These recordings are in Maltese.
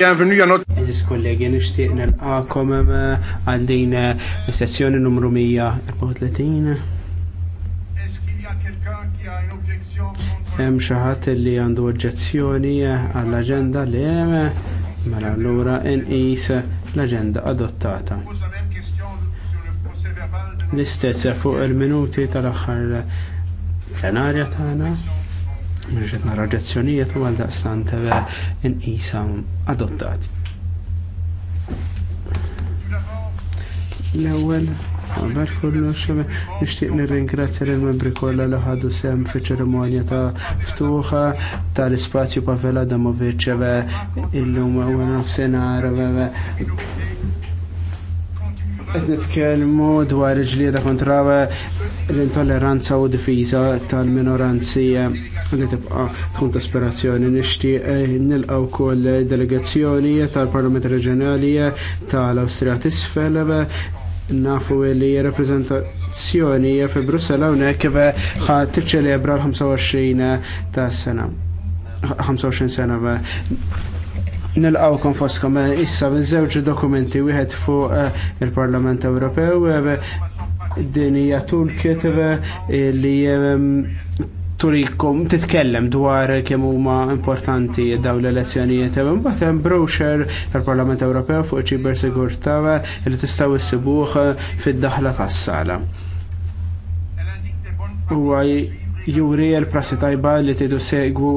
Għazis kollegi, nishtiq nil-għakom eh, għaldin eh, sezzjoni numru 134. Hemm xi ħadd li għandu oġġezzjoni eh, għall-aġenda li hemm mela allura inqis l-aġenda adottata. L-istess fuq il-minuti tal-aħħar plenarja tagħna. Mirġet nara ġezzjonijiet u għal-daqstan tebe in-isa adottati. L-ewel, għabar kullu nishtiq nir-ringrazzja l-membri kolla li ħadu sem fi ċerimonja ta' ftuħa tal-ispazju Pavela Damovic il-lum għu nofsenar Qed nitkellmu dwar il-ġlieda kontra eh, l-intolleranza u difiża tal-minoranzi eh, li tibqa' tkun taspirazzjoni nixtieq eh, nilqgħu wkoll delegazzjoni tal-Parlament Reġjonali tal-Awstrija tisfel nafu li rappresentazzjoni fi Brussela hawnhekk ħa tiċċelebra l-25 ta' sena. 25 sena Nilqawkom foskom eh, issa minn żewġ dokumenti wieħed fuq eh, il-Parlament Ewropew eh, din hija toolkit li ehm, turikom titkellem dwar kemm huma importanti daw l-elezzjonijiet. Imbagħad hemm brochure tal-Parlament Ewropew fuq sigurtà li tistgħu issibuh fid-daħla tas-sala. Huwa juri l-prassi tajba li tidu segwu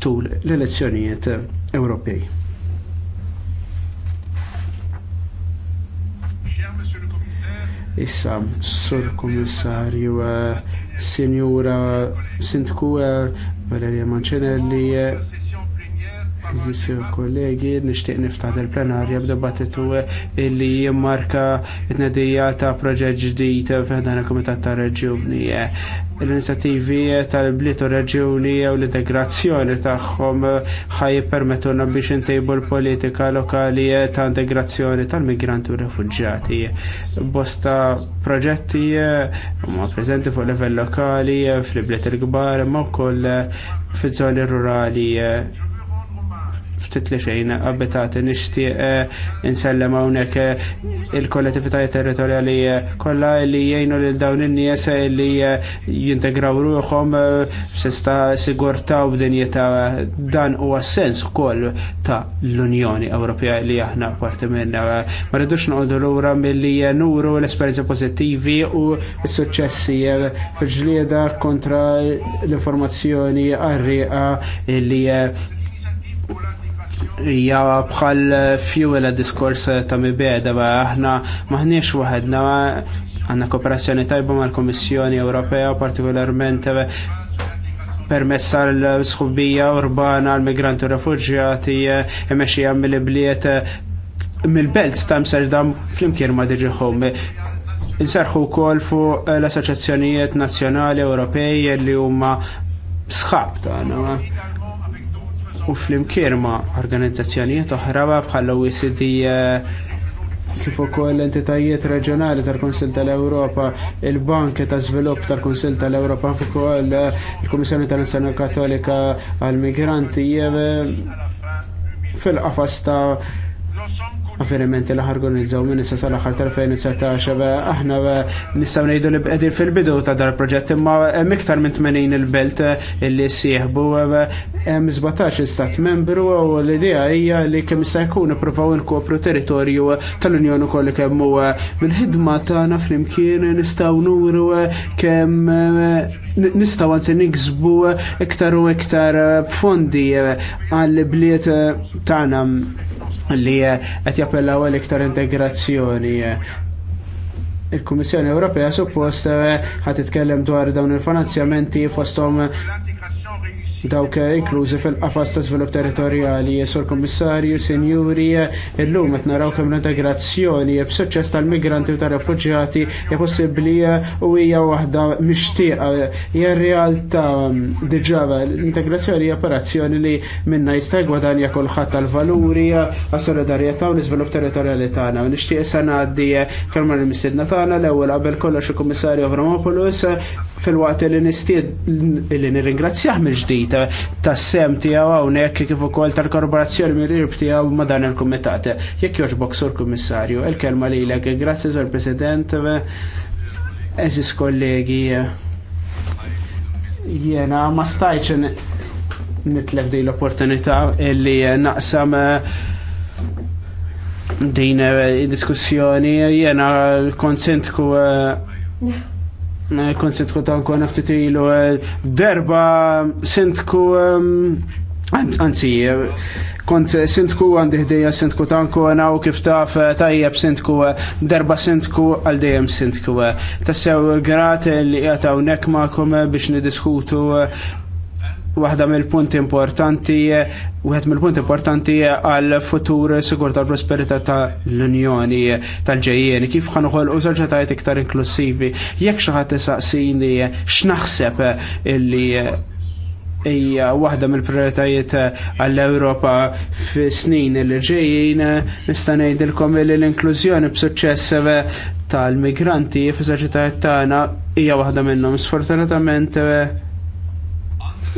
tul l-elezzjonijiet Ewropej. Issa, sur kommissarju, eh, sinjura sindku Valeria Mancinelli, eh, Zis eh, kollegi, nishtiq niftaħ il-plenarja b'debattitu illi jimmarka it-nedija ta' proġett ġdijt f'ħedana komitat ta' reġjuni l-inizjattivi tal-bliet u reġjuni u l-integrazzjoni tagħhom ħaj permettuna biex intejbu l-politika lokali ta' integrazzjoni tal-migranti u refuġġjati. Bosta proġetti ma preżenti fuq livell lokali fl-bliet il-kbar ma wkoll fiż-żoni rurali ftit li xejn abitat nixtieq eh, insellem hawnhekk eh, il-kollettivitajiet territorjali eh, kollha li jgħinu lil dawn in-nies li jintegraw ruħhom f'sista sigurtà u b'dinjità dan huwa sens ukoll ta' l-Unjoni Ewropea li aħna parti minna. Ma rridux noqogħdu lura milli nuru l-esperjenzi pożittivi u s-suċċessi fil-ġlieda kontra l-informazzjoni arriqa li Ja bħal fjuwela diskors ta' mibeda ba aħna maħniex waħedna għandna kooperazzjoni tajba mal-Kummissjoni Ewropea partikolarment permess l sħubija urbana l migranti u refugjati imexxija mill-bliet mill-belt ta' Amsterdam flimkien ma' diġiħom. Insarħu kol fu l associazzjonijiet nazjonali Ewropej li huma sħab ta' u flimkien ma' organizzazzjonijiet oħra bħall-OECD eh, kif ukoll entitajiet reġjonali tal-Kunsill tal-Ewropa, il-Bank ta' Żvilupp tal-Kunsill tal-Ewropa kif ukoll eh, il-Kummissjoni Internazzjonali Katolika għall-Migranti eh, fil-qafas ta' avvenimenti li ħargonizzaw minn issa sal-aħħar tal-2019 aħna nistgħu ngħidu li bqegħdin fil-bidu ta' dar proġett imma hemm iktar minn 80 il-belt li sieħbu hemm 17 stat membru u l-idea hija li kemm jista' jkun ippruvaw inkopru territorju tal-Unjoni kollu kemm huwa mill-ħidma tagħna flimkien nistgħu nuru kemm nistaw għanzi niksbu iktar u iktar fondi għall bliet tagħna li qed jappellaw għal iktar integrazzjoni. Il-Kummissjoni Ewropea supposta eh, ħat titkellem dwar dawn il-finanzjamenti fostom dawk eh, inklużi fil-qafas ta' svilupp territorjali, eh, sur kommissarju, senjuri, eh, illum qed naraw kemm l-integrazzjoni b'suċċess tal-migranti u tar-refuġjati hija possibbli u hija waħda mixtieqa hija realtà mm, diġà l-integrazzjoni hija operazzjoni li minna jista' jgwadanja kulħadd tal-valuri għas-solidarjetà u l-iżvilupp territorjali tagħna. Nixtieq issa ngħaddi kemm l-mistiedna tagħna l-ewwel qabel kollox il-Kummissarju Avramopoulos fil-waqt li nistied li nirringrazzjah mill-ġdid tas-sem tiegħu hawnhekk kif ukoll tal-korporazzjoni mill-irb tiegħu ma' dan il-kumitat. Jekk jogħġbok sur kummissarju, il-kelma lilek, grazzi sur President, eżis kollegi. Jena ma stajċ nitlef di l-opportunità illi naqsam eh, din eh, diskussjoni jena konsentku eh, Kon eh, sitku eh, eh, ta' nkun ftit derba sintku anzi kont sintku għandi ħdejja sintku ta' nkuna u kif taf tajjeb sintku derba sintku għal dejjem sintku. Tassew grat li għataw kum biex nidiskutu waħda mill-punt importanti, wieħed mill-punt importanti għal futur sigur tal-prosperità tal-Unjoni tal-ġejjien, kif ħan u soċjetajiet iktar inklusivi. Jekk xi ħadd isaqsini x'naħseb illi hija waħda mill-prioritajiet għall-Ewropa fis-snin li ġejjin nista' ngħidilkom li l-inklużjoni b'suċċess tal-migranti fis-soċjetajiet tagħna hija waħda minnhom. Sfortunatament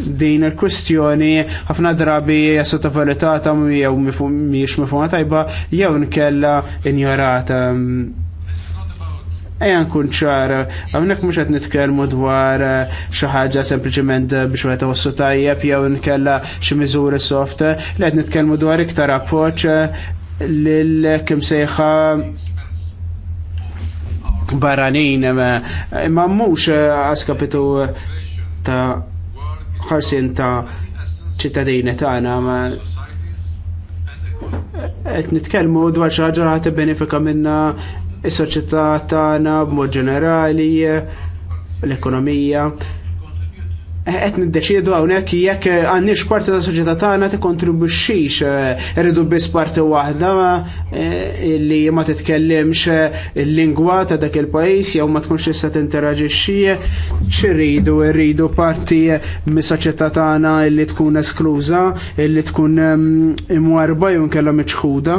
din il-kwistjoni ħafna drabi sottovalutata jew miex mifhuma tajba jew nkella injorata. Ejan kun ċar, hawnhekk mhux qed nitkellmu dwar eh, xi ħaġa sempliċement biex wieħed wassu tajjeb jew nkella xi soft, li qed nitkellmu dwar iktar appoġġ eh, lil kim sejħa baranin, eh, imma mhux kapitu ta' ħarsin ta' ċittadini tagħna ma qed nitkellmu dwar xi ħaġa ħadd benefika minna is-soċjetà tagħna b'mod ġenerali l-ekonomija qed niddeċiedu hawnhekk jekk eh, għandniex parti ta' soċjetà tagħna tikkontribwixxix eh, irridu biss parti waħda eh, li ma titkellimx il-lingwa ta' dak il-pajjiż jew ma tkunx tista' tinteraġixxi xirridu rridu parti mis-soċjetà tagħna li tkun eskluża, li tkun mm, imwarba jew nkellha miċħuda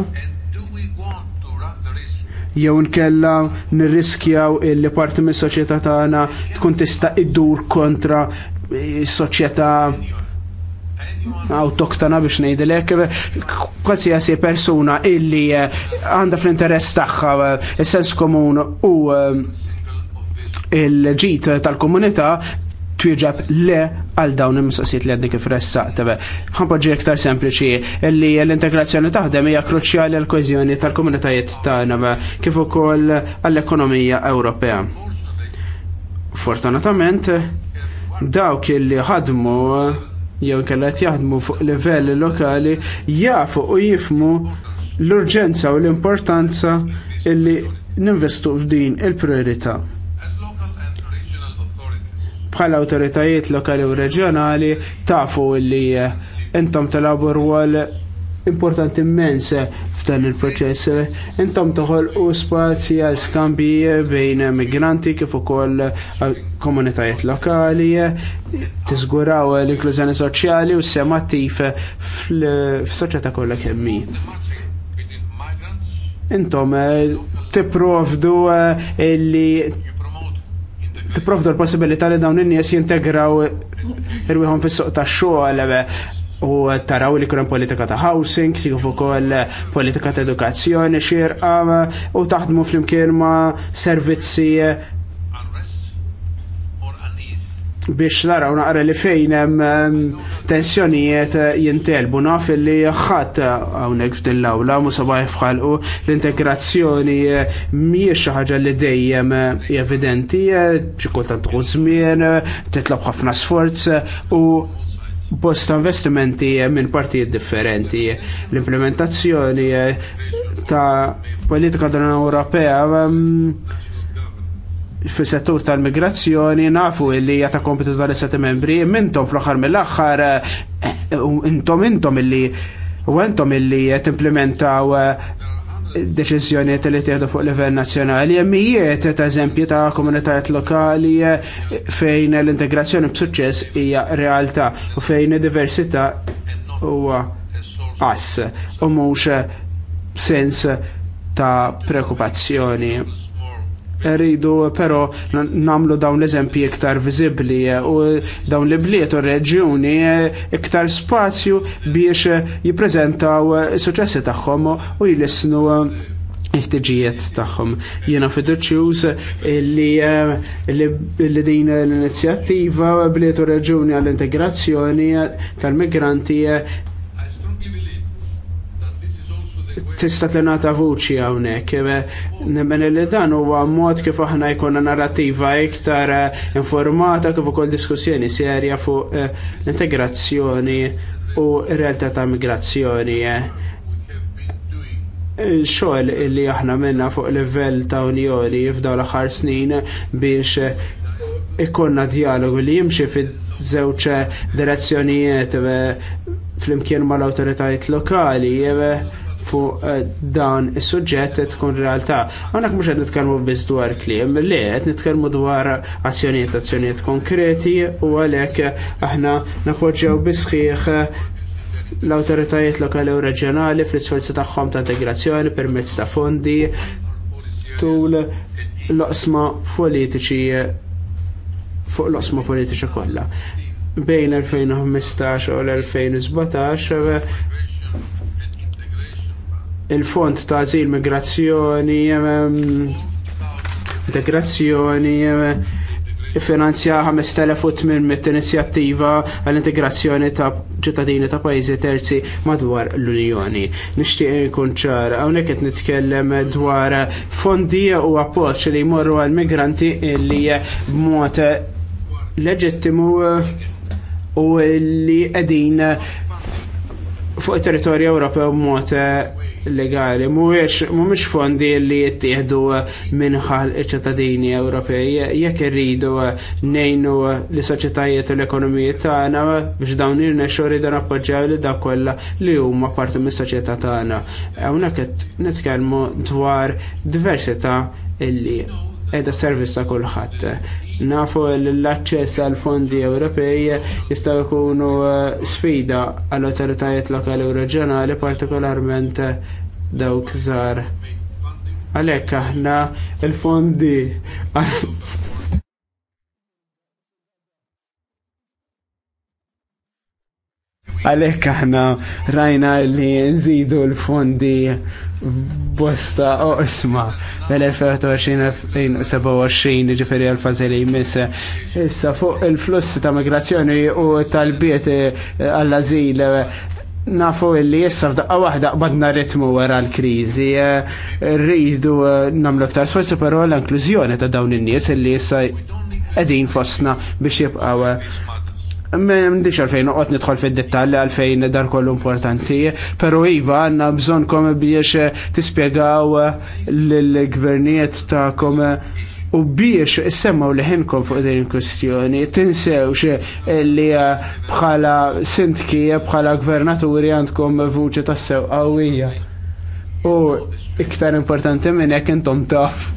jew nkella nirriskjaw il-parti mis soċjetà tagħna tkun tista' iddur kontra soċjetà autoktona biex ngħidilek, qualsiasi persuna illi eh, għandha fl-interess tagħha eh, is-sens komun u eh, il-ġit tal-komunità twieġab le għal dawn il-mistoqsijiet li għandek ifressa. Tebe, ħanpoġġi iktar sempliċi li l-integrazzjoni taħdem hija kruċjali għal kwezjoni tal-komunitajiet tagħna kif ukoll għall-ekonomija Ewropea. Fortunatament, dawk illi ħadmu jew kellha jaħdmu fuq livelli lokali jafu u jifmu l-urġenza u l-importanza illi ninvestu f'din il-priorità. Bħala awtoritajiet lokali u reġjonali tafu illi eh, intom talabu rwol importanti immens f'dan il-proċess. Intom toħol u spazji għal skambi bejn migranti kif ukoll eh, komunitajiet lokali, tiżguraw l-inklużjoni soċjali u s-sema attiv kollha kemm Intom eh, tipprovdu eh, li tipprovdu l-possibilità li dawn in-nies jintegraw irwieħhom fis-suq tax-xogħol eh, u taraw li kurem politika ta' housing, kif ukoll politika ta' edukazzjoni xirqa u taħdmu flimkien ma' servizzi biex naraw naqra li fejn hemm tensjonijiet eh, jintelbu naf li ħadd hawnhekk f'dil-awla mhux sabaħ l-integrazzjoni eh, mhijiex xi ħaġa li dejjem eh, evidenti, xi kultant tkun żmien, titlob ħafna sforz u bosta investimenti minn partijiet differenti. L-implementazzjoni ta' politika dan Ewropea fil-settur tal-migrazzjoni nafu illi jata kompetu tal-istati membri mintom fl-axar mill-axar eh, intom intom illi u intom illi jett implementaw eh, deċizjoniet li tieħdu fuq livell nazzjonali, jemmijiet ta' eżempji ta' komunitajiet lokali eh, fejn l-integrazzjoni b'suċċess hija realtà u fejn diversità huwa ass u mhux sens ta' prekupazzjoni rridu però namlu dawn l-eżempji iktar viżibbli eh, u dawn li bliet u reġjuni eh, iktar spazju biex eh, jippreżentaw suċessi tagħhom u jilisnu il-ħtiġijiet tagħhom. Jiena fiduċjuż li din l-inizjattiva bliet u reġjuni għall-integrazzjoni tal-migranti tista' tlenata vuċi hawnhekk. E, nemmen li dan huwa mod kif aħna jkollna narrativa iktar e, informata kif ukoll diskussjoni serja fuq e, integrazzjoni u realtà ta' migrazzjoni. Xogħol li aħna minna fuq livell ta' Unjoni f'daw l-aħħar snin biex ikonna dialogu li jimxi fid-żewġ direzzjonijiet fl-imkien mal-awtoritajiet lokali fuq eh, dan is-suġġett qed tkun realtà. Hawnhekk mhux qed nitkellmu biss dwar kliem, li qed nitkellmu dwar azzjonijiet azzjonijiet konkreti u għalhekk aħna napoġġew bisħieħ l-autoritajiet lokali u reġjonali fl-isforzi tagħhom ta' integrazzjoni permezz ta' fondi tul l osma politiċi fuq l osma politiċi kollha. Bejn 2015 u l-2017 il-fond ta' zil migrazzjoni integrazzjoni finanzja 5800 inizjattiva għall-integrazzjoni ta' ċittadini ta' pajjiżi terzi madwar l-Unjoni. Nixtieq ikun ċar, hawnhekk qed nitkellem dwar fondi u appoġġ li jmorru għall migranti li b'mod leġittimu u li qegħdin fuq il-territorju Ewropew b'mod eh, legali. Mhuwiex mhumiex fondi li jittieħdu eh, minħal iċ-ċittadini Ewropej jekk irridu eh, ngħinu li soċjetajiet u l-ekonomiji tagħna biex dawn il-nexxu rridu nappoġġjaw li dak kollha li huma parti mis-soċjetà tagħna. Hawnhekk qed nitkellmu dwar diversità illi edha servizz ta' kulħadd. Nafu l-aċċess għal fondi Ewropej jistgħu jkunu eh, sfida għall autoritajiet lokali u reġjonali partikolarment eh, dawk żgħar. Għalhekk aħna l fondi għalhekk aħna rajna li nżidu l-fondi bosta oqsma l-2027 ġifiri għal-fazi li jmiss. Issa fuq il-fluss ta' migrazzjoni u tal-biet eh, għall-azil eh, nafu illi jessa f'daqqa waħda qbadna ritmu wara l-krizi, eh, rridu namlu ktar sforzi però l-inklużjoni ta' dawn in-nies illi jessa qegħdin fostna biex jibqaw M'għandix għalfejn qed nidħol fid dettalji għalfejn dar kollu importanti, però iva għandna bżonnkom biex eh, tispjegaw lill-gvernijiet eh, tagħkom eh, u biex semmaw liħinkom fuq din il kwistjoni tinsewx li bħala sintki, bħala gvernaturi għandkom vuċi tassew qawwija. U iktar importanti minn hekk intom taf.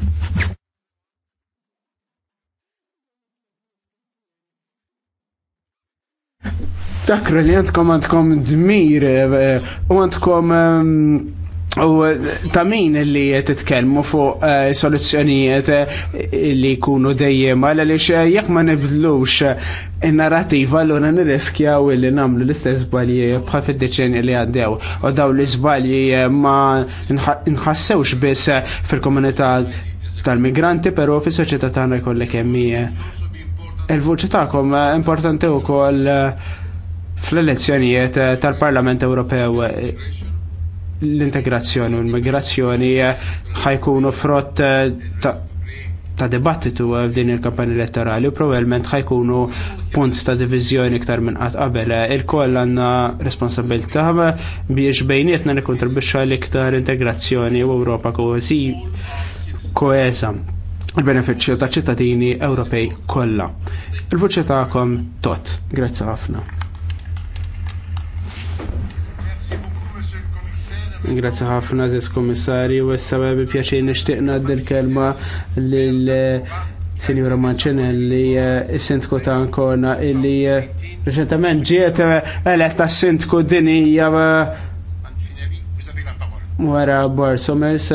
Dakru li għandkom għandkom dmir eh, u għandkom eh, u eh, ta' min li titkelmu fuq soluzzjonijiet li kunu dejjem għal li jekk ma nibdlux narrativa l-għuna u li namlu l-istess zbalji bħal fil-deċenja li għaddew u daw l-zbalji ma nħassewx biss fil-komunità tal-migranti, pero fi soċieta tagħna jkollek hemm il-vuċi tagħkom importanti wkoll uh, fl-elezzjonijiet eh, tal-Parlament Ewropew eh, l-integrazzjoni u l-migrazzjoni eh, ħajkunu frott ta' dibattitu f'din il-kampanja elettorali u probabbilment ħajkunu punt ta' diviżjoni iktar minn qatt qabel. Il-koll għandna responsabilità biex bejnietna nikkontribwixxu għal iktar integrazzjoni u Ewropa koesa il-benefiċċju ta' ċittadini Ewropej kollha. Il-vuċi tagħkom tot. Grazzi ħafna. Grazie ħafna, Ziz Komissarju, u issa bi pjaċir nishtiqna d-kelma l-Sinjura eh, Manċinelli, eh, sindku ta' Ankona, illi eh, reċentament ġiet eletta sindku dinija wara Bar Somers.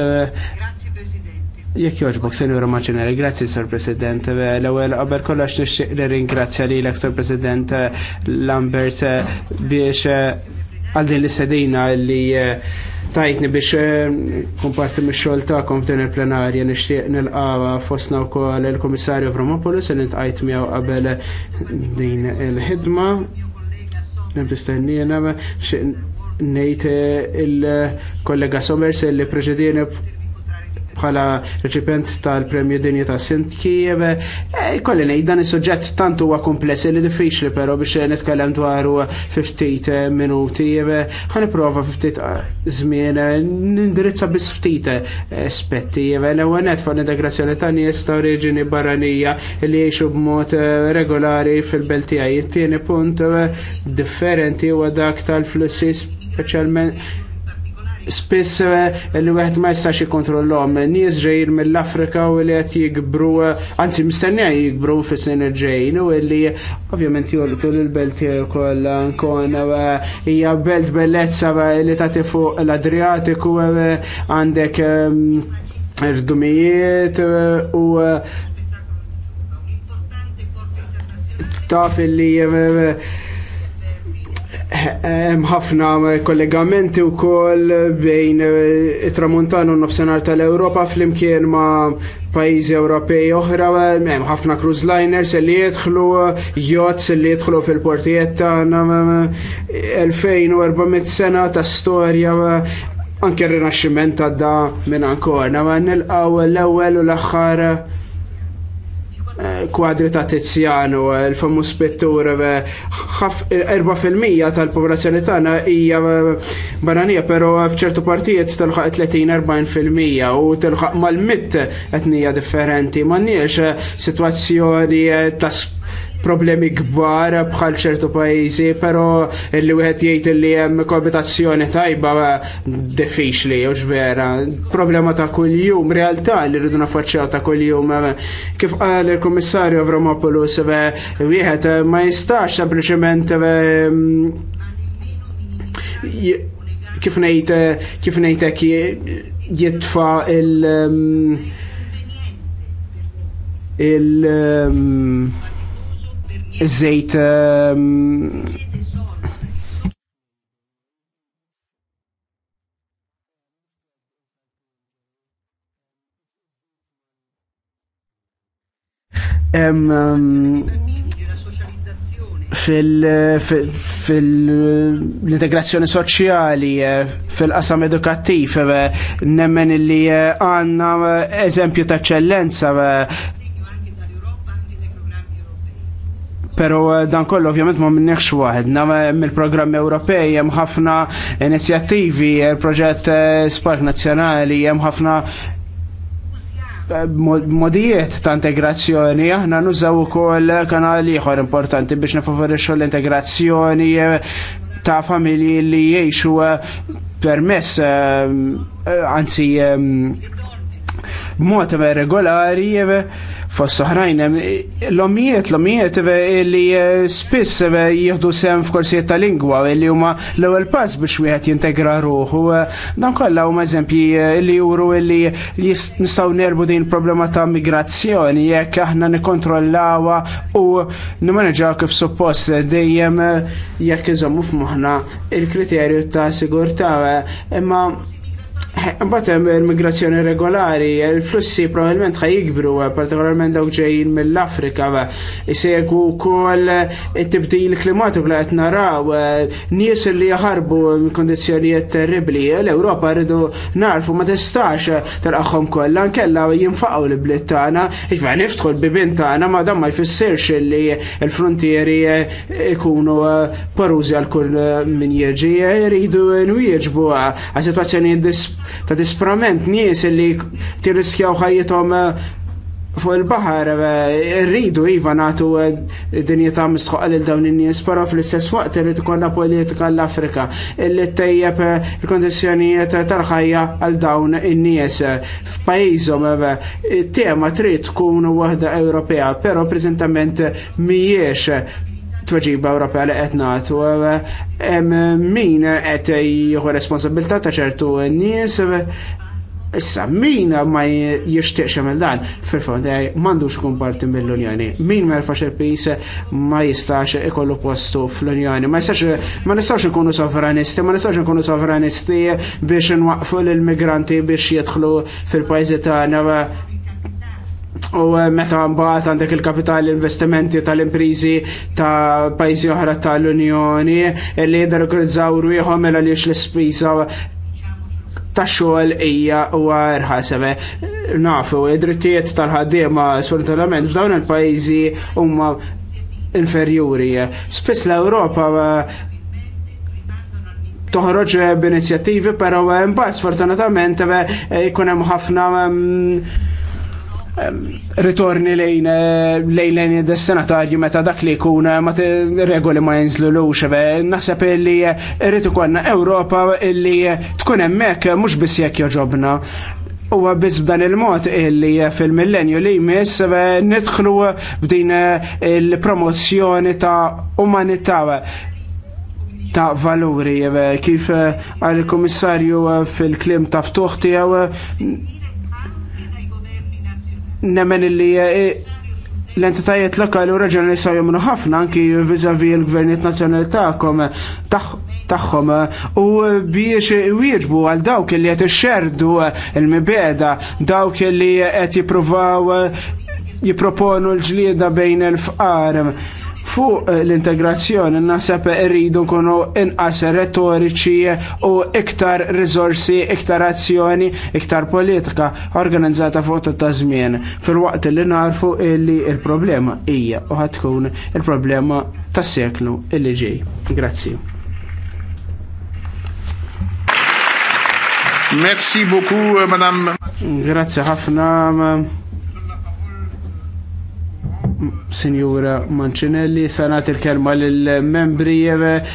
Jekk joġbok, Senjora Maċinari, grazzi, Sir President. L-ewel, qabel kollox nixtieq li ringrazzja lilek, Sir President Lambert, biex għal din l-istedina li tajtni biex eh, komparti me xol kom f'din il-plenarja nishtiq nilqa fosna u kol il-komissarju Vromopolis li ntqajt miegħu qabel din il-ħidma. Nibistennina nejt il-kollega Somers li preġedini bħala reċipent tal-Premju Dinja ta' Sint Kiev. E, kolli ngħid dan is-suġġett tantu huwa kompless li diffiċli però biex nitkellem dwaru 50 eh, minuti. Ħa nipprova 50 eh, żmien eh, nindirizza biss ftit aspetti. L-ewwel net fuq integrazzjoni ta' nies ta' oriġini barranija li jgħixu b'mod regolari fil-belt tiegħi. tieni punt differenti huwa dak tal-flussi speċjalment spiss eh, li wieħed ma jistax jikontrollhom nies ġejjin mill-Afrika u li qed jikbru eh, anzi mistennija jikbru fis-sen ġejjin u li ovvjament jolqtu l-belt ukoll nkun eh, hija belt bellezza li tagħti fuq l-Adriatiku għandek irdumijiet u taf li Hemm ħafna kollegamenti wkoll bejn eh, it-Tramuntana u nofsinhar tal europa flimkien ma' pajjiżi Ewropej oħra, hemm ħafna cruise liners li jidħlu, yachts li jidħlu fil-portijiet tagħna 2400 sena ta' storja anke r-rinaxximent għadda minn ankor. Ma qaw l-ewwel u l-aħħar kwadri ta' Tiziano, il-famus fil 4% tal-popolazzjoni tagħna hija eh, bananija, pero f'ċertu partijiet telħaq 30-40% u telħaq mal-mitt etnija differenti. M'għandniex eh, sitwazzjoni eh, ta' problemi kbar bħal ċertu pajjiżi, però li wieħed jgħid li hemm koabitazzjoni tajba diffiċli u vera. Problema ta' kuljum, realtà li rridu naffaċċjaw ta' kuljum. Kif qal il-Kummissarju Avramopoulos, wieħed ma jistax sempliċement mm, kif ngħid kif ngħidek jitfa il- mm, il- mm, Um, ehm, ehm, fil-integrazzjoni soċjali, eh, fil-qasam edukattiv, eh, nemmen li eh, għanna eżempju ta' eccellenza Pero eh, dan kollu ovvjament ma minneħx waħedna eh, mill-programmi Ewropej hemm ħafna inizjattivi, il-proġett eh, Spark Nazzjonali, hemm ħafna modijiet ta' integrazzjoni, aħna nużaw ukoll kanali ieħor importanti biex nifavorixxu l-integrazzjoni ta' familji li jgħixu permess anzi b'mod ehm, regolari ehm, fos soħrajn ehm, l-omijiet, l-omijiet li eh, spiss jieħdu sem f'korsijiet ta' lingwa li huma l-ewwel pass biex wieħed jintegra ruħu. Eh, dan kollha huma eżempji eh, li juru li nistgħu nerbu din problema ta' migrazzjoni jekk aħna nikkontrollawha u nimmaneġaw kif suppost dejjem jekk iżommu f'moħħna il-kriterju ta' sigurtà imma Eh, mbagħad hemm immigrazzjoni migrazzjoni regolari, il-flussi probabbilment ħaj jikbru, eh, partikolarment dawk ġejjin mill-Afrika, eh, isegwu wkoll it-tibdil klimatiku li qed naraw, nies li jaħarbu kondizzjonijiet terribbli. l-Ewropa rridu narfu ma tistax tarqaħħom kollha nkella jinfaqgħu l-bliet tagħna, iva niftħu l-bibin tagħna ma dan ma jfissirx li l-frontieri ikunu parużi għal kull min jiġi, jridu nwieġbu għal sitwazzjoni disp ta' disprament nies li tirriskjaw ħajjithom eh, fuq il baħar eh, rridu iva natu eh, dinjeta mistħuqa lil dawn in-nies, però fl-istess waqt irrid ikollna politika l-Afrika illi tejjeb il kundizzjonijiet tal-ħajja għal dawn in-nies f'pajjiżhom it-tema trid tkun waħda Ewropea, però preżentament mhijiex tweġiba Ewropea li qed nagħtu min qed jieħu responsabilità ta' ċertu nies Issa, min ma jishtiqx għamil dan, fil-fond, eh, mandux kun parti mill-Unjoni. Min ma jirfax il-pis ma jistax ikollu postu fl-Unjoni. Ma jistax, ma nistax ikunu sovranisti, ma nistax ikunu sovranisti biex nwaqfu l-immigranti biex jidħlu fil-pajzi ta' U eh, meta mbagħad għandek il-kapital investimenti tal-imprizi ta' pajjiżi oħra tal-Unjoni li jidher ikkurizzaw rwieħhom mela għaliex l-ispiża ta' xogħol hija huwa irħasebe. Nafu, id-drittijiet tal-ħaddiema sfortunatament f'dawn il-pajjiżi huma inferjuri. Spiss l-Ewropa eh, toħroġ b'inizjattivi, però eh, mbagħad sfortunatament jkun hemm ħafna mm, ritorni lejn eh, lejn lejn des-senatarju meta dak li jkun eh, ma regoli ma jinżlu lux eh, naħseb li rrid ikollna Ewropa li tkun hemmhekk mhux biss jekk joġobna. Huwa biss b'dan il-mod illi fil-millenju li jmiss nidħlu b'din il-promozzjoni ta' umanità ta' valuri kif għal-komissarju fil-klim ta' ftuħ tiegħu nemmen illi eh, l-entitajiet lokali u reġjonali saw jomnu ħafna anki vizavi l-gvernijiet nazzjonali tagħkom tagħhom eh, u biex wieġbu għal dawk li qed ixxerdu eh, l-mibeda dawk li qed jippruvaw jipproponu l-ġlieda bejn il-fqar. Fuq eh, l-integrazzjoni naħseb rridu nkunu inqas retoriċi eh, u iktar rizorsi, iktar azzjoni, iktar politika organizzata fuq ta' żmien fil-waqt li narfu illi il-problema hija u ħatkun il-problema tas-seklu illi ġej. Grazzi. Merci beaucoup, eh, madame. Grazie ħafna. Signora Mancinelli, sanat il-kelma l-membri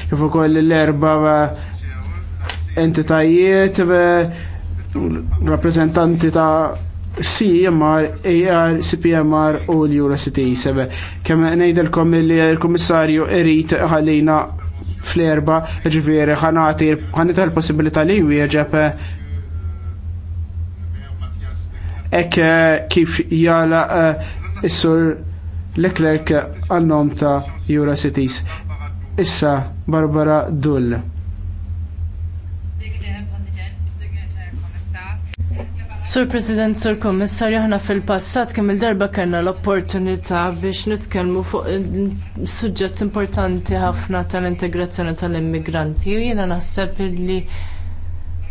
kif ukoll l-erba eh, entitajiet eh, rappresentanti ta' CMR, AR, CPMR u l-Eurocity. Sebe, kemm ngħidilkom li l-Kummissarju irrit ħalina fl-erba, ġifieri ħanati ħanita l-possibilità li wieġeb eh, ek kif jala is-sur Leclerc nom ta' Eurocities. Issa Barbara Dull. Sur President, Sur Kommissar, jahna fil-passat kemm il-darba kellna l-opportunità biex nitkellmu fuq suġġett importanti ħafna tal-integrazzjoni tal-immigranti. U jiena naħseb li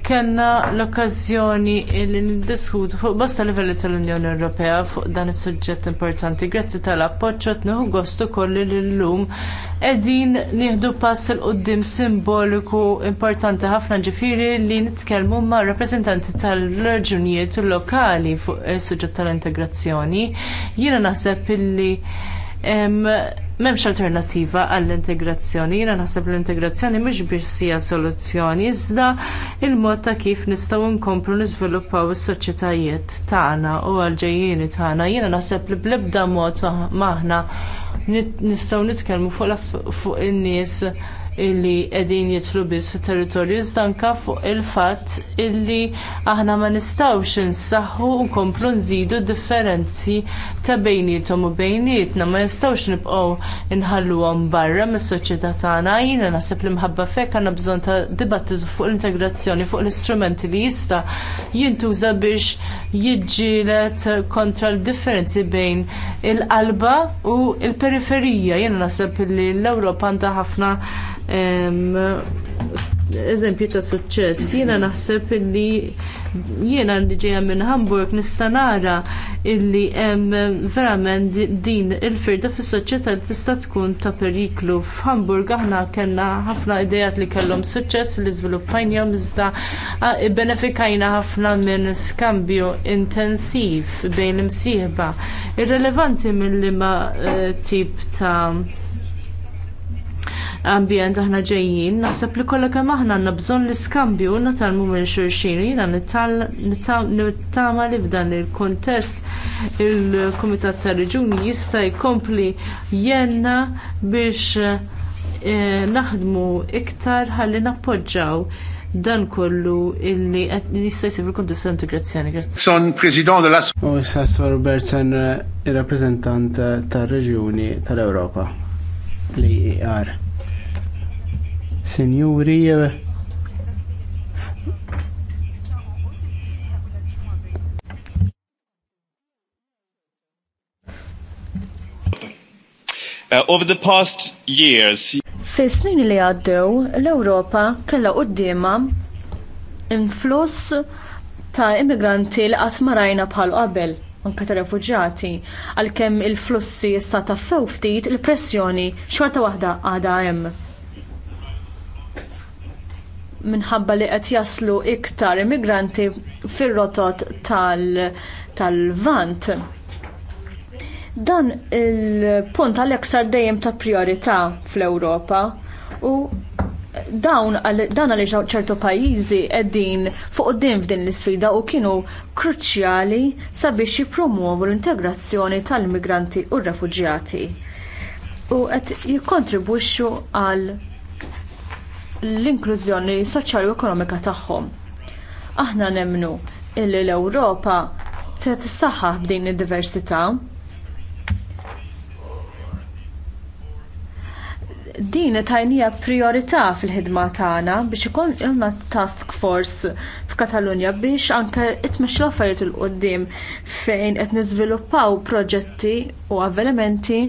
kellna l-okkażjoni li niddiskutu fuq bosta livelli tal-Unjoni Ewropea fuq dan is-suġġett importanti. Grazzi tal-appoġġ qed gostu gost ukoll li llum qegħdin nieħdu pass il qudiem simboliku importanti ħafna ġifieri li nitkellmu ma' rappreżentanti tal-reġunijiet lokali fuq is-suġġett tal-integrazzjoni. Jiena naħseb illi M'hemmx alternattiva għall-integrazzjoni, jiena naħseb l-integrazzjoni mhix biex hija soluzzjoni, iżda il-mod ta' kif nistgħu nkomplu niżviluppaw is-soċjetajiet tagħna u għal-ġejjieni tagħna. Jiena naħseb li bl-ebda mod maħna nistgħu nitkellmu fuq in-nies illi qegħdin jitlu biss fit-territorju iżda anke fuq il-fatt illi aħna ma nistgħux insaħħu u nkomplu nżidu differenzi ta' bejnietom u bejnietna ma nistgħux nibqgħu inħalluhom barra mis-soċjetà tagħna jiena naħseb li mħabba fek għandna bżonn ta' dibattitu fuq l-integrazzjoni fuq l-istrumenti li jista' jintuża biex jiġġielet kontra l-differenzi bejn il-qalba u l periferija Jiena naħseb li l-Ewropa għandha ħafna eżempju ta' suċċess. Jiena naħseb illi jiena li ġejja minn Hamburg nista' nara illi hemm verament din il-firda fis-soċjetà li tista' tkun ta' periklu. F'Hamburg aħna kellna ħafna idejat li kellhom suċċess li żviluppajnhom iżda benefikajna ħafna minn skambju intensiv bejn imsieħba. Irrelevanti mill ma eh, tip ta' ambjent aħna ġejjin, naħseb li kollha kemm aħna għandna bżonn l-iskambju natalmu minn xulxin, jiena nittama li f'dan il-kontest il-Kumitat tar Reġuni jista' jkompli jenna biex eh, naħdmu iktar ħalli nappoġġaw dan kollu illi jista' jsir fil-kontest integrazzjoni. Grazzi. Son President della U eh, il eh, tar-Reġjuni tal-Ewropa li IR. E Signori eh, Uh, over the past years. Fis-snin li għaddew, l-Ewropa kellha qudiemha influss ta' immigranti li qatt ma rajna bħal qabel anke ta' refuġjati, għalkemm il-flussi issa taffew ftit il-pressjoni xorta waħda għadha hemm minħabba li qed jaslu iktar immigranti fir-rotot tal-vant. Tal Dan il-punt għalhekk sar dejjem ta' priorità fl-Ewropa u dawn dan għal ċertu pajjiżi qegħdin fuq quddiem f'din l-isfida u kienu kruċjali sabiex jippromuovu l-integrazzjoni tal-immigranti u r-refuġjati u qed jikkontribwixxu għal l-inklużjoni soċjali u ekonomika tagħhom. Aħna nemnu illi l-Ewropa se tissaħħaħ b'din id-diversità. Din tajnija priorità fil-ħidma tagħna biex ikun hemm task force f'Katalunja biex anke tmexxi l-affarijiet il qudiem fejn qed niżviluppaw proġetti u avvenimenti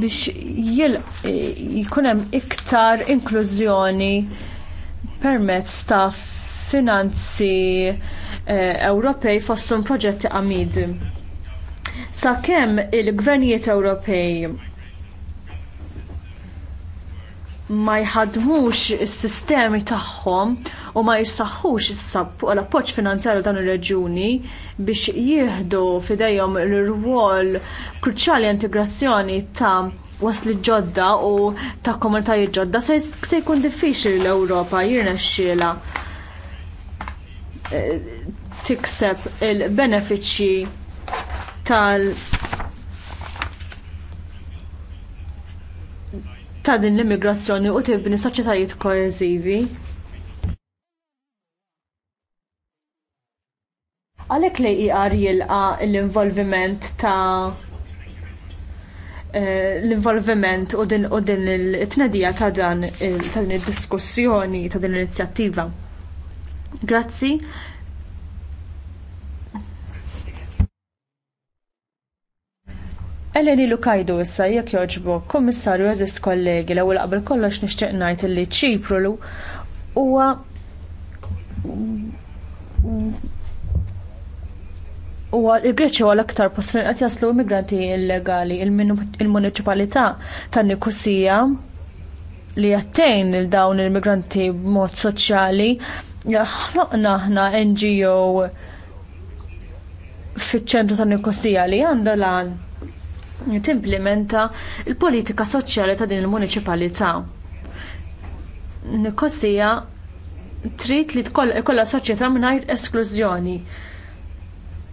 biex jkun hemm iktar inklużjoni permezz ta' finanzi eh, Ewropej fosthom proġetti għamid. Sakemm il-gvernijiet Ewropej ma jħadmux is-sistemi tagħhom u ma jsaħħux l-appoġġ finanzjarju dan ir-reġuni biex jieħdu f'idejhom l-rwol kruċjali integrazzjoni ta' wasli ġodda u ta' komunitajiet ġodda se jkun diffiċli l-Ewropa jirna xxiela eh, tikseb il-benefiċċji tal- ta' din l-immigrazzjoni u tibni soċjetajiet koeżivi. Għalhekk li IR e jilqa l-involviment ta' eh, l-involviment u din u din il-tnedija ta' dan ta' din id-diskussjoni ta' din l-inizjattiva. Grazzi, Eleni Lukajdu issa jekk jogħġbu, kommissarju eżis kollegi l ewwel qabel kollox nixtieq ngħid li ċipru huwa huwa il-Greċi huwa l-aktar posfin għat jaslu immigranti illegali il municipalita tan Nikusija li jattejn il dawn il-migranti b'mod soċjali ħloqna aħna NGO fiċ-ċentru tan Nikusija li għandha lan timplementa l politika soċjali ta' din il-municipalità. Nikosija trid li tkollha soċjetà mingħajr esklużjoni.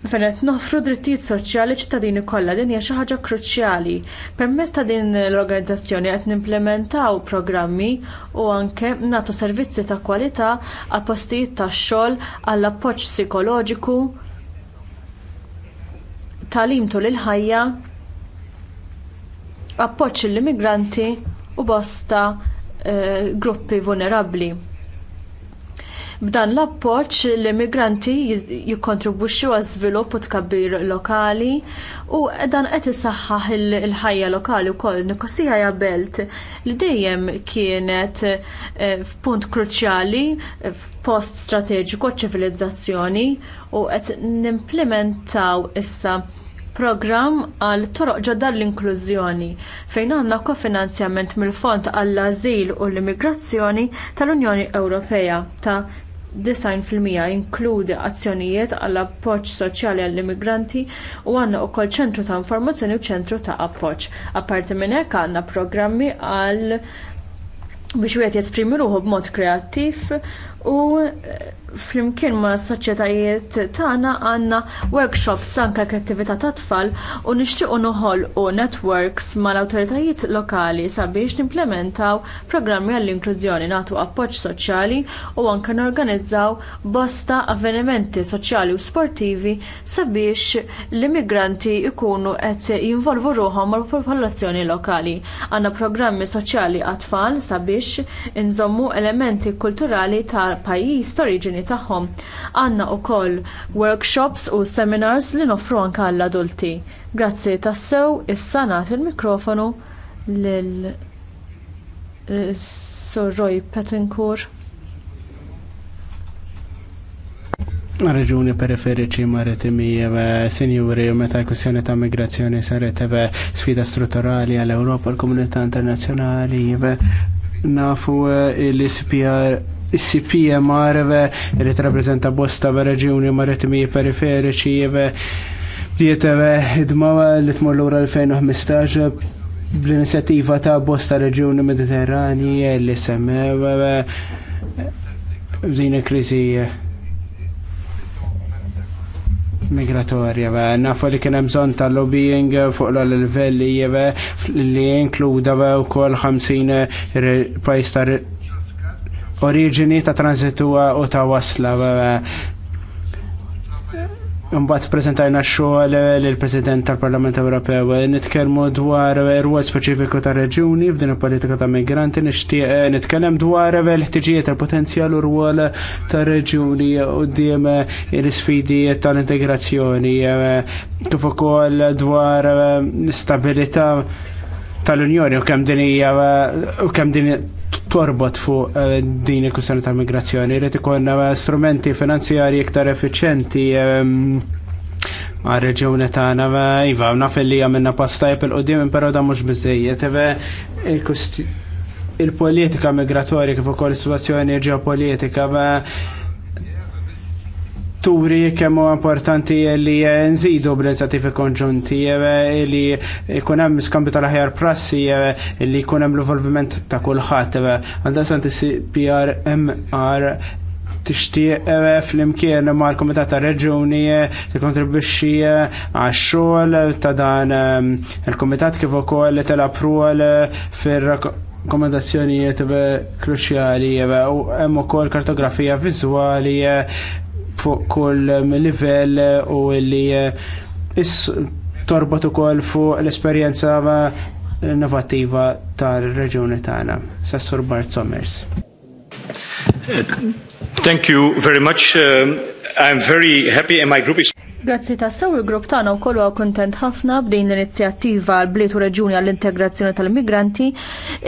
Fejn qed noffru drittijiet soċjali ċittadini kollha din hija xi ħaġa kruċjali. Permezz ta' din l-organizzazzjoni qed nimplementaw programmi u anke nagħtu servizzi ta' kwalità għal postijiet tax-xogħol għall appoġġ psikoloġiku talim tul il-ħajja appoġġ l-immigranti u bosta eh, gruppi vulnerabbli. B'dan l-appoġġ l-immigranti jikkontribwixxu għaż żvilupp u tkabbir lokali u dan qed isaħħaħ il-ħajja lokali wkoll. Nikosija jabelt belt li dejjem kienet eh, f'punt kruċjali eh, f'post strateġiku ċivilizzazzjoni u qed nimplementaw issa programm għal toroq ġodda l-inklużjoni fejn għandna kofinanzjament mill-Fond għall-Ażil u l-Immigrazzjoni tal-Unjoni Ewropea ta' 90% inkludi azzjonijiet għall appoġġ soċjali għall-immigranti u għandna wkoll ċentru ta' informazzjoni u ċentru ta' appoġġ. Apparti minn hekk għandna programmi għal biex wieħed jesprimi ruħu b'mod kreattiv u eh, flimkien ma' soċjetajiet tagħna għandna workshops anke kreattività tat tfal u nixtiequ noħolqu networks mal-awtoritajiet lokali sabiex nimplementaw programmi għall-inklużjoni nagħtu appoġġ soċjali u anke norganizzaw bosta avvenimenti soċjali u sportivi sabiex l-immigranti jkunu qed jinvolvu ruħhom mal-popolazzjoni lokali. Għandna programmi soċjali għat-tfal sabiex inżommu elementi kulturali ta' tal-pajjiż ta' oriġini tagħhom. Għandna wkoll workshops u seminars li nofru anke għall adulti. Grazzi tassew issa nagħti il-mikrofonu lil eh, Sorroj Petinkur. raġuni periferiċi maritimi eh, senjuri u meta kwestjoni ta' migrazzjoni saret eh, sfida strutturali għall europa l-komunità internazzjonali nafu l-SPR CPMR li trapprezenta bosta reġjuni maritmi periferiċi bdiet idma li tmur l-ura 2015 bl-inizjattiva ta' bosta reġjuni mediterrani li semmew din il-kriżi migratorja, ba, nafu li kienem zon ta' lobbying fuq l livelli li jinkluda kol 50 pajis ta' oriġini ta' transitu u ta' wasla. Mbatt prezentajna xogħol lill-President tal-Parlament Ewropew. Nitkellmu dwar il rwol speċifiku ta' reġjuni b'din il-politika ta' migranti, nixtieq eh, nitkellem dwar l-ħtiġijiet tal-potenzjal u rwol ta' reġjuni quddiem il eh, isfidi tal-integrazzjoni eh, kif kol dwar l tal-Unjoni u kemm din hija u kemm din torbot fuq eh, din il-kwistjoni tal-migrazzjoni, irid ikun eh, strumenti finanzjarji iktar effiċenti ehm, għal reġjoni tagħna iva naf li għamilna pastajb il-qudiem però da mhux biżejjed. Iva, il-politika migratorja kif ukoll is-sitwazzjoni ġeopolitika iva, turi kemmu importanti li nżidu bl-inizjattivi konġunti eh, li jkun hemm skambju tal-aħjar prassi eh, li jkun hemm l-involviment ta' kulħadd. Eh. Għaldaqsant PRMR tixtieq fl-imkien ma' l-Komitat ta' Reġuni tikkontribwixxi għax-xogħol ta' dan il-Komitat kif ukoll tal-approl fir komendazzjonijiet kruċjali u hemm ukoll kartografija viżwali fuq kull livell u li eh, is torbot ukoll fuq l-esperjenza eh, innovattiva tal-reġjuni tagħna. Sessur Bart Sommers. Thank you very much. Um, I'm very happy and my group is Grazzi ta' sew il-grupp tagħna wkoll huwa kuntent ħafna b'din l-inizjattiva l bliet u reġuni għall-integrazzjoni tal-migranti.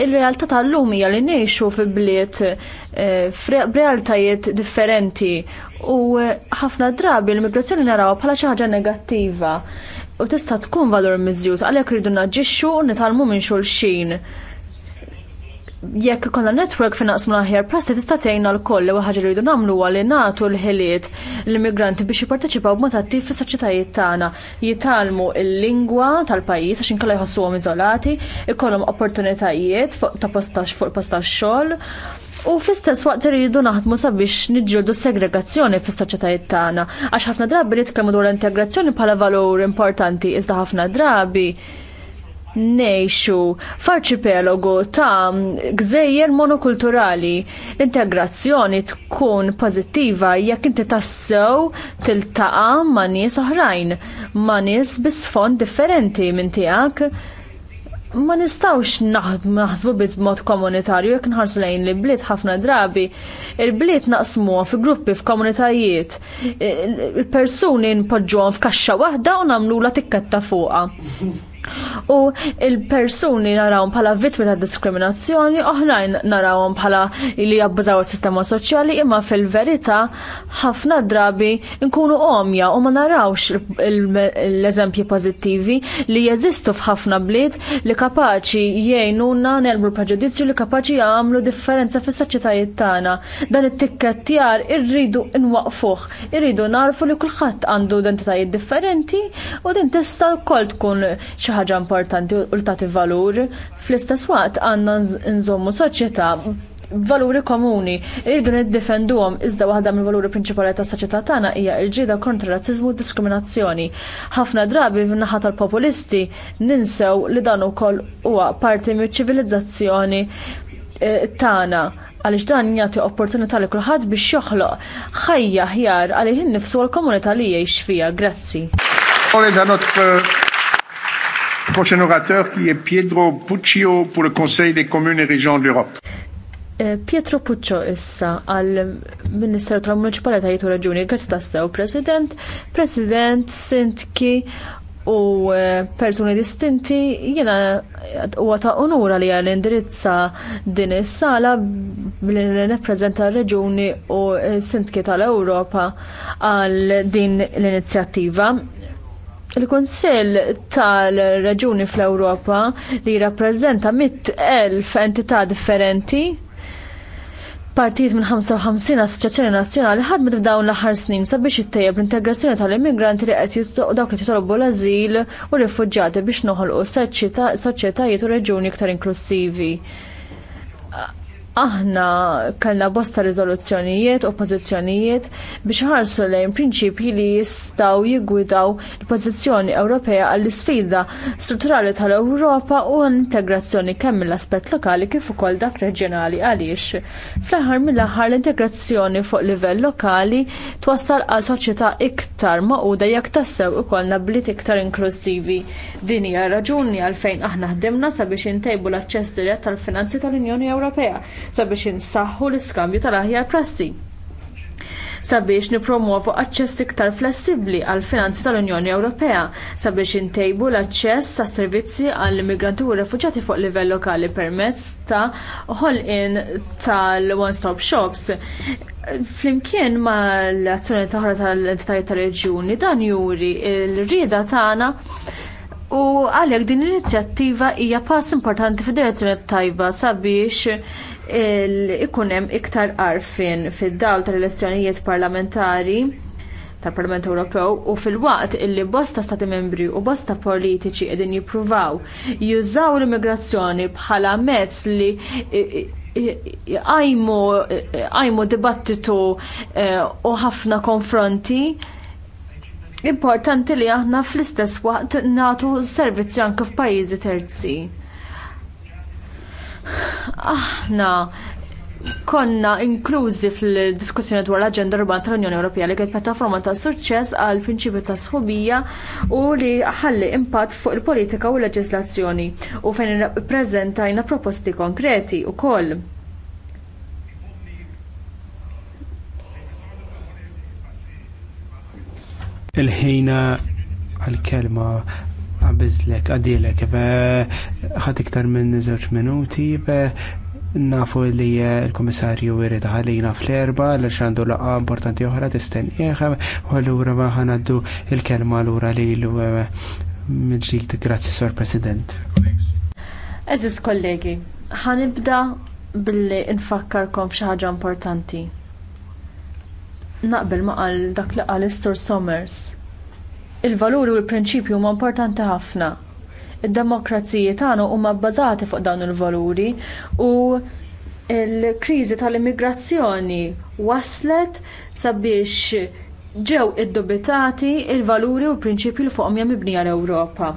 Ir-realtà tal-lum hija li ngħixu fi bliet eh, b'realtajiet differenti u eh, ħafna drabi l-migrazzjoni naraw bħala xi ħaġa negattiva u tista' tkun valur miżjud għalhekk rridu naġixxu u nitalmu minn xulxin jekk kolla network finanqsmu l-aħjar prassi tista' tgħinna l li ħaġa li rridu nagħmlu huwa li nagħtu l-ħiliet l-immigranti biex jipparteċipaw b'mod attiv fis-soċjetajiet tagħna, jitalmu l-lingwa tal-pajjiż għax inkella jħossuhom iżolati, ikollhom opportunitajiet ta' postax fuq postax xogħol. U fl-istess waqt irridu naħdmu sabiex niġġieldu segregazzjoni fis-soċjetajiet tagħna, għax ħafna drabi nitkellmu dwar l-integrazzjoni bħala valur importanti iżda ħafna drabi nejxu f'arċipelago ta' gżejjer monokulturali. L-integrazzjoni tkun pożittiva jekk inti tassew tiltaqa' ma' nies oħrajn, ma' nies bi sfond differenti minn tiegħek. Ma nistawx naħsbu biz b'mod komunitarju jekk nħarsu lejn li bliet ħafna drabi. Il-bliet naqsmu fi gruppi f'komunitajiet. Il-persuni npoġġuhom f'kaxxa waħda u nagħmlula tikketta fuqha U il-persuni narawhom bħala vittmi ta' diskriminazzjoni, oħrajn narawhom bħala li jabbużaw is-sistema soċjali, imma fil-verità ħafna drabi nkunu omja u ma narawx l-eżempji pożittivi li jeżistu f'ħafna bliet li kapaċi jgħinuna nelbu l-preġudizzju li kapaċi jagħmlu differenza fis-soċjetajiet tagħna. Dan it tikkettjar irridu nwaqfuh, irridu narfu li kulħadd għandu identitajiet differenti u din tista' wkoll tkun xi ħaġa importanti u tagħti valur, fl-istess waqt għandna nżommu soċjetà valuri komuni. Irridu niddefenduhom iżda waħda mill-valuri prinċipali ta' soċjetà tagħna hija l-ġida kontra razziżmu u diskriminazzjoni. Ħafna drabi f'naħa tal-populisti ninsew li dan ukoll huwa parti miċ-ċivilizzazzjoni e, tagħna għaliex dan jagħti opportunità li kulħadd biex joħloq ħajja ħjar għalih innifsu l komunità li jgħix fiha. Grazzi prochain orateur qui est Pietro Puccio pour le Conseil des communes et régions d'Europe. Eh, Pietro Puccio issa għal Ministeru tal Municipalitajiet u Raġuni, grazzi tassew, President, President, Sintki u eh, persuni distinti jiena huwa ta' onura li għal indirizza din is-sala billi nirrappreżenta r-reġuni u eh, Sintki tal-Ewropa għal din l-inizjattiva. Il-Konsill tal-Raġuni fl-Ewropa li jirrappreżenta elf entità differenti partijiet minn 55 Assoċjazzjoni Nazzjonali ħadmet f'dawn l-aħħar snin sabiex ittejjeb l-integrazzjoni tal-immigranti li qed dawk li jitolbu l-ażil u rifuġġjati biex noħolqu soċjetajiet u reġuni iktar inklusivi aħna kellna bosta riżoluzzjonijiet u pożizzjonijiet biex ħarsu lejn prinċipji li jistgħu jiggwidaw il-pożizzjoni Ewropea għall isfida strutturali tal-Ewropa u integrazzjoni kemm mill-aspett lokali kif ukoll dak reġjonali għaliex. Fl-aħħar mill-aħħar l-integrazzjoni fuq livell lokali twassal għal soċjetà iktar maquda jekk tassew ukoll bliet iktar inklusivi. Din hija raġuni għalfejn aħna ħdimna sabiex intejbu l-aċċess dirett tal-finanzi tal-Unjoni Ewropea sabiex insaħħu l-iskambju tal-aħjar prassi sabiex nipromuovu aċċess iktar flessibbli għall finanzi tal-Unjoni Ewropea sabiex intejbu l-aċċess tas servizzi għall immigranti u refuġjati fuq livell lokali permezz ta' ħolqien tal-one-stop shops. Flimkien mal l-azzjoni taħra tal-entitajiet tal-reġjuni dan juri l-rieda tagħna U għalhekk din l-inizjattiva hija pass importanti fid-direzzjoni tajba sabiex ikun hemm iktar arfin fid-dawl tal-elezzjonijiet parlamentari tal-Parlament Ewropew u fil-waqt illi bosta stati membri u bosta politiċi qegħdin jippruvaw jużaw l-immigrazzjoni bħala mezz li għajmu dibattitu eh, u ħafna konfronti importanti li aħna fl-istess waqt nagħtu servizzi anke f'pajjiżi terzi. Aħna konna inklużi fil-diskussjoni dwar l-Aġenda Urbana tal-Unjoni Ewropea li kienet pjattaforma ta' suċċess għal prinċipju ta' sħubija u li ħalli impatt fuq il-politika u l-leġislazzjoni u fejn ippreżentajna proposti konkreti wkoll. Il-ħina għal-kelma Għabizlek, għadilek, ħad iktar minn zewċ minuti, nafu li l-komissarju jrid ħalina fl-erba l għandu laqqa importanti oħra tistennieħ u allura ma ħanaddu il-kelma lura li l ġid grazzi Sor President. Eżis kollegi, ħanibda billi nfakkarkom f'xi ħaġa importanti. Naqbel ma qal dak li qal Istor Somers il-valuri u l-prinċipju huma importanti ħafna. Id-demokrazija tagħna huma bbażati fuq dawn il-valuri u l kriżi tal-immigrazzjoni waslet sabiex ġew iddubitati l valuri u l-prinċipju li fuqhom hija mibnija l-Ewropa.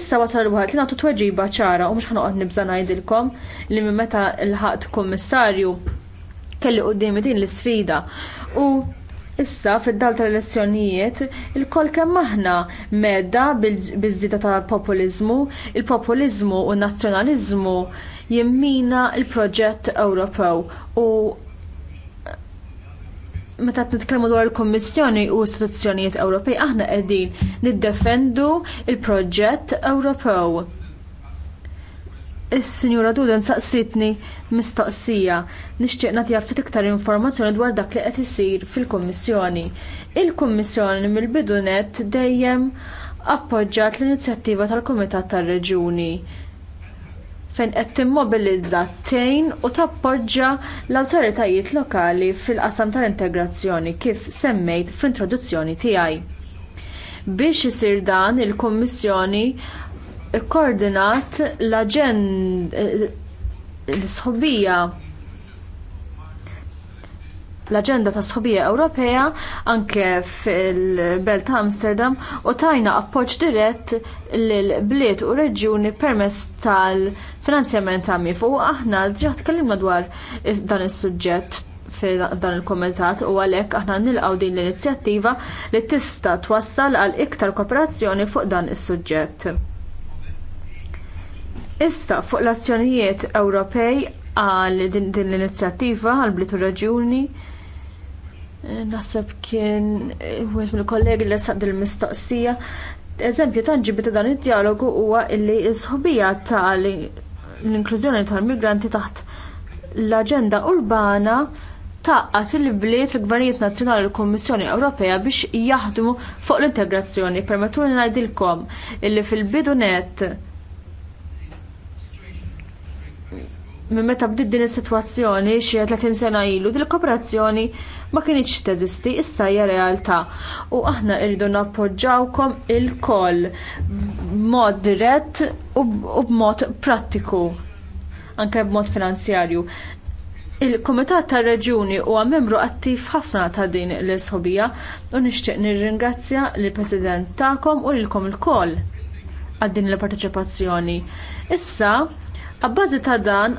Issa wasal il-waqt li nagħtu tweġiba ċara u mhux ħanoqgħod nibża ngħidilkom li minn meta l-ħaqt kummissarju kelli qudiemi din l-isfida u Issa fid-dal tal-elezzjonijiet il-kol kemm aħna medda biż-żieda tal-populiżmu, il-populiżmu u n-nazzjonaliżmu jimmina l proġett Ewropew u meta nitkellmu dwar il-Kommissjoni u istituzzjonijiet Ewropej aħna qegħdin niddefendu l proġett Ewropew. Is-Sinjura Duden saqsitni mistoqsija nixtieq nagħti ftit iktar informazzjoni dwar dak li qed isir fil-Kummissjoni. Il-Kummissjoni mill-bidu nett dejjem appoġġjat l-inizjattiva tal-Kumitat tar-Reġuni fejn qed timmobilizza tejn u tappoġġja l-awtoritajiet lokali fil-qasam tal-integrazzjoni kif semmejt fl-introduzzjoni tiegħi. Biex isir dan, il-Kummissjoni ikkoordinat eh, l-sħubija l-agenda ta' sħubija Ewropea anke fil-Belt ta' Amsterdam u tajna appoġġ dirett lil bliet u reġjuni permezz tal-finanzjament ta' mifu u aħna ġa tkellimna dwar dan is-suġġett f'dan il-komitat u għalhekk aħna nilqgħu din l-inizjattiva li tista' twassal għal iktar kooperazzjoni fuq dan is-suġġett. Issa fuq l-azzjonijiet Ewropej għal din, din l-inizjattiva għal blitu raġuni eh, naħseb kien eh, wieħed mill-kollegi li saq din mistoqsija Eżempju tanġi ta' dan id-dialogu huwa li l-sħobija tal l-inklużjoni tal-migranti taħt l-aġenda urbana taqqat il-bliet l-Gvernijiet Nazzjonali l kummissjoni Ewropea biex jaħdmu fuq l-integrazzjoni. Permettuni ngħidilkom illi fil-bidu net minn meta bdiet din is-sitwazzjoni xi 30 sena ilu din il-kooperazzjoni ma kienx teżisti issa hija realtà u aħna rridu nappoġġawkom il-koll b'mod dirett u b'mod prattiku anke b'mod finanzjarju. Il-Komitat tar Reġuni huwa membru attiv ħafna ta' din l-isħobija u nixtieq nirringrazzja lill president tagħkom u lilkom ukoll għal din il-parteċipazzjoni. Issa, Abbażi ta' dan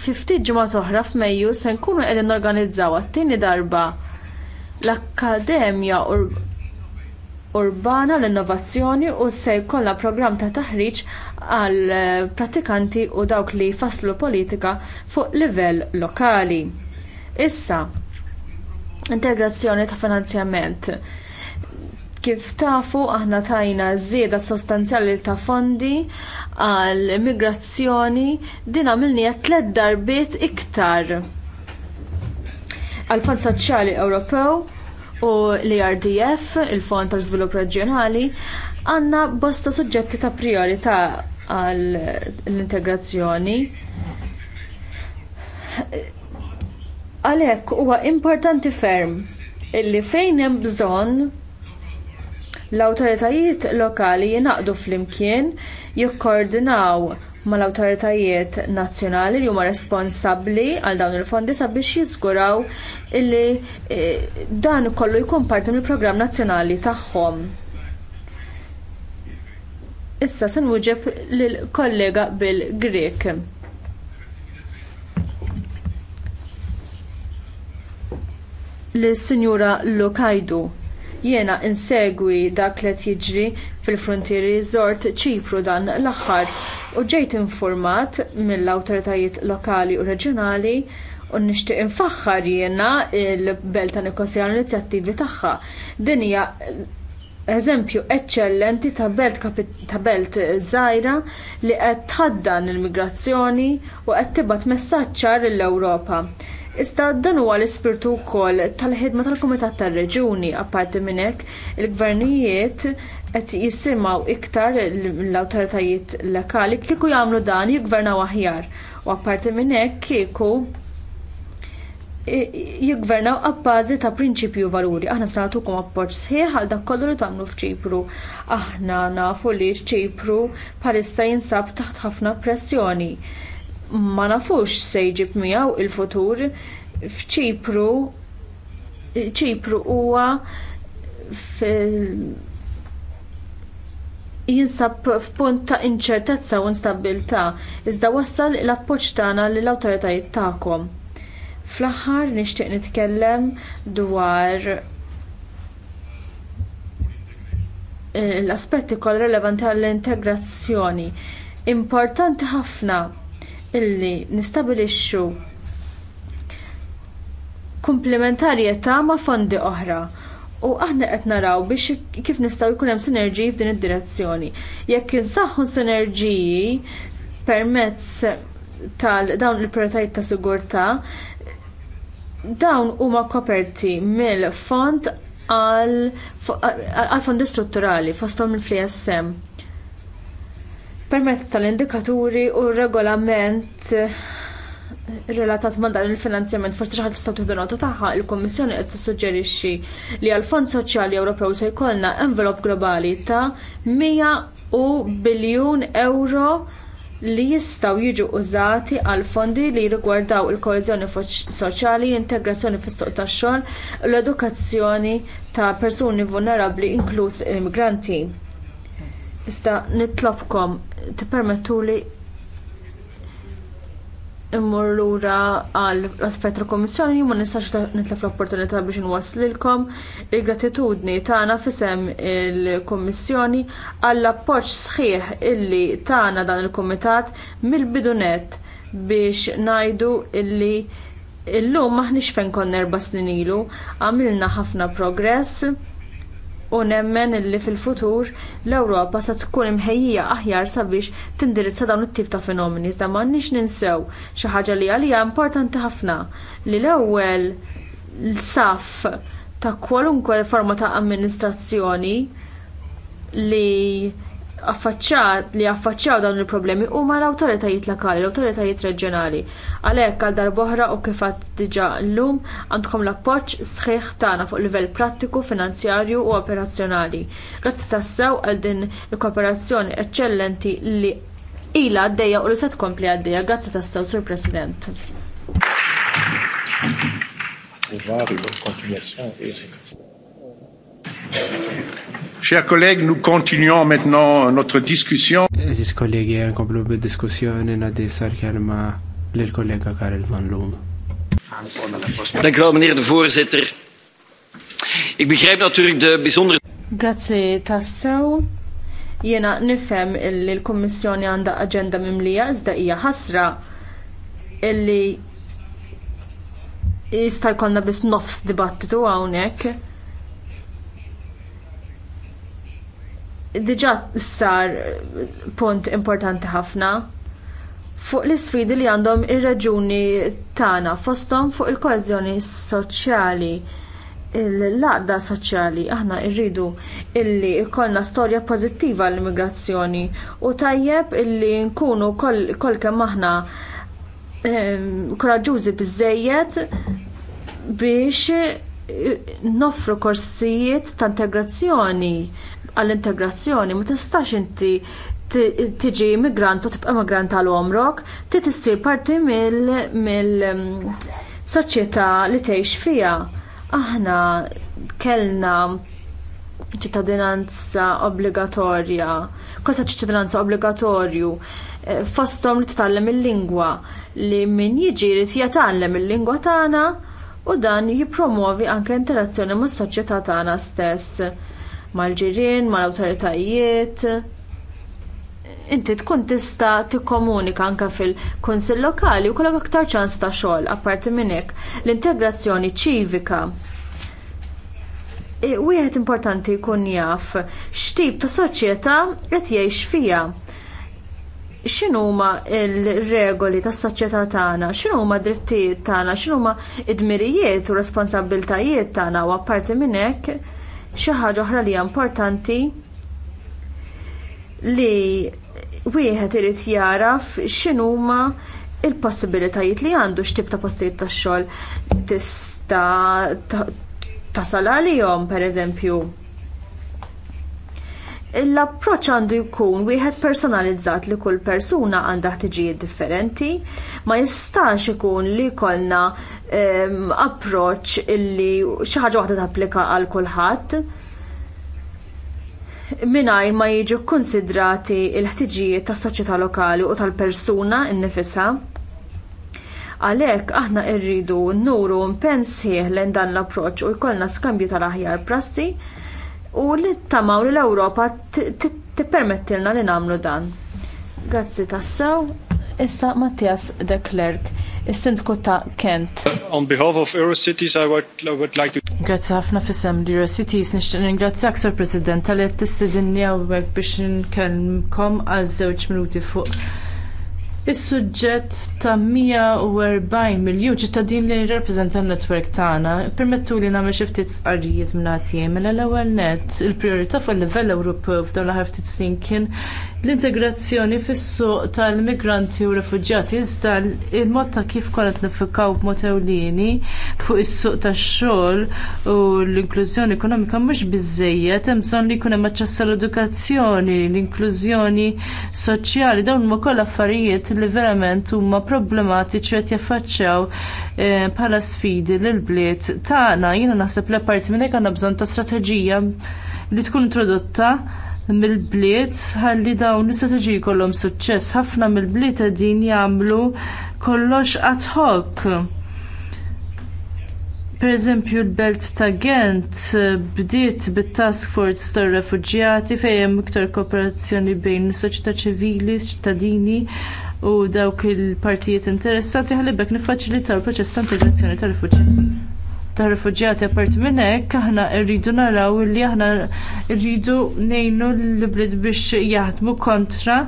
fi ftit ġimgħa oħra f'Mejju se nkunu qegħdin norganizzaw għat-tieni darba l-Akkademja Urbana l-Innovazzjoni u se jkollha programm ta' taħriġ għal eh, pratikanti u dawk li jfasslu politika fuq livell lokali. Issa, integrazzjoni ta' finanzjament. Kif tafu aħna tajna żieda sostanzjali ta' fondi għal immigrazzjoni din għamilni tliet darbiet iktar għal Fond Soċjali Ewropew u l-IRDF, il-Fond tal żvilupp Reġjonali, għandna bosta suġġetti ta' priorità għal l-integrazzjoni. Għalhekk huwa importanti ferm illi fejn hemm bżonn L-awtoritajiet lokali jingħaqdu flimkien jikkoordinaw mal-awtoritajiet nazzjonali li huma responsabbli għal dawn il-fondi sabiex jiżguraw li e, dan kollu jkun parti mill-programm nazzjonali tagħhom. Issa se nwieġeb lill kollega Bill Grek. Lis-Sinjura Lokajdu. Jiena insegwi dak li qed jiġri fil-frontieri żort ċipru dan l-aħħar u ġejt infurmat mill-awtoritajiet lokali u reġjonali u nixtieq infaħħar jiena il-belt ta' Nikosja l-inizjattivi tagħha. Din hija eżempju eċċellenti ta' belt ta' belt żgħira li qed tħaddan il-migrazzjoni u qed tibgħat messaġġ ċar lill-Ewropa. Iżda dan huwa l-ispirtu wkoll tal-ħidma tal-Kumitat tar-Reġuni apparti minn hekk il-gvernijiet qed jisimgħu iktar l-awtoritajiet lokali kieku jagħmlu dan jiggvernaw aħjar u apparti minn hekk kieku jiggvernaw appażi ta' prinċipju u valuri. Aħna se nagħtukom appoġġ sħiħ għal dak kollu li tagħmlu f'Ċipru. Aħna nafu li ċipru bħalissa jinsab taħt ħafna pressjoni ma nafux se jġib miegħu il-futur f'ċipru ċipru huwa jinsab f'punt ta' inċertezza u instabilità iżda wassal l-appoġġ tagħna lill awtoritajiet tagħkom. Fl-aħħar nixtieq nitkellem dwar eh, l-aspetti kol relevanti għall-integrazzjoni. Importanti ħafna illi nistabilixxu komplementarjetà ma' fondi oħra. U aħna qed naraw biex kif nistgħu jkun hemm sinerġiji f'din id-direzzjoni. Jekk insaħħu sinerġiji permezz tal dawn il-prioritajiet ta' sigurtà, dawn huma koperti mill-fond għal fondi strutturali fosthom il-FSM permezz tal-indikaturi u r regolament eh, relatat ma' dan il-finanzjament forsi xi ħadd tista' tieħdu nota tagħha, il-Kummissjoni qed tissuġġerixxi li għall fond Soċjali Ewropew se jkollna envelop globali ta' 100 biljun euro li jistgħu jiġu użati għal fondi li rigwardaw il-koeżjoni soċjali, l-integrazzjoni fis-suq tax-xogħol u l-edukazzjoni ta' persuni vulnerabbli inkluż immigranti. Ista nitlobkom tippermettuli immur lura għal aspett tal kummissjoni komissjoni jimman nistax nitlef l-opportunità biex inwaslilkom il-gratitudni tagħna fisem il-Kummissjoni għall appoġġ sħiħ illi tagħna dan il-Kumitat mill-bidunet biex ngħidu illi illum maħniex fejn konna erba' snin ilu, għamilna ħafna progress u nemmen illi fil-futur l-Ewropa se tkun imħejjija aħjar sabiex tindirizza dawn it-tip ta' fenomeni iżda m'għandniex ninsew xi ħaġa li għalija importanti ħafna li l-ewwel saf ta' kwalunkwe forma ta' amministrazzjoni li affaċċat li affaċċjaw dawn il-problemi huma l-awtoritajiet lokali, l-awtoritajiet reġjonali. Għalhekk għal darb'oħra u kif għad diġà llum għandkom l-appoġġ sħiħ tagħna fuq livell prattiku, finanzjarju u operazzjonali. Grazzi tassew għal din il-kooperazzjoni eċċellenti li ilha għaddejja u li se tkompli għaddejja. Grazzi tassew, Sur President. Chers collègues, nous continuons maintenant notre discussion. Eżis kollegi, nkomplu bid-diskussjoni nadi sar-kelma l-kollega Karel Van Loom. Dank u wel, meneer de voorzitter. Ik begrijp natuurlijk de bijzondere... Grazie, Tassew. Jena nifem illi l-Kommissjoni għanda agenda mimlija iżda hija ħasra illi jista' jkollna biss nofs dibattitu hawnhekk diġà sar punt importanti ħafna fuq l isfidi li għandhom ir-reġuni tagħna fosthom fuq il-koeżjoni soċjali l-laqda soċjali aħna rridu illi jkollna storja pożittiva għall immigrazzjoni u tajjeb illi nkunu kol kemm aħna koraġġużi biżżejjed biex noffru korsijiet ta' integrazzjoni għall-integrazzjoni ma tistax inti tiġi immigrant u tibqa' immigrant għal omrok, ti tissir parti mill-soċjetà li tgħix fiha. Aħna kellna ċittadinanza obbligatorja, kosa ċittadinanza obbligatorju, eh, fosthom li titgħallem il-lingwa li min jiġi jrid jatgħallem il-lingwa tagħna u dan jippromovi anke interazzjoni mas soċjetà tagħna stess mal-ġirien, mal-awtoritajiet. Inti tkun tista tikkomunika anke fil-kunsill lokali u kollok aktar ċans ta' xogħol apparti minn hekk l-integrazzjoni ċivika. Wieħed importanti jkun jaf x'tip ta' soċjetà qed jgħix fiha x'inhuma l-regoli tas-soċjetà tagħna, x'inhuma d-drittijiet tagħna, x'inhuma d dmirijiet u responsabbiltajiet tagħna u apparti minn hekk Xi ħaġa oħra li hija importanti li wieħed irid jaraf huma l possibilitajiet li għandu x'tib ta' postijiet tax xogħol tista' tasal għalihom pereżempju l-approċċ għandu jkun wieħed personalizzat li kull persuna għandha ħtiġijiet differenti, ma jistax ikun li jkollna ehm, approċċ illi xi ħaġa waħda tapplika għal kulħadd mingħajr ma jiġu kkunsidrati l-ħtiġijiet tas-soċjetà lokali u tal-persuna nnifisha. Għalhekk aħna rridu nuru mpensieħ lejn dan l-approċċ u jkollna skambju tal-aħjar prassi u li tamaw li l-Ewropa tippermettilna li nagħmlu dan. Grazzi tassew. Issa Mattias de Klerk, is-sindku ta' Kent. On behalf of Eurocities, I would, I would like to... Grazzi ħafna fissem li Eurocities, nixtieq ningrazzjak, Sur President, tal et t-istidinni għawek biex nkellmkom għal żewġ minuti fuq Is-suġġett ta' 140 miljun ċittadin li jirrappreżenta n-netwerk tagħna permettu li nagħmel xi ftit sqarrijiet mingħand jagħmel l-ewwel nett, il-prijorità fuq il-livell Ewropew f'dawn l-aħħar ftit snin kien l-integrazzjoni fis-suq tal-migranti u rifuġjati iżda il-mod ta' kif kollha tnifikaw b'mod ewlieni fuq is-suq tax-xogħol u l-inklużjoni ekonomika mhux biżżejjed hemm bżonn li jkun hemm aċċess għall-edukazzjoni, l-inklużjoni soċjali dawn huma kollha affarijiet l li verament huma problematiċi qed jaffaċċjaw eh, bħala sfidi lill bliet tagħna. Jiena naħseb li parti minn hekk għandna bżonn ta' strateġija li tkun introdotta mill-bliet ħalli dawn l-istrateġiji kollhom suċċess. Ħafna mill-bliet qegħdin jagħmlu kollox ad hoc. Pereżempju l-belt ta' Gent bdiet bit-task force tar refuġjati fejn hemm iktar kooperazzjoni bejn is-soċjetà ċivili, ċittadini, u dawk il-partijiet interessati ħalibek niffaċilitaw il-proċess ta' integrazzjoni tar rifuġjati Ta' rifuġjati apparti minn hekk aħna rridu naraw li aħna rridu ngħinu l-bliet biex jaħdmu kontra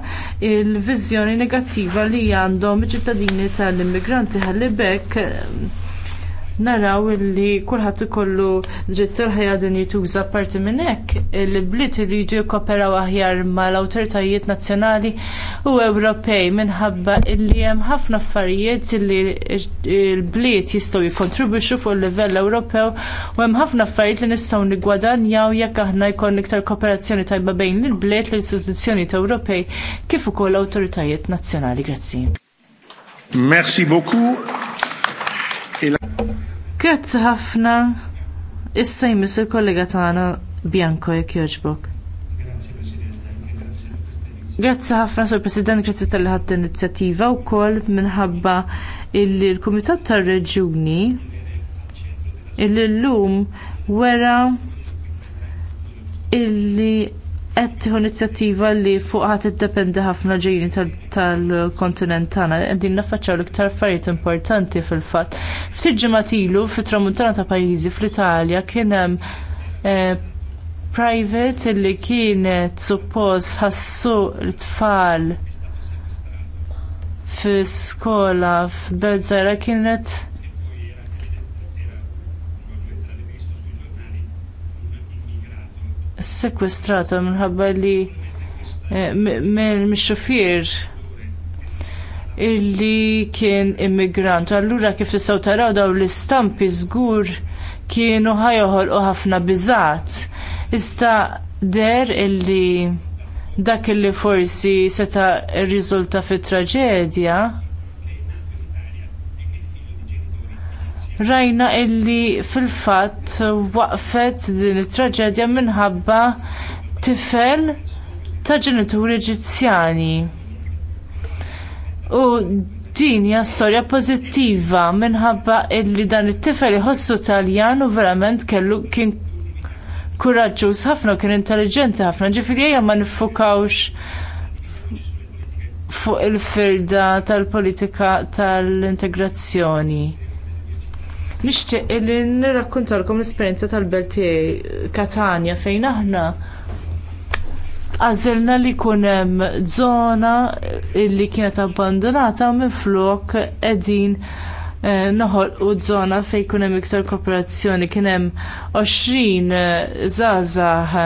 il-viżjoni negattiva li għandhom iċ-ċittadini tal-immigranti ħalibek naraw illi kulħadd ikollu dritt il ħajja din jituża parti minn hekk il-bliet li jdu jikkoperaw aħjar mal-awtoritajiet nazzjonali u Ewropej minħabba illi hemm ħafna affarijiet illi l-bliet jistgħu jikkontribwixxu fuq il-livell Ewropew u hemm ħafna affarijiet li nistgħu nigwadanjaw jekk aħna jkollna iktar kooperazzjoni tajba bejn il-bliet l-istituzzjonijiet Ewropej kif ukoll awtoritajiet nazzjonali. Grazzi. Merci beaucoup. Grazzi ħafna. Issa jmiss il-kollega tagħna Bianco jekk jogħġbok. Grazzi ħafna sur President, grazzi tal ħadd inizjattiva wkoll minħabba illi l-Kumitat tar-Reġjuni illi l-lum wera illi qed tieħu inizjattiva li fuq ħadd iddependi ħafna ġejjin tal-kontinent tagħna. Qegħdin naffaċċaw l-iktar affarijiet importanti fil-fatt. Ftit ġimgħa ilu fit-tramuntana ta' pajjiżi fl-Italja kien hemm eh, private li kienet suppost ħassu l-tfal fi skola f'Belzera kienet sekwestrata minħabba li eh, mill-xufier illi kien immigrant. Allura kif tistgħu taraw dawn l-istampi żgur kienu ħajjoħolqu ħafna biżgħat. Iżda der illi dak illi forsi seta rriżulta fit traġedja rajna illi fil-fatt waqfet din it-traġedja minħabba tifel ta' ġenituri Eġizzjani. U din hija storja pożittiva minħabba illi dan it-tifel iħossu Taljan u verament kellu kien kuraġġuż ħafna u kien intelligenti ħafna, ġifieri ejja ma nifukawx fuq il-firda tal-politika tal-integrazzjoni. Nixtieq li nirrakkuntalkom l-esperjenza tal-belt tiegħi Katania fejn aħna għażilna li jkun hemm żona li kienet abbandonata minflok qegħdin eh, noħolqu żona fejn jkun hemm iktar kooperazzjoni kien hemm 20 eh, żgħażagħ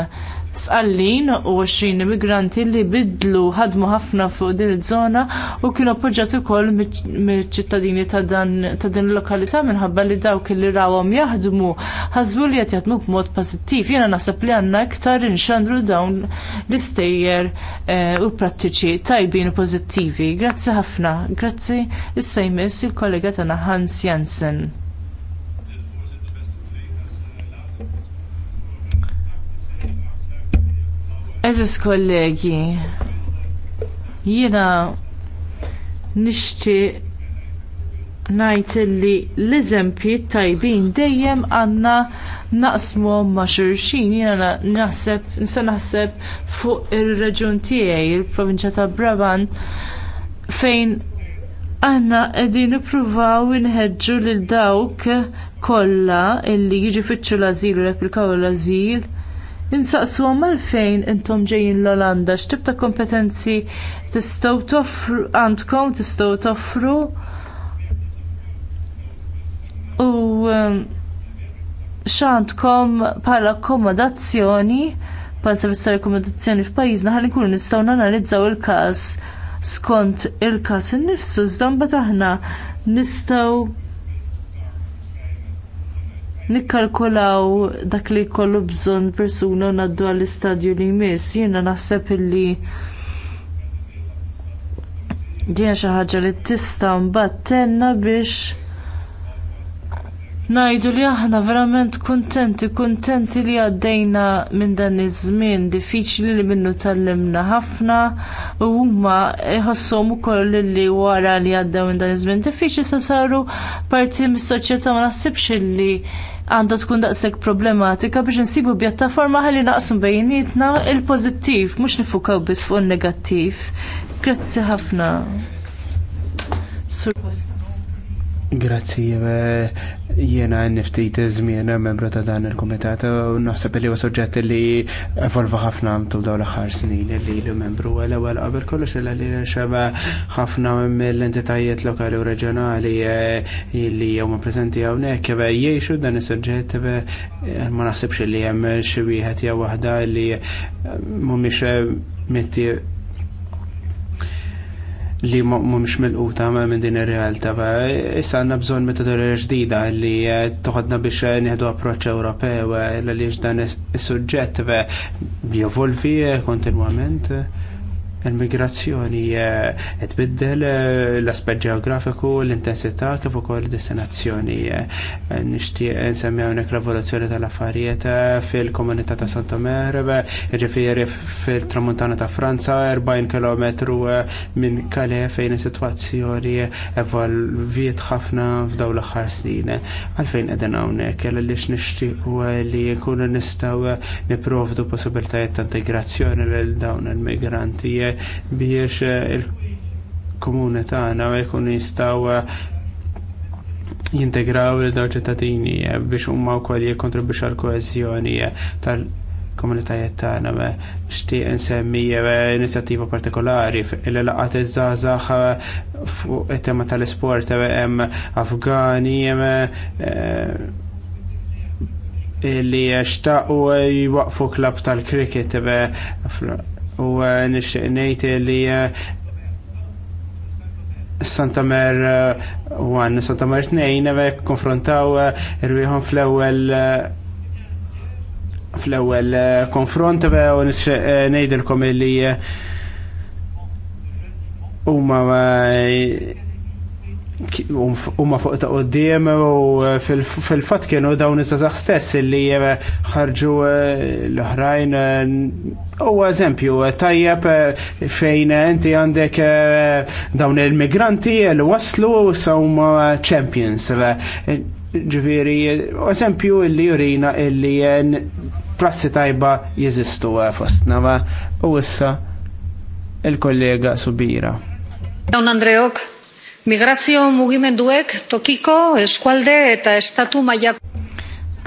sqallin u 20 immigranti li bidlu ħadmu ħafna fuq din iż-żona u kienu appoġġjat ukoll miċ ċittadini ta' din il-lokalità minħabba li dawk li rawhom jaħdmu ħażbu li qed jaħdmu b'mod pożittiv. Jiena naħseb li għandna iktar inxandru dawn l-istejjer eh, u prattiċi tajbin u pożittivi. Grazzi ħafna, grazzi is-sejmis il-kollega tagħna Hans Jansen. Eżis kollegi, jiena nixtieq najt li l-eżempji tajbin dejjem għandna naqsmuhom ma' xulxin, jiena naħseb, nisa naħseb fuq ir reġun tiegħi, il-provinċja ta' Brabant, fejn aħna qegħdin nippruvaw inħeġġu lil dawk kollha illi jiġu fitxu l-azil u replikaw l-azil Insaqsuhom għalfejn intom ġejjin l-Olanda, x'tib ta' kompetenzi tistgħu toffru għandkom tistgħu toffru u ehm, x'għandkom bħala akkomodazzjoni bħal servizz tal akkomodazzjoni f'pajjiżna ħalli nkunu nistgħu nanalizzaw il-każ skont il-każ innifsu iżda mbagħad aħna nistgħu nikkalkulaw dak li jkollu bżonn persuna u ngħaddu għall-istadju li jmiss. Jiena naħseb illi dinja xi ħaġa li tista' mbagħad tenna biex ngħidu li aħna verament kuntenti, kuntenti li għaddejna minn dan iż-żmien diffiċli li minnu tallimna ħafna u huma iħossom ukoll li wara li għaddew minn dan iż-żmien diffiċli se saru parti mis-soċjetà ma naħsibx li għandha tkun daqshekk problematika biex insibu pjattaforma ħalli naqsmu bejnietna il-pożittiv mhux nifukaw biss fuq il-negattiv. Grazzi ħafna. Sur Grazzi, jena niftit zmiena membru ta' dan il-komitat u naħseb li huwa soġġett li evolva ħafna tul dawn l-aħħar snin li l membru l-ewwel qabel kollox illa li xeba ħafna mill-entitajiet lokali u reġjonali eh, li huma preżenti hawnhekk jgħixu dan is-soġġett ma naħsibx li hemm xi wieħed jew waħda li eh, mhumiex eh, mitti li mhumiex milquta minn din ir-realtà. Issa għandna bżonn metodoloġija ġdida li eh, toħodna biex eh, nieħdu approċċ Ewropew eh, għaliex dan is-suġġett jevolvi kontinwament. Il-migrazzjoni eh, qed biddel eh, l-aspett ġeografiku, l-intensità kif ukoll destinazzjoni. Eh, nixtieq insemmi hawnhekk l-evoluzzjoni tal-affarijiet fil-komunità ta' Santomer, ġifieri fil-Tramuntana ta' Franza, 40 km minn Calais fejn is-sitwazzjoni evolviet ħafna f'dawn l-aħħar snin. Għalfejn qegħdin hawnhekk għaliex nixtiequ li jkunu nistgħu nipprovdu possibilitajiet ta' integrazzjoni lil dawn il-migranti biex eh, il-komune tagħna jkun jistgħu eh, jintegraw il daw ċittadini eh, biex huma wkoll jikkontribwixxu għall koeżjoni tal- komunitajiet tagħna nixtieq insemmi inizjattiva partikolari li laqgħet iż-żgħażagħ fuq it-tema tal-isport hemm Afgani li xtaqu jwaqfu klab tal-kriket u eh, nixtieq ngħid li Mer 1, Santa Mer 2, nevek konfrontaw eh, irwiħon fl-ewel eh, fl-ewel konfront u nejdilkom illi huma umma fuq ta' qoddim u uh, fil-fat kienu dawn iż-żazax stess li uh, ħarġu uh, l-oħrajn u eżempju tajjeb fejn inti għandek dawn il-migranti li waslu u sawm champions. Ġviri, eżempju li jurina li prassi tajba jizistu fostna u issa il-kollega Subira. Don Andreok, Migrazio mugimenduek tokiko, eskualde eta estatu mailako.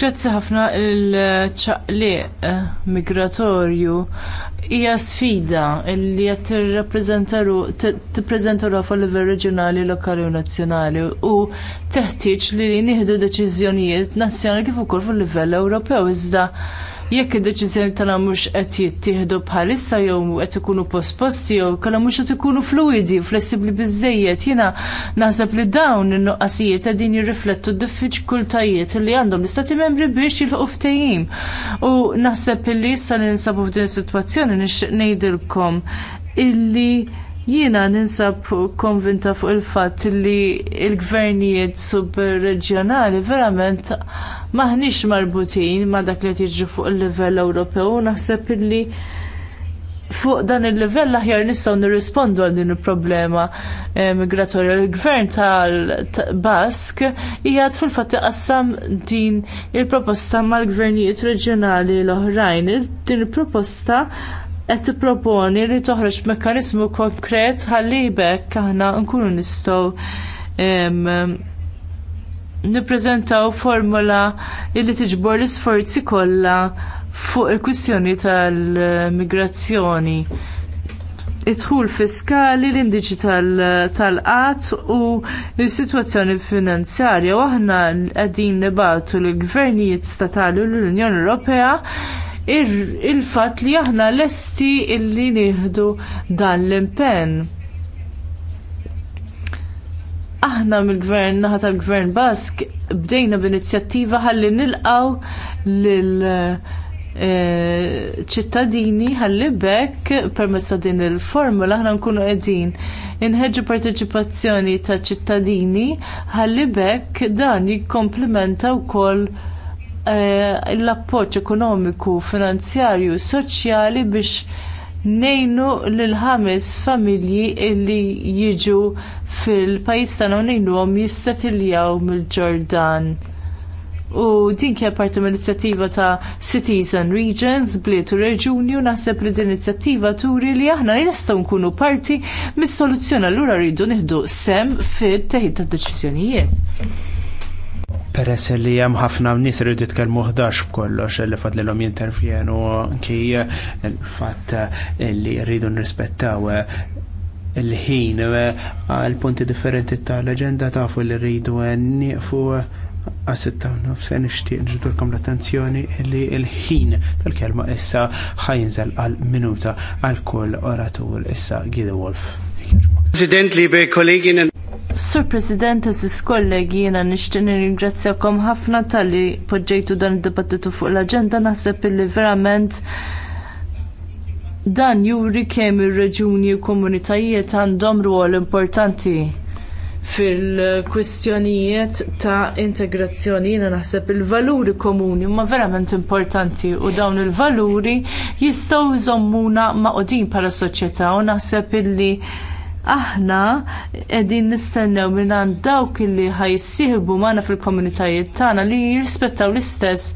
Grazzi ħafna il-ċaqliq eh, migratorju hija sfida li qed tirrappreżentaru tippreżentaru fuq livell reġjonali, lokali u nazzjonali u teħtieġ li nieħdu deċiżjonijiet nazzjonali kif ukoll fuq livell Ewropew iżda jekk id-deċiżjoni tagħna mhux qed jittieħdu bħalissa jew qed ikunu posposti jew kellha mhux qed ikunu fluidi u flessibbli biżżejjed. Jiena naħseb li dawn in-nuqqasijiet qegħdin jirriflettu d-diffikultajiet li għandhom l-istati membri biex jilħqu ftehim. U naħseb illi issa li nsabu f'din is-sitwazzjoni nixtieq ngħidilkom illi Jiena ninsab konvinta fuq il-fatt li l gvernijiet subreġjonali verament maħniex marbutin ma' dak li tiġi fuq il-livell Ewropew naħseb illi fuq dan il-livell aħjar nistgħu nirrispondu għal din il-problema eh, migratorja. Il-gvern tal-Bask hija fil-fatt iqassam din il-proposta mal-gvernijiet reġjonali l-oħrajn. Din il-proposta il proposta qed tipproponi li toħroġ mekkaniżmu konkret ħalli aħna nkunu nistgħu nippreżentaw formula li tiġbor l-isforzi kollha fuq il-kwistjoni tal-migrazzjoni. Id-dħul fiskali, l-indiċi tal-qatt u l-sitwazzjoni finanzjarja u aħna qegħdin nibatu lill gvernijiet statali u l-Unjoni Ewropea il fatt li aħna lesti illi nieħdu dan l-impenn. Aħna mill-gvern naħa tal-gvern Bask bdejna b'inizjattiva ħalli nilqaw lil eh, ċittadini ħalli bekk permezz ta' din il-formula aħna nkunu qegħdin inħeġġu parteċipazzjoni ta' ċittadini ħalli bekk dan jikkomplimenta wkoll Eh, l appoġġ ekonomiku, finanzjarju, soċjali biex nejnu lil ħames familji illi jiġu fil-pajis tagħna u nejnuhom jissatiljaw mill-Ġordan. U din kienet parti mill inizjattiva ta' Cities and Regions, bliet u reġuni u naħseb li din inizjattiva turi li aħna nistgħu nkunu parti mis-soluzzjoni allura rridu nieħdu sem fit-teħid tad deċiżjonijiet. Peress li hemm ħafna nies irid jitkellmu ħdax b'kollox li fatt lilhom jintervjenu anki l-fatt li rridu nrispettaw il-ħin għal punti differenti tal-leġenda fu li rridu nieqfu għasittaw nafse nishtiq nġudurkom l-attenzjoni li il-ħin tal-kelma issa ħajnżel għal minuta għal kull oratur issa Gide Wolf. President, liebe Kolleginnen Sur President, eżis kollegi, jena nishtin ringrazzjakom ħafna tal-li poġġejtu dan id-dibattitu fuq l-agenda, naħseb illi verament dan juri kemm ir-reġuni u komunitajiet għandhom rwol importanti fil-kwistjonijiet ta' integrazzjoni jiena naħseb il-valuri komuni huma verament importanti u dawn il-valuri jistgħu jżommuna ma' bħala soċjetà u naħseb illi aħna qegħdin nistennew minn għand dawk li ħajsibu magħna fil-komunitajiet tagħna li jirrispettaw l-istess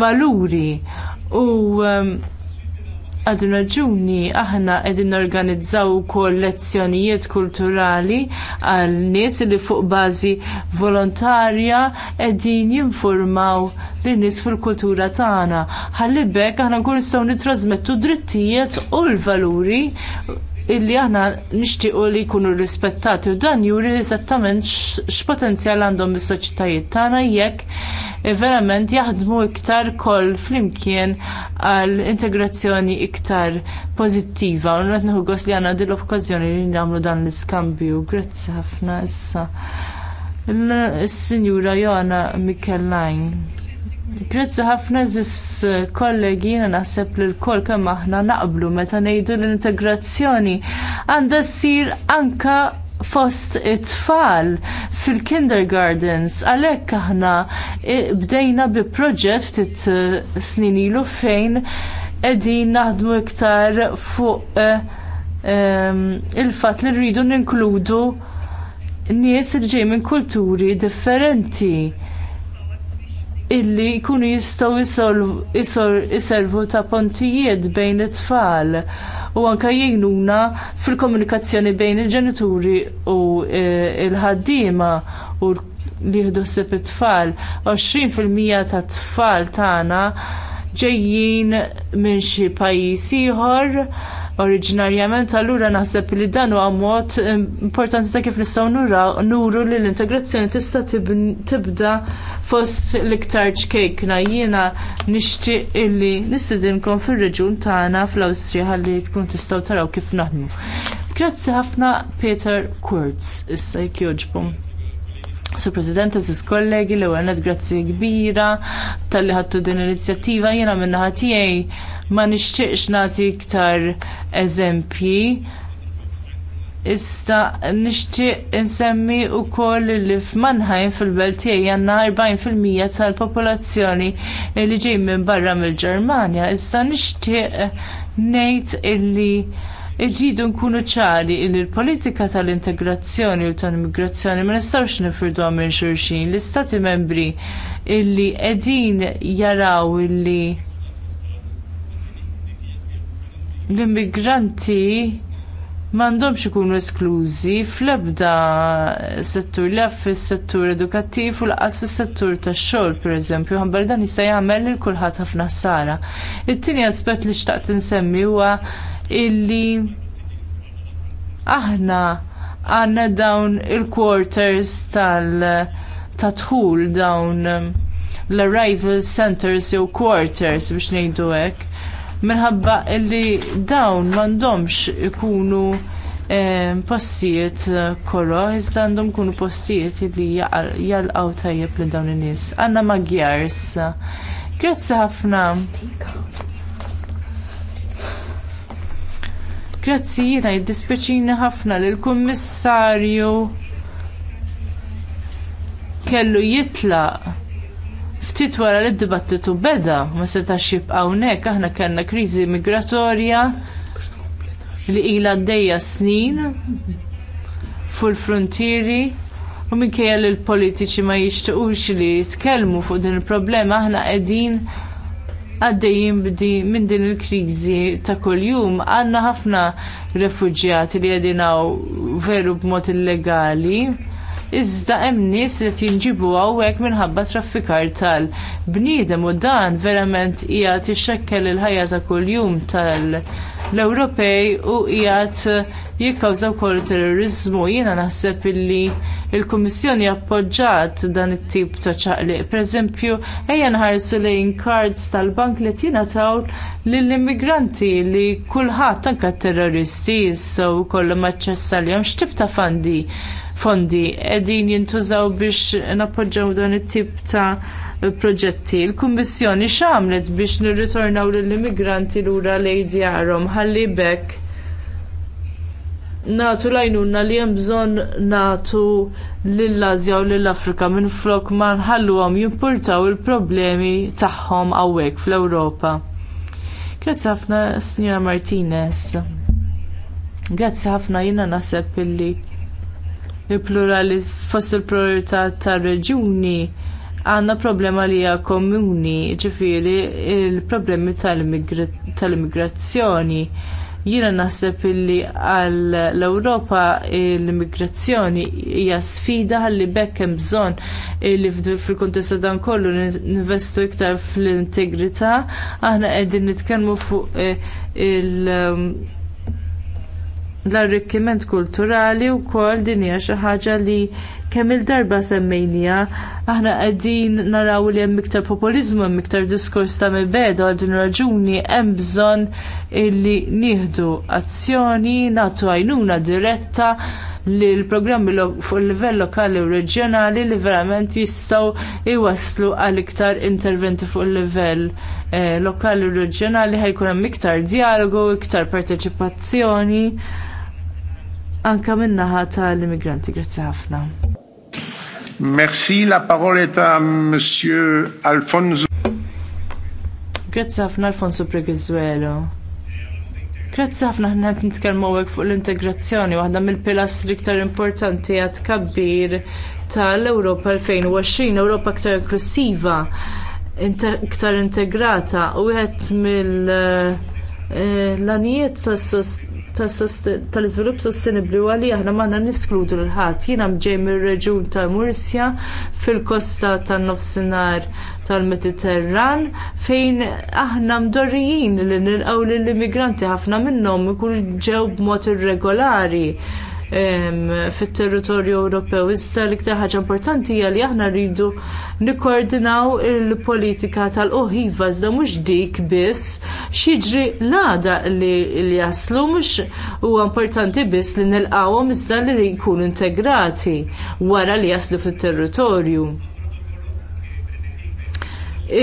valuri u um, għadin raġuni aħna qegħdin organizzaw ukoll lezzjonijiet kulturali għal nies li fuq bażi volontarja qegħdin jinformaw lin nies fil-kultura tagħna. Ħalli bekk aħna nkun nistgħu nittrażmettu drittijiet u l-valuri illi aħna nixtiequ li jkunu rispettati u dan juri eżattament x'potenzjal għandhom is-soċjetajiet tagħna jekk eh, verament jaħdmu iktar koll flimkien għal integrazzjoni iktar pożittiva u qed nieħu gost li għandna din l-okkażjoni li nagħmlu dan l-iskambju. Grazzi ħafna issa. Is-Sinjura Joana Mikellajn. Grazzi ħafna ziz eh, kollegi jiena naħseb li l-kol kemm aħna naqblu meta ngħidu l-integrazzjoni għandha ssir anka fost it-tfal fil-kindergardens għalhekk aħna eh, bdejna bi proġett ftit eh, snin ilu fejn qegħdin naħdmu iktar fuq ehm, il-fatt li rridu ninkludu nies li ġej minn kulturi differenti illi jkunu jistgħu iservu ta' pontijiet bejn it-tfal u anke jgħinuna fil-komunikazzjoni bejn il-ġenituri u e, il-ħaddiema u li jħdossib it-tfal. 20% ta' tfal tagħna ġejjin minn xi pajjiż ieħor oriġinarjament, allura naħseb li dan huwa mod importanti ta' kif nistgħu nuru li l-integrazzjoni tista' tibda fost l-iktar ċkejkna jiena nixtieq illi nistidinkom fir-reġun tagħna fl-Awstrija ħalli tkun tistgħu taraw kif naħdmu. Grazzi ħafna Peter Kurz, issa jkjoġbom. Sur President, Aziz kollegi, l għanet grazzi kbira tal-li ħattu din l-inizjattiva jena minna ħatijaj ma nixtieqx nati iktar eżempji. Issa nixtieq insemmi wkoll li f'Mannheim fil-belt tiegħi għandna 40% tal-popolazzjoni li ġej minn barra mill-Ġermanja. Issa nixtieq ngħid illi irridu nkunu ċari li l-politika tal-integrazzjoni u tal-immigrazzjoni ma nistgħux nifirdu minn xulxin. L-istati membri illi qegħdin jaraw illi l-immigranti m'għandhomx ikunu esklużi fl-ebda settur lef fis-settur edukattiv u laqas fis-settur tax-xogħol pereżempju ħambar dan jista' jagħmel lil kulħadd ħafna ħsara. It-tieni aspett li xtaqt insemmi huwa illi aħna għandna dawn il-quarters tal tadħul dawn um, l-arrival centers jew quarters biex ngħidu hekk minħabba illi dawn m'għandhomx ikunu um, postijiet uh, koro, iżda għandhom kunu postijiet li jalqaw tajjeb li dawn in-nies. Għandna magjars. Grazzi ħafna. Grazzi jiena jiddispjaċini ħafna li l-kummissarju kellu jitlaq ftit wara li d-dibattitu beda ma setax jibqa' hawnhekk aħna kellna kriżi migratorja li ilha għaddejja snin fuq frontieri u minkejja li l-politiċi ma jixtiequx li jitkellmu fuq din il-problema aħna qegħdin għaddejjin bdi minn din il-kriżi ta' kuljum għandna ħafna refuġjati li għedinaw veru b'mod illegali iżda hemm nies li jinġibu hawnhekk minħabba traffikar tal-bniedem u dan verament qiegħed ixxekkel il-ħajja ta' kuljum tal-Ewropej u qiegħed jikkawża wkoll terrorizmu. Jiena naħseb illi il-Kummissjoni appoġġat dan it-tip ta' ċaqliq. Pereżempju, ejja nħarsu lejn cards tal-bank li tingħataw lill-immigranti li kulħadd anke terroristi jistgħu jkollhom aċċess għalihom x'tip ta' fandi fondi qegħdin jintużaw biex nappoġġaw dan it-tip ta' proġetti. Il-Kummissjoni x'għamlet biex nirritornaw lill-immigranti lura lej djarhom ħalli bekk natu lajnuna li hemm bżonn nagħtu lill asja u lill-Afrika minflok ma nħalluhom jimpurtaw il-problemi tagħhom hawnhekk fl-Ewropa. Grazzi ħafna, Signora Martinez. Grazzi ħafna jiena naseb illi il-plurali fost il-priorità tar reġjuni għandna problema li hija komuni, ġifiri l problemi tal-immigrazzjoni. Jiena naħseb illi għall ewropa l-immigrazzjoni hija sfida ħalli bekk hemm bżonn li fil-kuntest dan kollu ninvestu iktar fl-integrità, aħna qegħdin nitkellmu fuq eh, il- l-arricchiment kulturali wkoll din hija xi ħaġa li kemm il-darba semmejnija aħna qegħdin naraw li hemm iktar populiżmu hemm iktar diskors ta' mibeda għal din raġuni hemm bżonn illi nieħdu azzjoni nagħtu għajnuna diretta li l-programmi fuq livell lokali u reġjonali li verament jistgħu jwasslu għal iktar interventi fuq livell eh, lokali u reġjonali ħajkun hemm iktar dialogu, iktar parteċipazzjoni anka min-naħa tal-immigranti. Grazzi ħafna. Merci, la parole ta' Monsieur Alfonso. Grazzi ħafna Alfonso Pregizuelo. Grazzi ħafna ħna qed nitkellmu hekk fuq l-integrazzjoni waħda mill-pilastri iktar importanti għad kabbir tal-Ewropa 2020, Ewropa iktar inklusiva, iktar integrata u wieħed mill- eh, tas-sos tal-iżvilupp sostenibbli u għalli aħna m'għandna niskludu lil ħadd. Jiena mġej mir-reġjun ta' Mursja fil-kosta tan-nofsinhar tal-Mediterran fejn aħna mdorrijin li nilqgħu lill-immigranti ħafna minnhom ikunu ġew b'mod irregolari fit-territorju Ewropew. Issa l-iktar ħaġa importanti hija li aħna rridu nikkoordinaw il-politika tal-oħiva iżda mhux dik biss x'jiġri l-għada li jaslu mhux huwa importanti biss li nilqawhom iżda li jkunu integrati wara li jaslu fit-territorju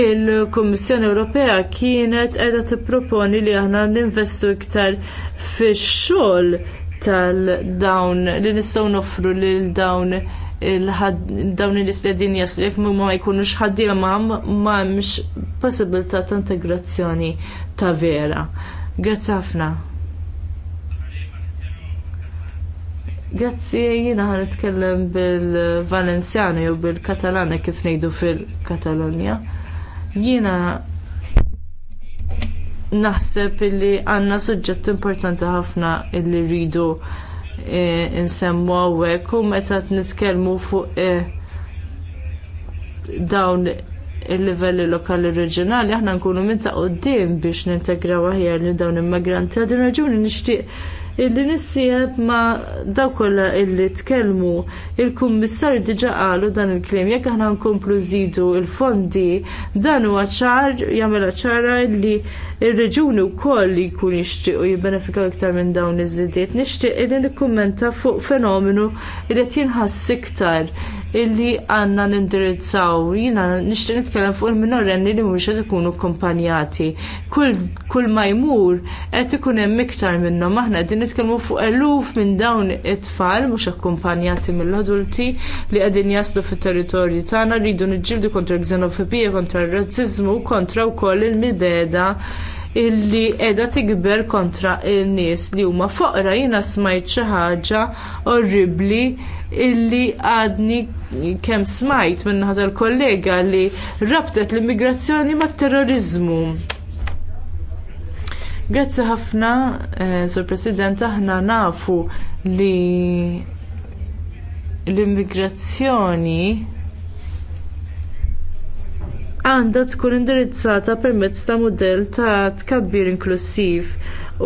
il-Kummissjoni Ewropea kienet qiegħda tipproponi li aħna ninvestu iktar fix-xogħol tal-dawn li nistgħu nofru lil dawn dawn il-istedin jaslu jekk ma jkunux ma m'hemmx possibilità ta' integrazzjoni ta' vera. Grazzi ħafna. Grazzi jiena ħan nitkellem bil-Valenzjano jew bil-Katalana kif ngħidu fil-Katalonja. Jina naħseb illi għandna suġġett importanti ħafna illi rridu eh, insemmu għawek u meta nitkellmu fuq eh, dawn il-livelli lokali reġjonali aħna nkunu minn ta' qoddim biex nintegraw aħjar li dawn immigranti għad raġuni nixtieq illi nissieħeb ma' daw kollha illi tkellmu. Il-kummissar diġà qalu dan il-kliem jekk aħna nkomplu zidu il-fondi dan huwa ċar jagħmel ċara illi ir-reġuni wkoll li jkun jixtiequ jibbenefikaw iktar minn dawn iż-żidiet. Nixtieq illi nikkummenta fuq fenomenu li qed jinħass iktar illi għandna nindirizzaw. Jiena nixtieq nitkellem fuq il-minorenni li mhumiex qed ikunu kkumpanjati. Kull ma jmur qed ikun hemm iktar minnhom aħna qegħdin nitkellmu fuq eluf minn dawn it-tfal mhux akkumpanjati mill-adulti li qegħdin jaslu fit-territorju tagħna rridu niġġieldu kontra l-xenofobija, kontra r razzizmu kontra wkoll il-mibeda illi qiegħda tikber kontra n-nies li huma foqra jiena smajt xi ħaġa orribbli illi għadni kemm smajt minn tal kollega li rabtet l-immigrazzjoni mat-terrorizmu. Grazzi ħafna, eh, Sur President, aħna nafu li l-immigrazzjoni għandha tkun indirizzata permezz ta' mudell ta' tkabbir inklusiv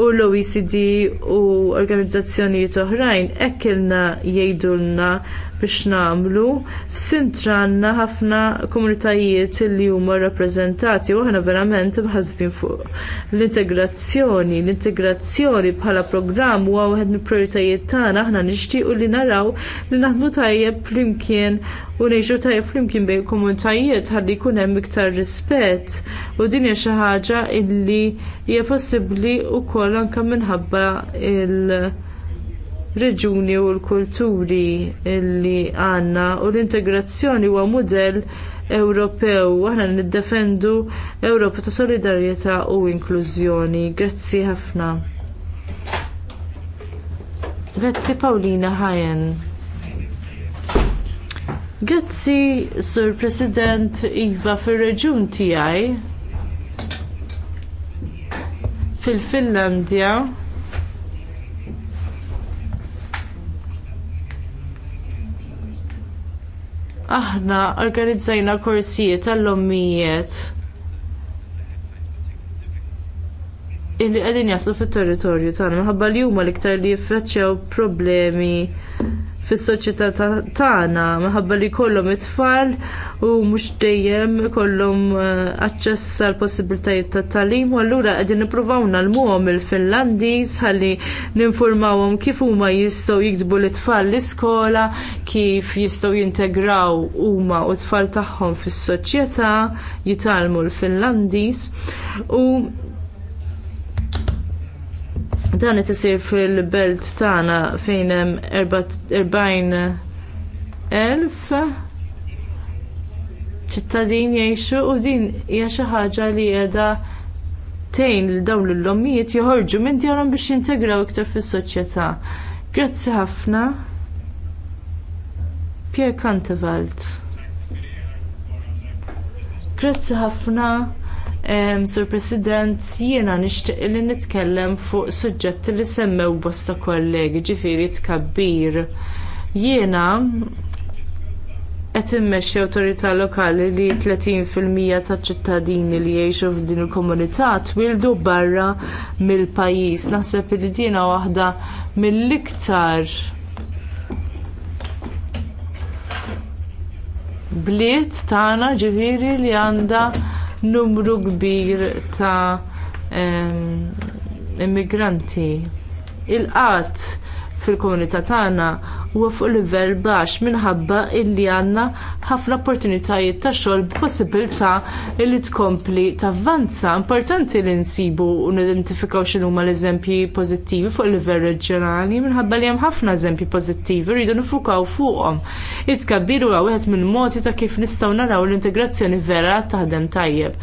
u l-OECD u organizzazzjonijiet oħrajn hekk ilna jgħidulna biex nagħmlu. F'Sintra għandna ħafna komunitajiet li huma rappreżentati u aħna verament mħassbin fuq l-integrazzjoni. L-integrazzjoni bħala programm huwa waħed mill-prijoritajiet tagħna aħna nixtiequ li naraw li naħdmu tajjeb flimkien u ngħixu tajjeb flimkien bejn komunitajiet ħalli jkun hemm iktar rispett u din hija xi ħaġa illi hija possibbli wkoll anke minħabba il- reġuni u l-kulturi li għandna u l-integrazzjoni huwa mudell Ewropew aħna niddefendu Ewropa ta' solidarjetà u inklużjoni. Grazzi ħafna. Grazzi Paulina Hajen. Grazzi, Sur President Iva, fir-reġjun tiegħi fil-Finlandja. aħna organizzajna korsijiet tal ommijiet illi qegħdin jaslu fit-territorju tagħna minħabba li huma l-iktar li jiffaċċjaw problemi fis-soċjetà tagħna minħabba li jkollhom it-tfal u mhux dejjem ikollhom eh, aċċess għal possibiltajiet ta' tagħlim u allura qegħdin nippruvaw nagħlmuhom il-Finlandiż ħalli ninformawhom kif huma jistgħu jiktbu l-itfal l-iskola, kif jistgħu jintegraw huma u t-tfal tagħhom fis-soċjetà, jitalmu l-Finlandiż u Dan it isir fil-belt tagħna fejn hemm 40,000 ċittadin jgħixu u din hija xi ħaġa li qiegħda tgħin lil dawn l lommijiet joħorġu minn djarhom biex jintegraw iktar fis-soċjetà. Grazzi ħafna. Pierre Cantevald. Grazzi ħafna. Sur President, jiena nixtieq li nitkellem fuq suġġetti li semmew bosta kollegi, ġifieri tkabbir. Jiena qed immexxi awtorità lokali li 30% taċ-ċittadini li jgħixu f'din il-komunità twildu barra mill-pajjiż. Naħseb li dina waħda mill-iktar bliet tagħna ġifieri li għandha numru kbir ta' immigranti. Il-qatt fil-komunità tagħna huwa fuq livell baxx minħabba li għandna ħafna opportunitajiet ta' xogħol b'possibilità li tkompli tavvanza. Importanti li nsibu u nidentifikaw x'inhuma l-eżempji pożittivi fuq livell reġjonali minħabba li hemm ħafna eżempji pożittivi rridu nifukaw fuqhom. It-tkabbir huwa wieħed mill-modi ta' kif nistgħu naraw l-integrazzjoni vera taħdem tajjeb.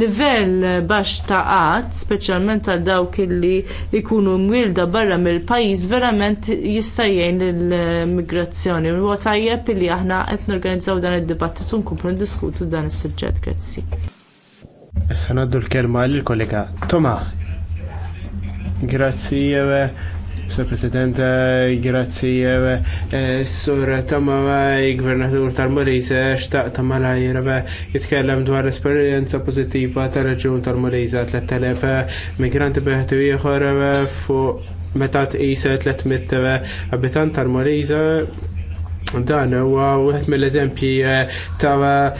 Livell baxx ta' qatt, speċjalment għal dawk li jkunu mwielda barra mill-pajjiż verament jista' jgħin lil migrazzjoni. U huwa tajjeb li aħna qed norganizzaw dan id-dibattitu nkomplu ndiskutu dan is-suġġett. Grazzi. Issa naddu l-kelma lill-kollega Toma. Grazzi Sur President, grazzi jewe, eh, Sur il Gvernatur tal-Molise, xtaq Tama Lajra, jitkellem dwar esperienza pozittiva tal-reġun tal-Molise, 3000 migranti beħtu jieħor fuq meta tqis 300 eh, abitant tal-Moriza dan huwa wieħed mill-eżempji eh, ta'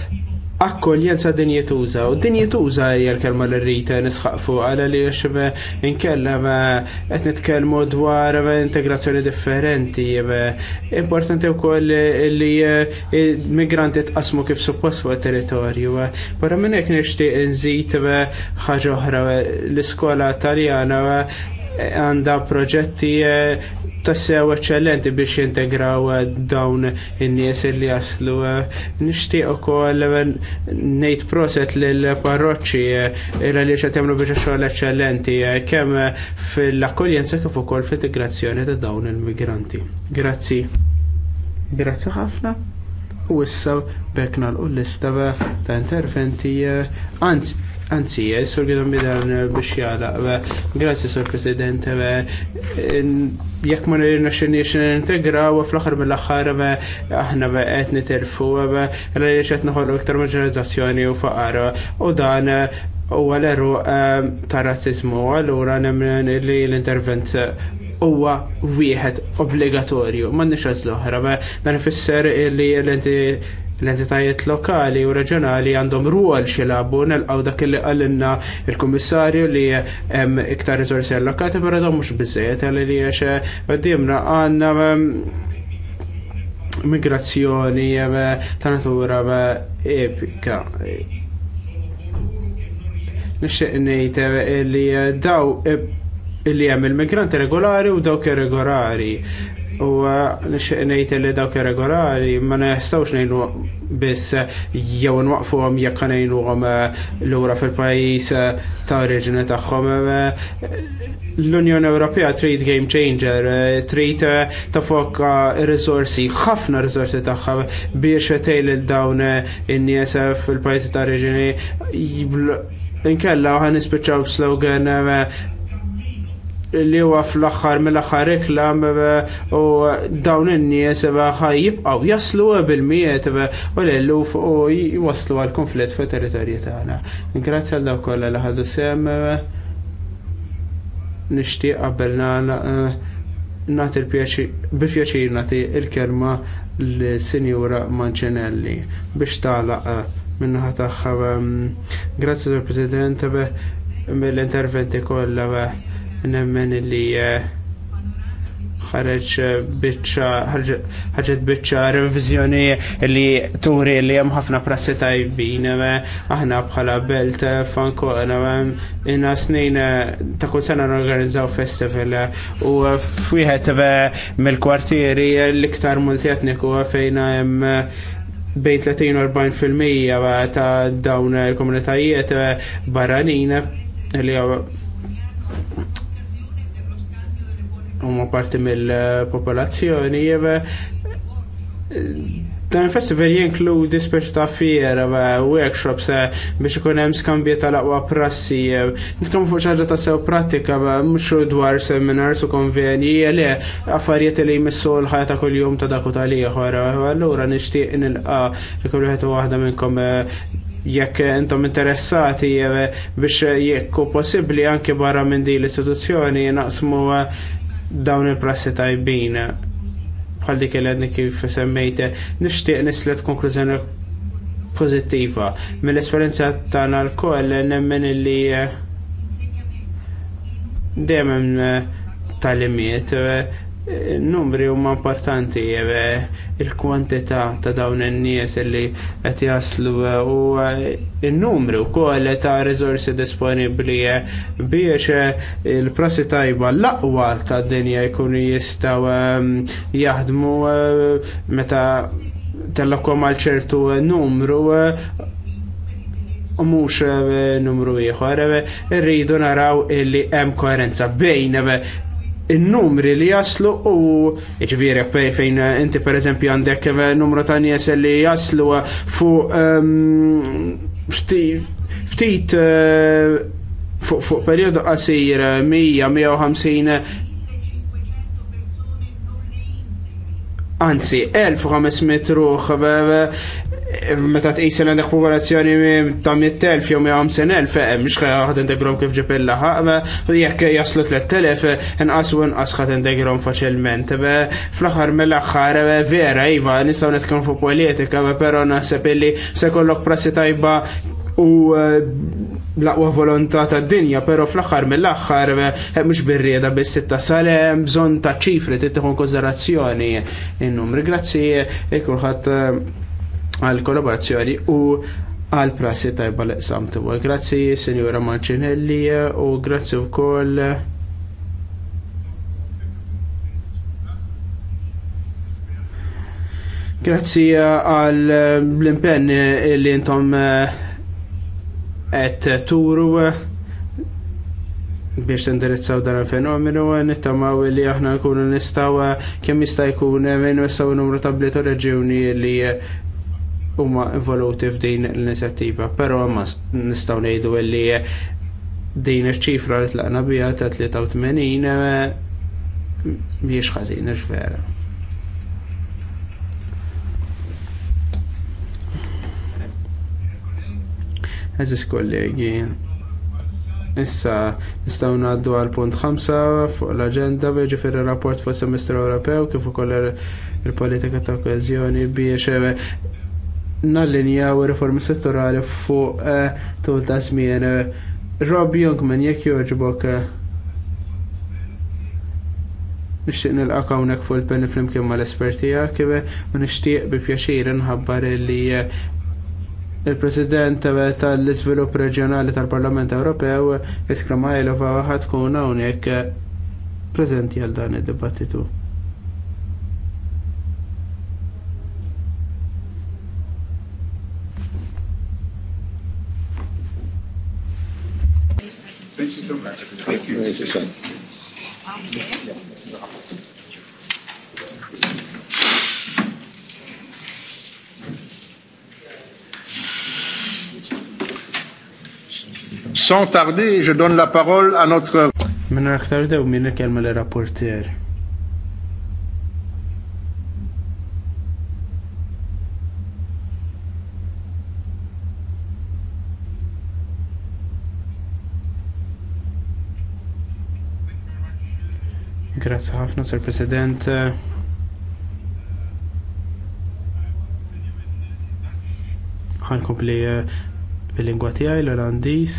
akkoljenza dinjetuża u dinjetuża hija l-kelma li rrid nisħaq fuq għaliex eh, inkella qed nitkellmu dwar integrazzjoni differenti. Importanti wkoll li migranti tqasmu kif suppost fuq territorju. Barra minn hekk nixtieq inżid ħaġa oħra l-iskola Taljana għanda proġetti eh, tassew eccellenti biex jintegraw eh, dawn in-nies li jaslu. Eh. Nixtieq ukoll ngħid proset lil parroċċi ira li qed biex xogħol eċċellenti kemm fil-akkoljenza kif ukoll fil integrazzjoni ta' dawn il-migranti. Grazzi. Grazzi ħafna. U issa bekna l ullista ta' interventi, anzi, Anzi, jessur eh, għidhom bidan eh, biex jgħalaq. Eh, grazzi, sur President. Jekk ma nirna xinix integra u fl-axar mill-axar aħna qed nitilfu għalli qed noħollu iktar marginalizzazzjoni u faqar u dan u għal-eru ta' razzizmu għal-ura nemmen li l-intervent huwa wieħed obbligatorju, ma nixħaz l-oħra, dan ifisser li l inti l-entitajiet lokali u reġjonali għandhom ruol xilabu nelqaw dak li għallinna il-kummissarju li hemm iktar risorsi allokati però dawn mhux biżejjed għal li għax għaddimna għandna ehm, migrazzjoni ehm, ta' natura ehm, epika. Nixtieq ngħid li eh, daw illi eh, hemm il-migranti regolari u dawk irregolari. U nixqnejt li dawk regolari ma nistawx nejnu biss jew nwaqfu jekk nejnu għom eh, fil-pajis eh, ta' oriġini tagħhom. Eh, L-Unjoni Ewropea trid game changer, trid ta' fuq risorsi, ħafna risorsi tagħha biex tgħid il dawn in-nies fil-pajjiż ta' oriġini inkella ħan nispiċċaw slogan li huwa fl-axħar mill-axħar reklam eh, u dawn in-nies eh, ħaj jibqgħu jaslu bil-miet eh, u l-luf u jwaslu għal konflitt fit territorju tagħna. Ingrazzja għal dawk kollha li ħadu sem nixtieq qabel nagħti il-pjaċir nagħti il-kelma l-Sinjura Mancinelli biex tagħlaq minnaħa tagħha. Grazzi Sur President mill-interventi kollha nemmen li eh, ħareġ eh, biċċa ħarġet biċċa revizjoni li turi li hemm ħafna prassi tajbin eh, aħna bħala belt fanko inna snin ta' kull sena organizzaw festival u fwieħed mill-kwartieri l-iktar multietniku fejn hemm bejt 30-40% ta' dawn il-komunitajiet barranin li huma parti mill-popolazzjoni jeve Dan festival jinkludi speċ ta' fiera, workshops e, biex ikun hemm skambji tal-aqwa prassi. E. Nitkellmu fuq ċaġa ta' sew pratika, mhux dwar seminars u konvenji, e, le affarijiet li jmissu l-ħajja ta' kuljum ta' dak u tal-ieħor. Allura nixtieq nilqa li kull wieħed waħda minnkom jekk intom interessati biex jekk possibbli anke barra minn din l-istituzzjoni naqsmu dawn il-prassi tajbin bħal dik il-għedni kif semmejte, nishtiq nislet konklużjoni pozittiva. Mill-esperienza tagħna l-koll nemmen li eh, dejjem eh, tal-imiet eh, numri huma importanti eh, il-kwantità ta' dawn in-nies li qed jaslu eh, u eh, in numru wkoll ta' riżorsi disponibbli biex il-prassi tajba l-aqwa tad dinja jkunu jistgħu ehm, jaħdmu meta tellakom għal ċertu numru mux numru ieħor, irridu naraw illi hemm koerenza bejn il-numri li jaslu u ġviri fejn eh, inti per eżempju għandek eh, numru ta' nies li jaslu eh, fuq ehm, ftit fu periodu qasir 100-150 anzi 1500 ruħ meta tqis għandek popolazzjoni ta' 100,000 jew 150,000 eh, mhux ħad integrom kif ġib il-laħaq, jekk jaslu 3,000 eh, inqas u inqas ħad integrom faċilment. Eh, fl-aħħar mill-aħħar vera iva nistgħu nitkun fuq politika, però naħseb illi se kollok prassi tajba u l volontà ta' dinja, pero fl-axar mill-axar, mux da biss ta' salem, bżon ta' ċifri, tittieħu konsiderazzjoni. In-numri, grazzi, e kulħadd għal kollaborazzjoni u għal prassi tajba l-qsam tuwa. Grazzi, Senjora Mancinelli, u grazzi u koll. Grazzi uh, għal l-impenn li intom għet uh, turu uh, biex t-indirizzaw dan il-fenomenu, nittamaw li aħna nkunu nistaw kemm jista' jkun minn numru ta' bliet u reġjuni li huma involuti f'din l-inizjattiva, però ma nistgħu ngħidu li din iċ-ċifra li tlaqna biha ta' 83 eh, mhijiex ħażin vera. Eżis kollegi, Issa, nistaw naddu għal punt 5 fuq l-agenda veġi fir rapport fuq semestru Ewropew kif ukoll il-politika ta' okkażjoni biex u riformi settorali fuq eh, tul ta' żmien. Rob Youngman, jekk joġbok eh, nixtieq nilqak hawnhekk fuq il-penni flimkien mal-esperti tiegħek eh, u nixtieq bi pjaċir nħabbar li il-President tal-Iżvilupp Reġjonali tal-Parlament Ewropew, Iskra Majlova, ħadd tkun hawnhekk preżenti għal dan id-dibattitu. Sans tarder, je donne la parole à notre... Minn aktar dew minn kelma l-rapporter. Grazzi ħafna, Sir President. Ħankompli eh, bil-lingwa tiegħi l-Olandiż.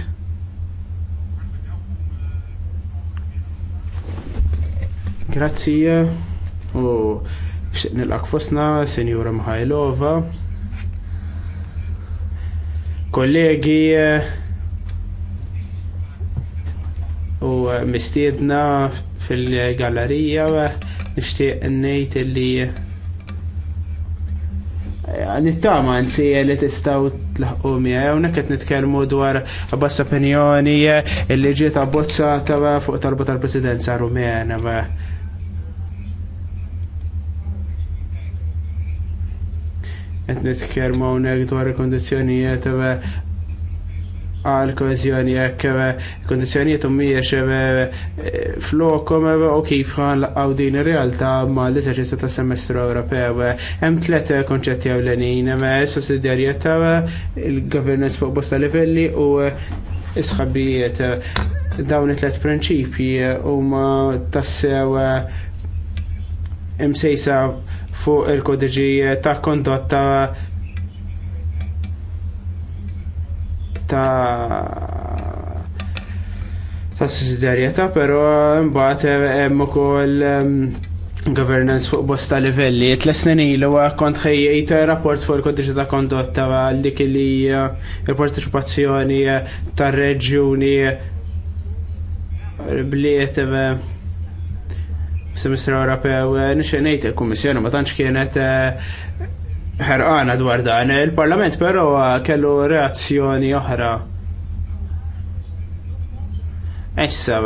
Grazie. Eh, u nilqak fosna Sinjura Mihajlova. Kollegi eh, u mistiedna fil-gallerija nixtieq ngħid illi eh, nittama nsi li tistaw tlaħqu miegħu hawnhekk qed nitkellmu dwar abbas opinjoni eh, illi ġiet abbozzata fuq talba tal-Presidenza Rumena. Qed nitkellmu hawnhekk dwar il-kondizzjonijiet eh, għal kohezjoni jekk eh, kondizjonijiet miex eh, eh, flokom u kif ħanlaqgħu din realtà ma l-eżerċizzju ta' semestru Ewropew. Hemm tliet konċetti ewlenin hemm sussidjarjetà, il-governance fuq bosta livelli u isħabijiet. Dawn it tlet prinċipji huma tassew imsejsa fuq il-kodiġi ta' kondotta ta' ta' sussidjarjetà, però mbagħad hemm ukoll ehm, governance fuq bosta livelli. Tlesnin ilu eh, kont ħejjejt rapport fuq il-kodiċi ta' kondotta eh, għal dik li eh, il-partiċipazzjoni tar reġjuni bliet semestru Ewropew nixenejt il-Kummissjoni ma tantx kienet ħerqana dwar dan. Il-Parlament però kellu reazzjoni oħra. Issa,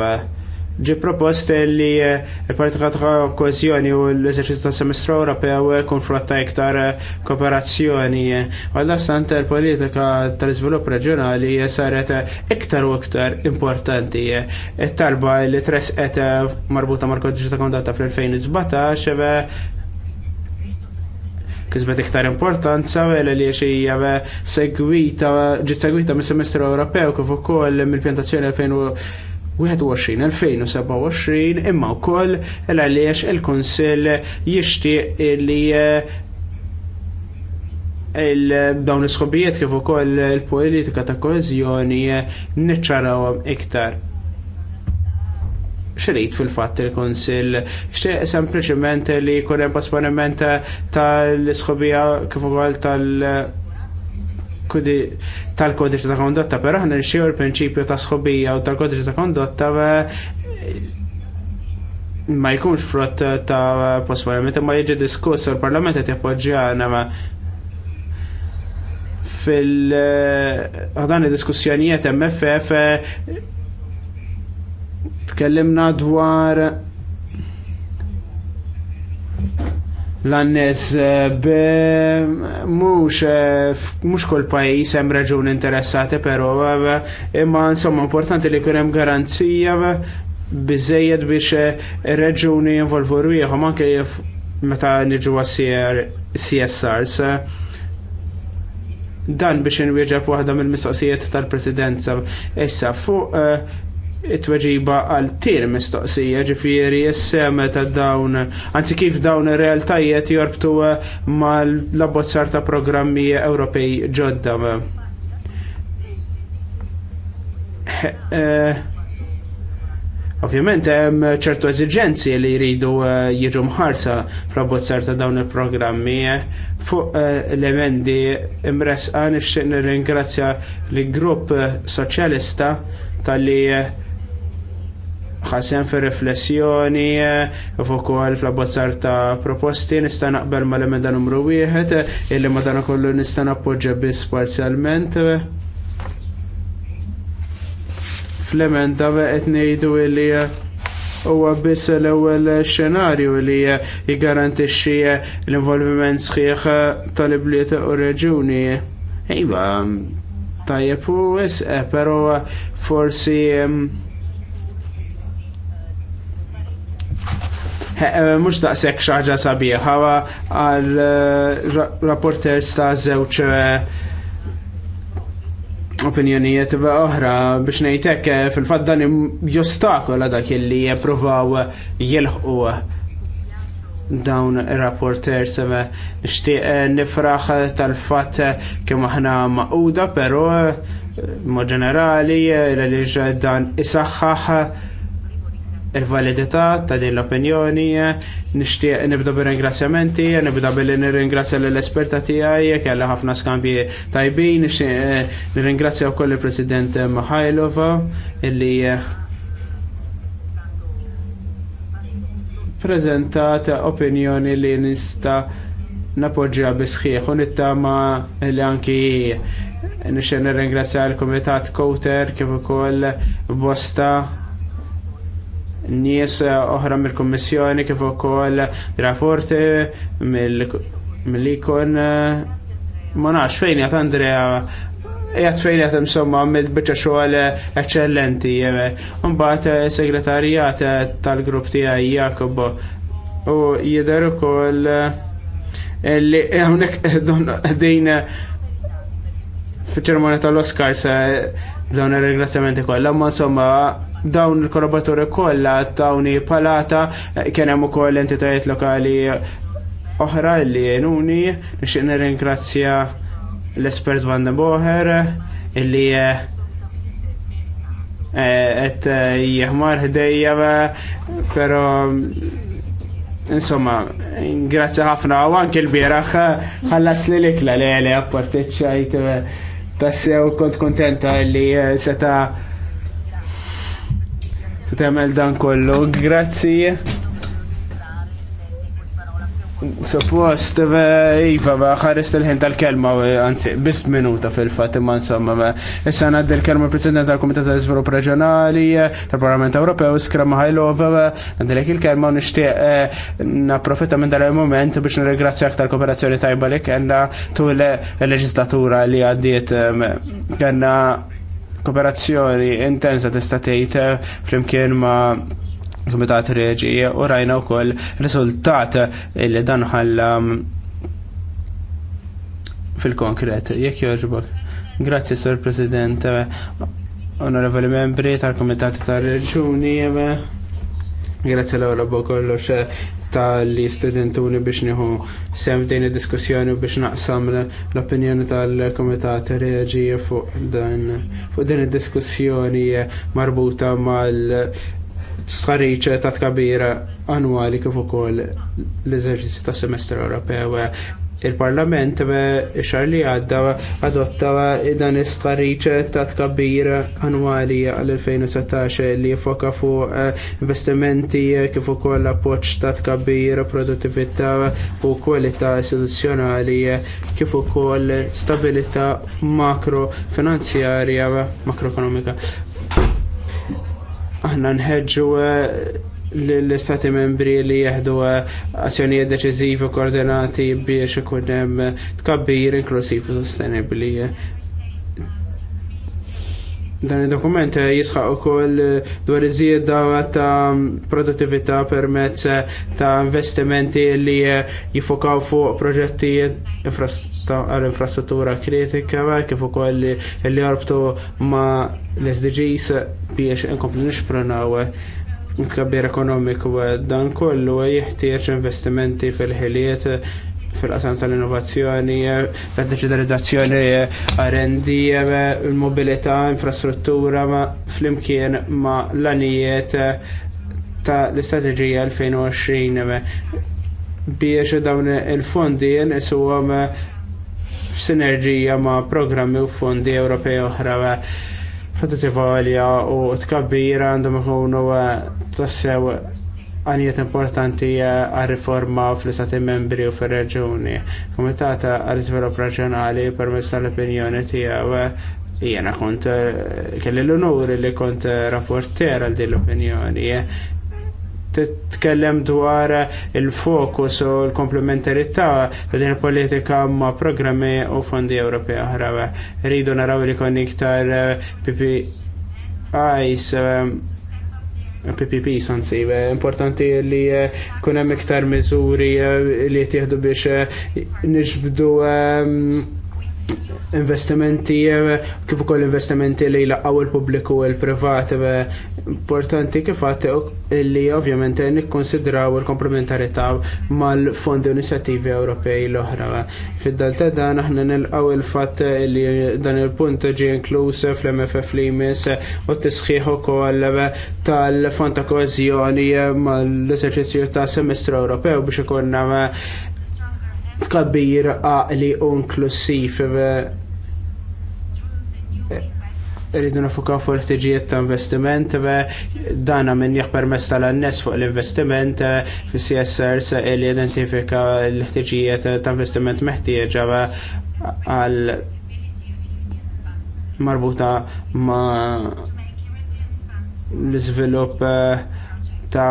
ġi propost li il partika ta' kohesjoni u l-eżerċizzju ta' semestru Ewropew flotta iktar kooperazzjoni. Għalla stant il-politika tal-iżvilupp reġjonali saret iktar u iktar importanti. il talba li tresqet marbuta mal-kodiċi ta' kondata fl-2017 kisbet iktar importanza vele li jave segwita, ġit segwita mis semestru Ewropew kif ukoll mill-pjantazzjoni 2021-2027 imma wkoll għaliex il-Kunsill jixtieq li dawn l skobijiet kif ukoll il-politika ta' koeżjoni niċċarawhom iktar xrejt fil-fatt il-Konsil. Xtieq sempliċement li jkun hemm posponiment tal-isħobija kif ukoll tal- tal-kodiċ ta' kondotta, però ħna nxiju l-prinċipju ta' sħobija u tal-kodiċ ta' kondotta ma jkunx frott ta' posponiment, ma jiġi diskuss u l-Parlament qed jappoġġjana ma' fil-ħadan diskussjonijiet MFF Tkellimna dwar l-annes eh, mux eh, mux kol pajis hemm raġun interessati però eh, imma insomma importanti li kunem garanzija bizzejed biex reġuni involvu rwieħom anke meta niġu CSRs dan biex inwieġeb waħda mill-mistoqsijiet tal-presidenza issa fuq it-tweġiba għal tir mistoqsija ġifiri jessem ta' dawn, anzi kif dawn realtajiet jorbtu eh, ma' l-abbozzar ta' programmi Ewropej ġodda. Eh, ovvjament hemm ċertu eżigenzi li jridu eh, jiġu mħarsa fl-abbozzar ta' dawn il-programmi fuq l-emendi imresqa nixtieq nirringrazzja l-grupp soċjalista tal-li Ħasem fir riflessjoni eh, fuq kol fl-abbozzar ta' proposti nista' naqbel mal-emenda numru wieħed illi kollu nista' nappoġġa biss parzjalment fl-emenda qed ngħidu li eh, huwa biss l-ewwel xenarju li eh, jiggarantixxi l-involviment sħiħ tal-ibliet u reġuni. Iva, mm, tajjeb u wisq, però forsi mm, Eh, mux daqsek xaġa sabiħa għal eh, rapporters ta' zewċ eh, opinjonijiet oħra biex nejtek fil-fat dan jostakola dak li jeprovaw jilħu dawn rapporter sebe nishtiq nifraħ tal-fat kem aħna maquda pero mo ġenerali l li dan isaħħaħ il-validità ta' din l-opinjoni, nixtieq nibda bir-ringrazzjamenti, nibda billi nirringrazzja l-esperta tiegħi kellha ħafna skambji tajbin, nixtieq eh, nirringrazzja wkoll il-President Mahajlova illi eh, prezentat opinjoni li nista napoġġja bisħieħ u nittama li anki nixtieq nirringrazzja l-Komitat Kouter kif ukoll bosta nies oħra mill-Kommissjoni kif ukoll rapporti mill-ikon ma nafx fejn jgħat Andrea jgħat fejn jgħat insomma mill-bicċa xogħol eccellenti. Mbagħad eh, segretarjat eh, tal-grupp tiegħi Jakob u jidher ukoll eh, li hawnhekk din fiċ-ċermonja tal-Oscars dawn ir-ringrazzjamenti kollha, ma insomma dawn il-kollaboratori kollha tawni palata eh, kien hemm ukoll entitajiet lokali oħra li jenuni nixtieq nirringrazzja l-espert Van de Boher illi qed eh, eh, jihmar ħdejja però insomma grazzi ħafna u anke l-bieraħ ħallas li l-ikla li għali apparteċajt tassew kont kontenta li seta' Titemel dan kollu, grazzi. Suppost, Iva, ħarist il-ħin tal-kelma, anzi, bis minuta fil-fat, imma insomma, issa għaddi il kelma president tal-Komitat tal-Izvilup Reġjonali tal-Parlament Ewropew, għaddi l-ek il-kelma u nishtiq eh, naprofita minn dal-moment biex nirringrazzjak aktar kooperazzjoni tajba li kena tul il-leġislatura li għaddiet eh, kena kooperazzjoni intensa tista' tgħid eh, flimkien ma' Kumitat Reġi u rajna wkoll riżultat li dan ħalla mm, fil-konkret. Jekk jogħġbok. Grazzi, Sur President, onorevoli membri tal kumitat tal-Reġuni, eh, eh, Grazie l-għola kollox tal-li studentuni biex nieħu sem din id-diskussjoni biex naqsam l-opinjoni tal-Komitat Reġi fuq din id-diskussjoni marbuta mal sħariċ ta' tkabira annwali kif ukoll l-eżerċizzju ta' semestru Ewropew il-Parlament xar li għadda adotta dan istħarriċ ta' tkabbir annwali għal 2016 li foka fuq eh, investimenti kif ukoll appoġġ ta' tkabbir produttività u kwalità istituzzjonali kif ukoll stabilità makrofinanzjarja makroekonomika. Aħna nħeġġu eh, l-istati membri li jieħdu eh, azzjonijiet deċiżivi koordinati biex ikun hemm tkabbir inklusiv u sostenibbli. Dan il dokument eh, jisħaq ukoll eh, dwar iżjeda ta' produttività permezz ta' investimenti li jifokaw fuq proġetti għal-infrastruttura kritika kif ukoll li jorbtu ma' l-SDGs biex inkomplu nixprunaw kabir ekonomiku eh, dan kollu eh, jeħtieġ investimenti fil-ħiliet eh, fil-qasam tal-innovazzjoni, tad digitalizzazzjoni R&D, il-mobilità, infrastruttura, fl-imkien ma l-anijiet ta' l-istrateġija 2020 biex dawn il-fondi nisuhom f'sinerġija ma' programmi u fondi Ewropej oħra kompetitiva tivalja u tkabbira għandhom ikunu eh, tassew għanijiet importanti eh, għal-riforma fl-istati membri u fil-reġuni. Komitata għal-izvilup raġjonali permess tal-opinjoni tijaw eh, jena kont kelli l-onur li kont rapporter għal din l-opinjoni titkellem dwar il-fokus u l-komplementarità ta' din il politika ma' programmi u fondi Ewropej oħra. Rridu naraw li kon iktar eh, PPIs PPP eh, sanzi, eh, importanti li kunem iktar mizuri li jtieħdu biex nġbdu ehm, investimenti eh, kif ukoll investimenti li laqgħu il-pubbliku u l-privat eh, importanti kif għat li ovvjament nikkonsidraw il-komplementarità mal-fondi inizjattivi Ewropej l-oħra. Fid-dal ta' dan aħna nilqgħu il-fatt li dan il-punt ġie inkluż fl-MFF li jmiss u tisħiħ ukoll eh, tal-fond ta' koeżjoni mal-eżerċizzju ta' semestru Ewropew biex ikonna tkabbir għaqli u inklusiv eh, rridu nafuka fuq il-ħtiġijiet ta' investiment, eh, dana minn permess tal-annes fuq l-investiment eh, fi se li identifika l-ħtiġijiet ta' investiment meħtieġa għal marbuta ma' l-izvilup ta'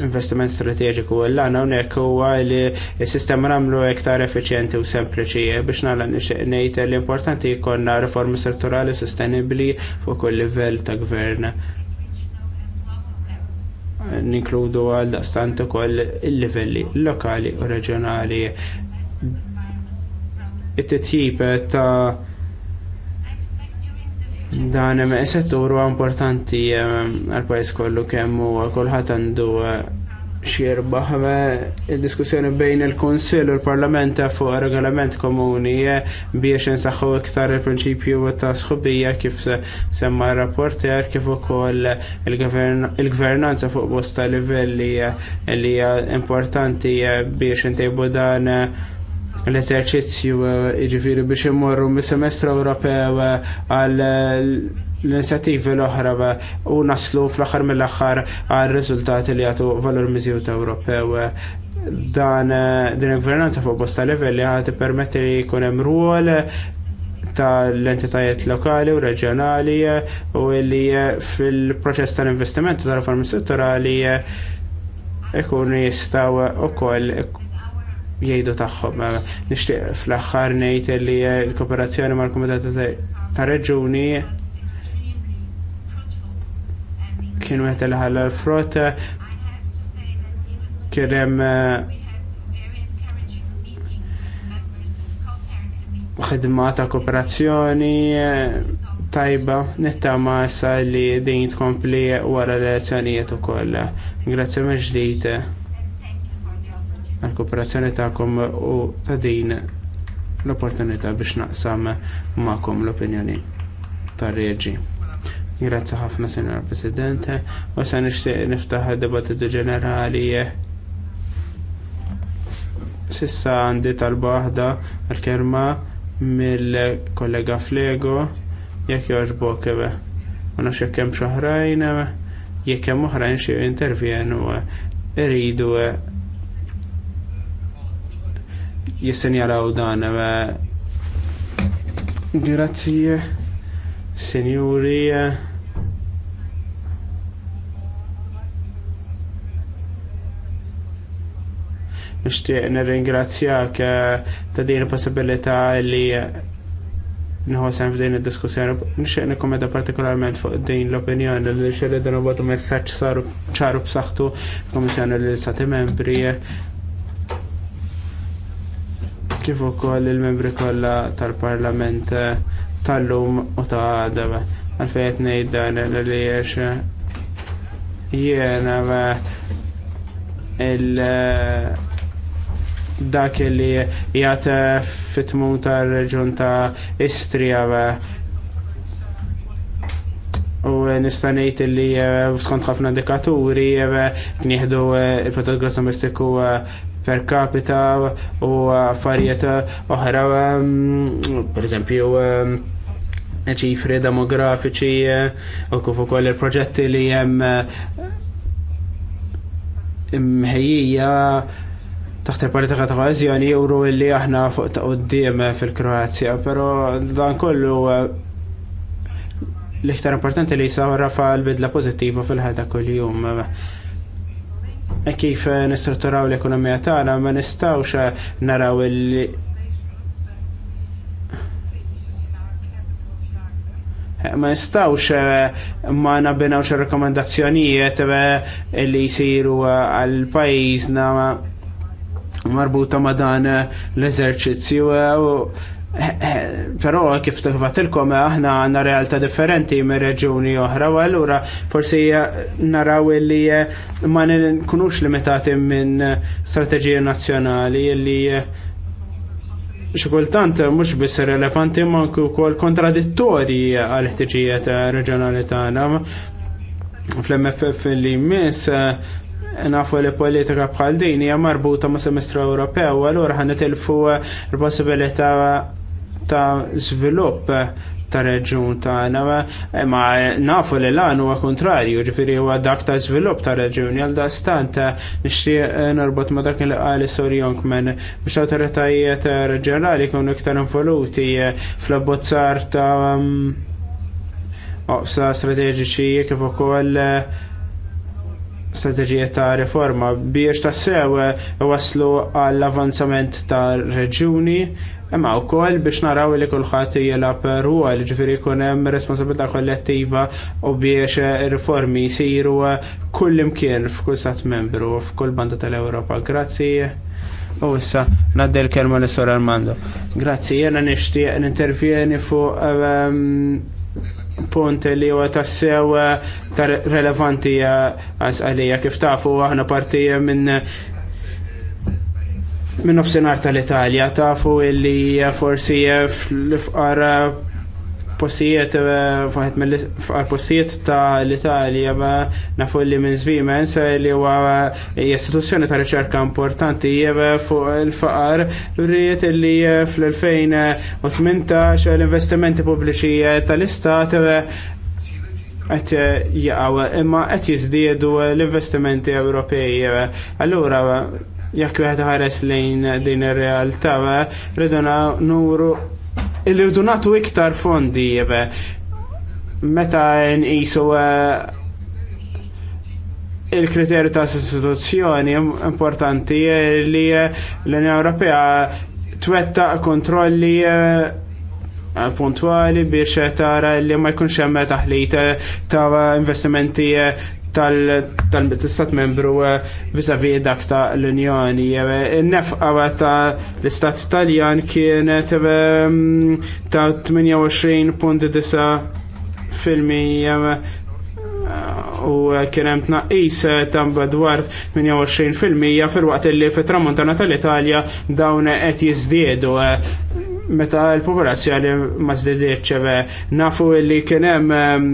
investiment strategiku l-għana unek u li s-sistema namlu iktar efficienti u sempliċi biex nalla nejt l-importanti jkonna reformi strutturali sostenibli fuq kull livell ta' gvern. Ninkludu għal daqstant ukoll il-livelli lokali u reġjonali. It-titjib ta' Dan eh, settur huwa importanti eh, għal pajjiż kollu kemm u kulħadd għandu eh, xierbaħ il-diskussjoni bejn il-Konsil u l-Parlament fuq regolament komuni biex nsaħħu iktar il-prinċipju ta' sħubija kif semma rapporter kif ukoll il-gvernanza fuq bosta livelli li hija importanti biex intejbu dan l-eżerċizzju jiġifieri biex imorru mis-semestru Ewropew eh, għal eh, l-inizjattivi l-oħra u naslu fl-aħħar mill-aħħar għal riżultati li għatu valur ta' Ewropew. Dan din il-gvernanza fuq bosta livelli ħad permetti li jkun hemm rwol tal-entitajiet lokali u reġjonali u li fil-proċess tal-investimentu tal-reformi strutturali ikun jistaw u koll jgħidu tagħhom. Mela, nixtieq fl-aħħar ngħid li eh, l-kooperazzjoni mal-Kumitat ta' Reġuni kienu qed il-ħalla l-frott kien hemm eh, ħidma ta' kooperazzjoni eh, tajba nittama issa li din tkompli wara l-elezzjonijiet ukoll. Grazzi meġdita għal-kooperazzjoni ta'kom u ta' din l-opportunità biex naqsam ma'kom l-opinjoni ta' reġi. Grazzi ħafna, Senjor President, u se nixtieq niftaħ debattitu ġenerali sissa għandi talba waħda għal-kerma mill-kollega Flego jekk joġbok kebe. Ma nafx jekk hemm xi oħrajn, jekk hemm oħrajn xi intervjenu iridu jissenjalaw dan. Grazzi, senjuri. Nishtiq nirringrazzjak eh, ta' din il possibilità li nħosan f'din il diskussjoni Nixtieq nikkommenta partikolarment fuq din l-opinjoni li xelli dan u batu messaġġ saru ċaru b'saħħtu l-Komissjoni l-Stati Membri kif ukoll il-membri kollha tal-Parlament eh, tal-lum u ta' għada. Għalfejn qed ngħid dan li jiena eh, il- eh, dak li jgħat fit ta' reġun ta' Istria u nistanejt li skont ħafna dekaturi nieħdu il-protagonist domestiku per capita u affarijiet oħra, ehm, per eżempju, ehm, ċifri demografiċi eh, u kif ukoll il-proġetti li hemm eh, imħejjija taħt il-politika ta' koezjoni juru li aħna fuq ta' qoddim fil-Kroazja, però dan kollu eh, l-iktar importanti li jisawra fa' l-bidla pozittiva fil-ħajta kull-jum. E kif eh, nistrutturaw l-ekonomija tagħna ma nistgħux eh, naraw eh, li ma nistawx ma nabinawx rekomendazzjonijiet li jisiru għal pajjiżna marbuta ma dan l-eżerċizzju Pero kif ilkom, aħna għanna realtà differenti minn reġuni oħra, u allura forsi naraw li eh, ma nkunux limitati minn strateġija nazzjonali li eh, xikultant mux biss relevanti ma kol kontradittori għal ħtiġijiet reġjonali tagħna. Fl-MFF li miss eh, nafu li politika bħal din hija marbuta ma' semestru Ewropew, allura ħanet il-fu l-possibilità ta' svilupp ta' reġun tagħna, ma nafu li lan huwa kontrarju, ġifieri huwa dak ta' żvilupp ta' reġun, għal da' stant nixtieq norbot ma' dak li qal Sor men, biex awtoritajiet reġjonali kun iktar involuti fl-abbozzar ta' oqsa strateġiċi kif ukoll strateġija ta' riforma biex tassew waslu għall-avanzament ta' reġuni Imma wkoll biex naraw li kulħadd jilab ruol, ġifieri jkun hemm responsabilità kollettiva u biex riformi jsiru kull imkien f'kull stat membru f'kull banda tal-Ewropa. Grazzi. U issa naddi l-kelma l sor Armando. Grazzi, jena nishtiq n-intervjeni fuq ehm, punt li huwa tassew ta' relevanti għalija kif tafu aħna partija minn minn nofsinhar tal-Italja tafu illi forsi fl-fqar postijiet eh, fuħet mill tal-Italja nafu li minn sa li huwa eh, istituzzjoni ta' riċerka importanti eh, fuq il-faqar rriet li fl-2018 l-investimenti pubbliċi tal-Istat għet jaqaw imma għet jiżdiedu l-investimenti Ewropej. Allura, jekk wieħed ħares lejn din ir-realtà, rridu nuru irridu nagħtu iktar fondi meta nqisu il-kriterju ta' sostituzzjoni importanti li eh, l-Unjoni Ewropea twetta kontrolli eh, puntuali biex tara li ma jkunx hemm taħlit eh, ta' investimenti tal-istat membru eh, vis-a-vis dak ta' l-Unjoni. Eh, Nefqa eh, ta' l-istat Taljan kienet ta' 28.9 filmi u kien hemm tnaqqis ta' madwar 28 filmija fil-waqt li fit-tramuntana tal-Italja dawn qed jiżdiedu meta l-popolazzjoni ma żdiedietx nafu li kien hemm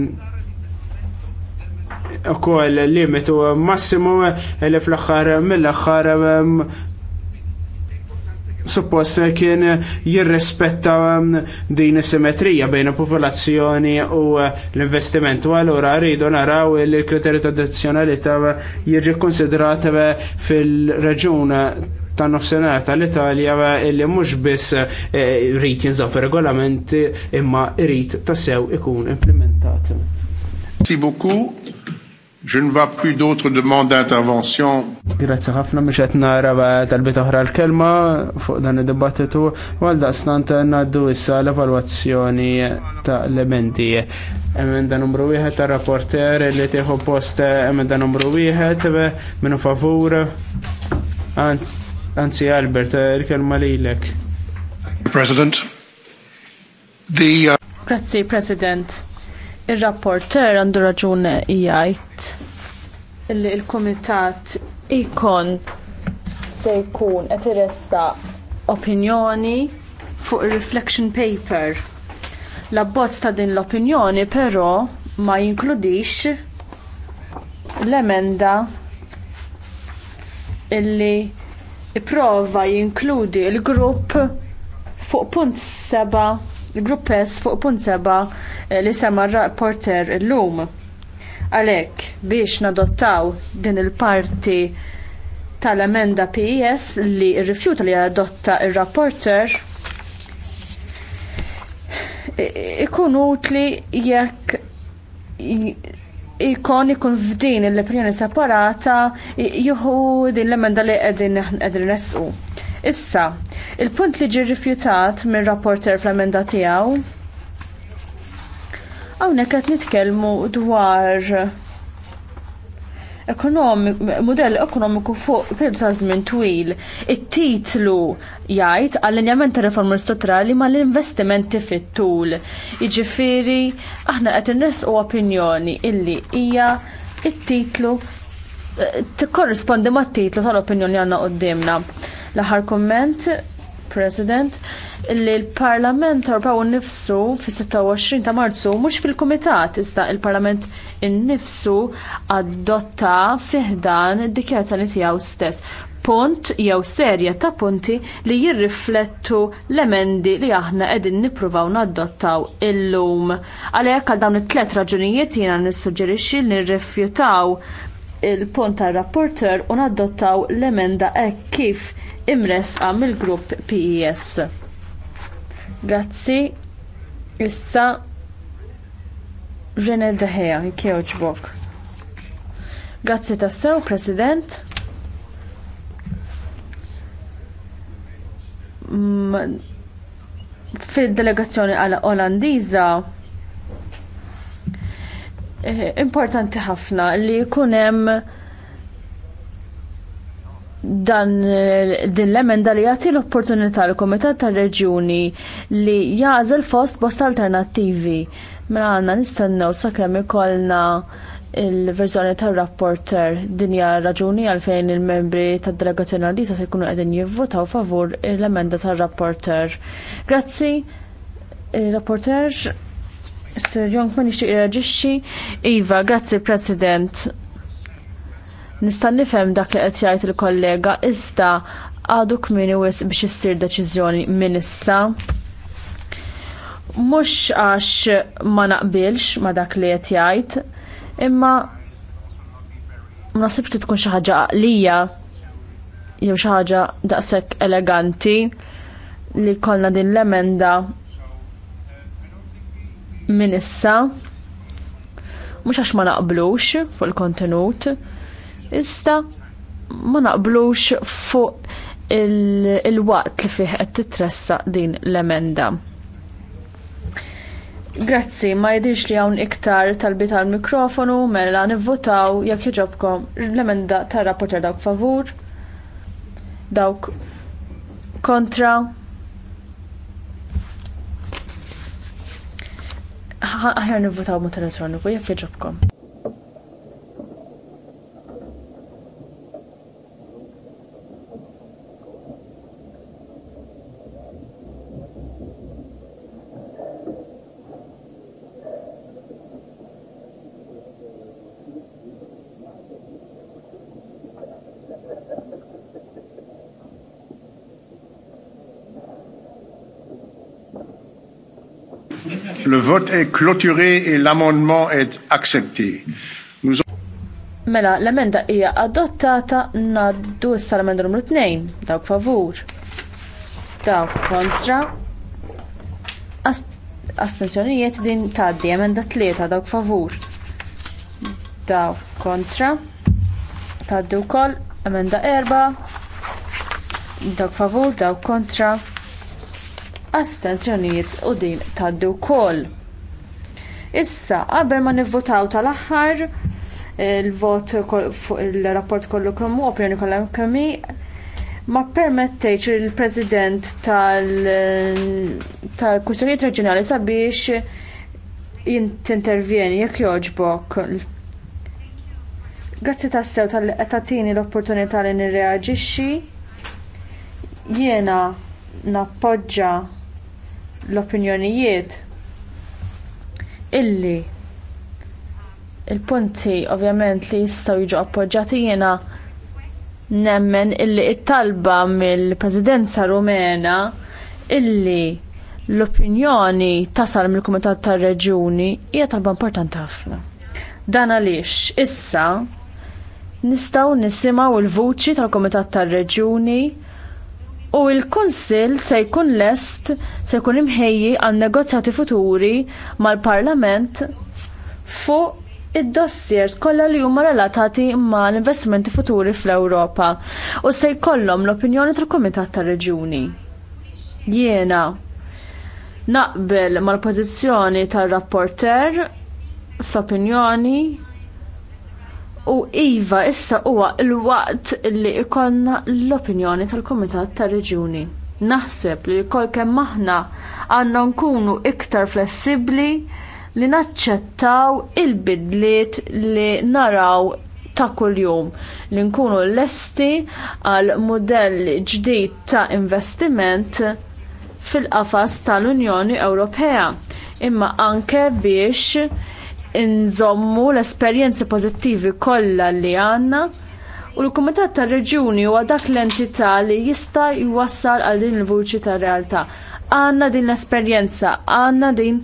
ukoll limitu massimu li fl-aħħar mill-aħħar suppost kien jirrespetta din simetrija bejn popolazzjoni u l-investiment. U allura rridu naraw li l-kriterju ta' addizzjonalità jiġi konsidrat fil-raġun tan nofsenar tal-Italja illi mhux biss e, rrit jinżaf regolamenti imma rrit sew ikun implementat. Merci beaucoup. Je ne vois plus d'autres demandes d'intervention. Grazie ħafna biex qed nara talbiet oħra l-kelma fuq dan id-dibattitu għal daqstant ngħaddu issa l-evalwazzjoni ta' elementi. Emenda numru wieħed ta' rapporter li tieħu post emenda numru wieħed minnu favur. Anzi Albert, il-kelma lilek. President. The, uh... Grazie, President Ir-rapporter għandu raġun jgħid li l-kumitat ikon se jkun qed iressa opinjoni fuq ir-reflection paper. L-abbozz ta' din l-opinjoni però ma jinkludix l-emenda illi pprova jinkludi l-grupp fuq punt seba' Il-grupp S fuq punt seba eh, li sema r-rapporter illum. Għalhekk biex nadottaw din il-parti tal-emenda PES li rrifjuta li adotta r rapporter ikun utli jekk ikon ikun f'din l-opinjoni separata jieħu din l-emenda li qegħdin nesqu. Issa, il-punt li ġi rifjutat mir rapporter fl-emenda tiegħu hawnhekk qed nitkellmu dwar model ekonomiku fuq periodu ta' żmien twil. It-titlu jgħid allinjament ta' reformi strutturali mal investimenti fit-tul. Jiġifieri aħna qed innesqu opinjoni illi hija it-titlu tikkorrispondi mat-titlu tal-opinjoni għandna d L-aħħar komment, President, li l-Parlament Ewropew nnifsu fis-26 ta' Marzu mhux fil-Kumitat iżda il-Parlament innifsu adotta fiħdan id-dikjarazzjoni tiegħu stess punt jew serje ta' punti li jirriflettu l-emendi li aħna qegħdin nippruvaw nadottaw illum. Għalhekk għal dawn it-tliet raġunijiet jiena nissuġġerixxi li nirrifjutaw il-pont tar rapporteur u nadottaw l-emenda hekk kif imresqa mill-grupp PES. Grazzi. Issa Rene Deheja, kjoġbok. Grazzi tassew, President. Fil-delegazzjoni għal Olandiza, Eh, importanti ħafna li jkun hemm dan din l-emenda li jagħti l-opportunità l kumitat tar reġjuni li jażel fost bosta alternattivi. Mela għandna nistennew sakemm ikollna il-verżjoni tar-rapporter din hija raġuni għalfejn il-membri tad-delegazzjoni għandisa se jkunu qegħdin jivvotaw favur l-emenda tar-rapporter. Grazzi, il-rapporter eh, Sir John ma ixtiq reaġixxi. Iva, grazzi President. Nista' nifhem dak li qed jgħid il-kollega iżda għadu kmini wis biex issir deċiżjoni minn issa. Mhux għax ma naqbilx ma dak li qed jgħid, imma ma nasibx li tkun xi ħaġa għaqlija jew xi ħaġa daqshekk eleganti li kollna din l-emenda minn issa mhux għax ma naqblux fuq il-kontenut, issa ma naqblux fuq il-waqt li fih qed titressa din l-emenda. Grazzi, ma jidirx li hawn iktar talbit għall mikrofonu mela nivvotaw jekk jogħġobkom l-emenda tar-rapporter dawk favur, dawk kontra ħajna nivvotaw mod elettroniku jekk jogħġobkom. Le vote est clôturé et l'amendement est accepté. Nous... Mela, l-emenda hija adottata naddu issa l-emenda numru 2, dawk favur. Dawk kontra. Astenzjonijiet din taddi, emenda 3, dawk favur. Dawk kontra. Taddu wkoll, emenda 4. Dawk favur, dawk kontra astenzjonijiet u din tgħaddi wkoll. Issa qabel ma nivvotaw tal-aħħar il-vot fuq il-rapport kollu kemm hu opinjoni kollha kemm ma permettejx il-President tal-Kustjonijiet Reġjonali sabiex jintintervjeni jekk jogħġbok. Grazzi tas-sew tal-etatini l-opportunità li nirreaġixxi. Jiena nappoġġa l-opinjonijiet illi il-punti ovvjament li jistgħu jiġu appoġġjati jiena nemmen illi t talba mill-Presidenza Rumena illi l-opinjoni tasal mill-Kumitat tar-Reġuni hija talba importanti ħafna. Dan għaliex issa nistgħu nisimgħu l-vuċi tal-Kumitat tar-Reġuni u l-Kunsill se jkun lest se jkun imħejji għal negozjati futuri mal-Parlament fuq id-dossiers kollha li huma relatati mal investimenti futuri fl-Ewropa u se jkollhom l-opinjoni tal-Kumitat tar-Reġjuni. Jiena naqbel mal-pożizzjoni tar-rapporter fl-opinjoni U Iva, issa huwa l-waqt li ikonna l-opinjoni tal-Komitat tar reġjuni Naħseb li kol kemm aħna għandna nkunu iktar flessibbli li naċċettaw il-bidliet li naraw ta' kuljum li nkunu lesti għal mudell ġdid ta' investiment fil-qafas tal-Unjoni Ewropea imma anke biex inżommu l-esperjenzi pożittivi kollha li għandna u l-Kumitat tar-Reġjuni huwa dak l-entità li jista' jwassal għal din il-vuċi tar-realtà. Għandna din l-esperjenza, għandna din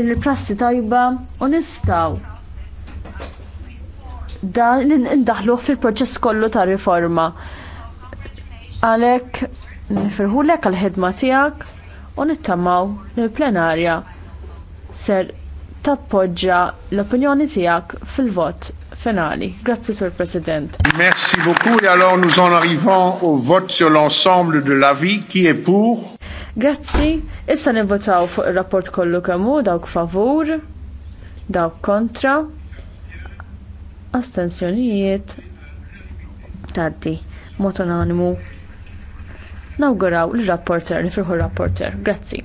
il-prassi tajba u nistgħu dan indaħlu fil-proċess kollu ta' riforma. Għalek, nifirħulek għal-ħidma tijak u nittamaw l-plenarja ser tappoġġa l-opinjoni tiegħek fil-vot finali. Grazzi, Sur President. Merci beaucoup. Et alors, nous en arrivons au vote sur l'ensemble de l'avis. Qui est pour? Grazzi. Issa nivvotaw fuq ir rapport kollu kemmu, dawk favur, dawk kontra, astensjonijiet, taddi, mot anonimu. Nawguraw l-rapporter, nifruħu l-rapporter. Grazzi.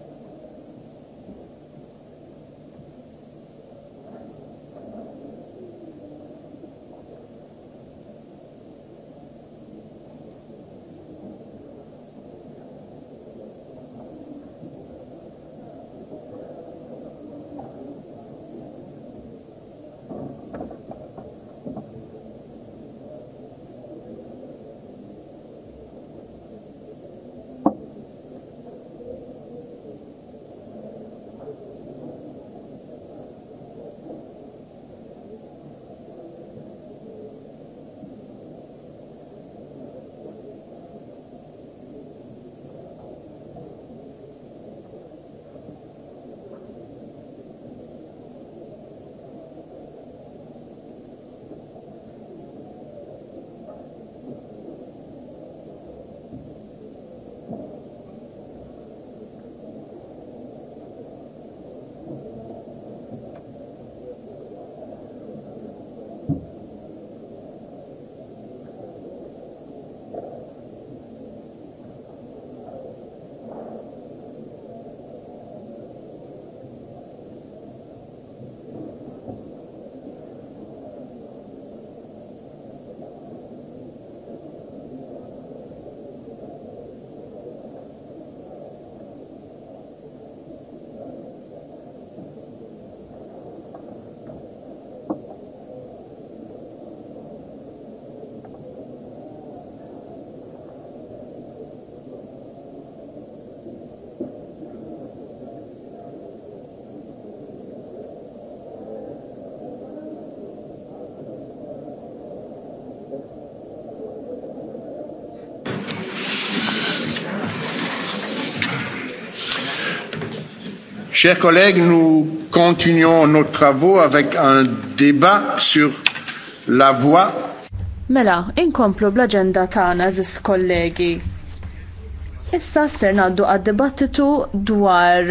Chers collègues, nous continuons nos travaux avec un débat sur la voie. Mela, inkomplu bl-agenda tagħna żis kollegi. Issa ser ngħaddu għad-dibattitu dwar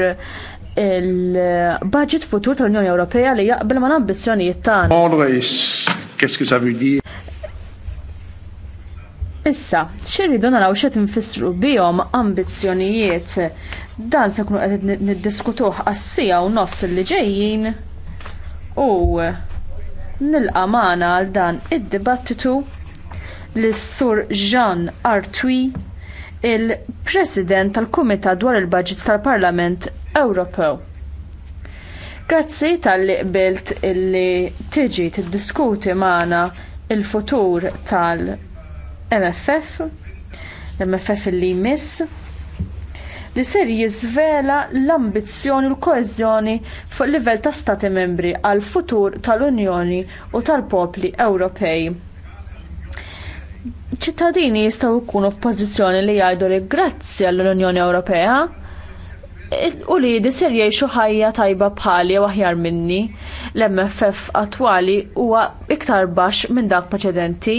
il-budget futur tal-Unjoni Ewropea li jaqbel ma l-ambizzjonijiet tagħna. Qu'est-ce que ça veut dire Issa, xirridu naraw xed nfissru bihom ambizzjonijiet. Dan se kunu qed niddiskutuh għassija u nofs li ġejjin u nilqa' magħna għal dan id-dibattitu lis sur Jean Artwi il-President tal-Kumitat dwar il-Budgets tal-Parlament Ewropew. Grazzi tal-li qbilt illi tiġi tiddiskuti magħna il-futur tal-Parlament MFF, l-MFF li jmiss, li ser jiżvela l-ambizzjoni u l koezjoni fuq livell ta' stati membri għal futur tal-Unjoni u tal-popli Ewropej. ċittadini jistgħu jkunu f'pożizzjoni li jgħidu li grazzi għall-Unjoni Ewropea u li di ser jgħixu ħajja tajba bħali u aħjar minni. L-MFF attwali huwa iktar baxx minn dak preċedenti.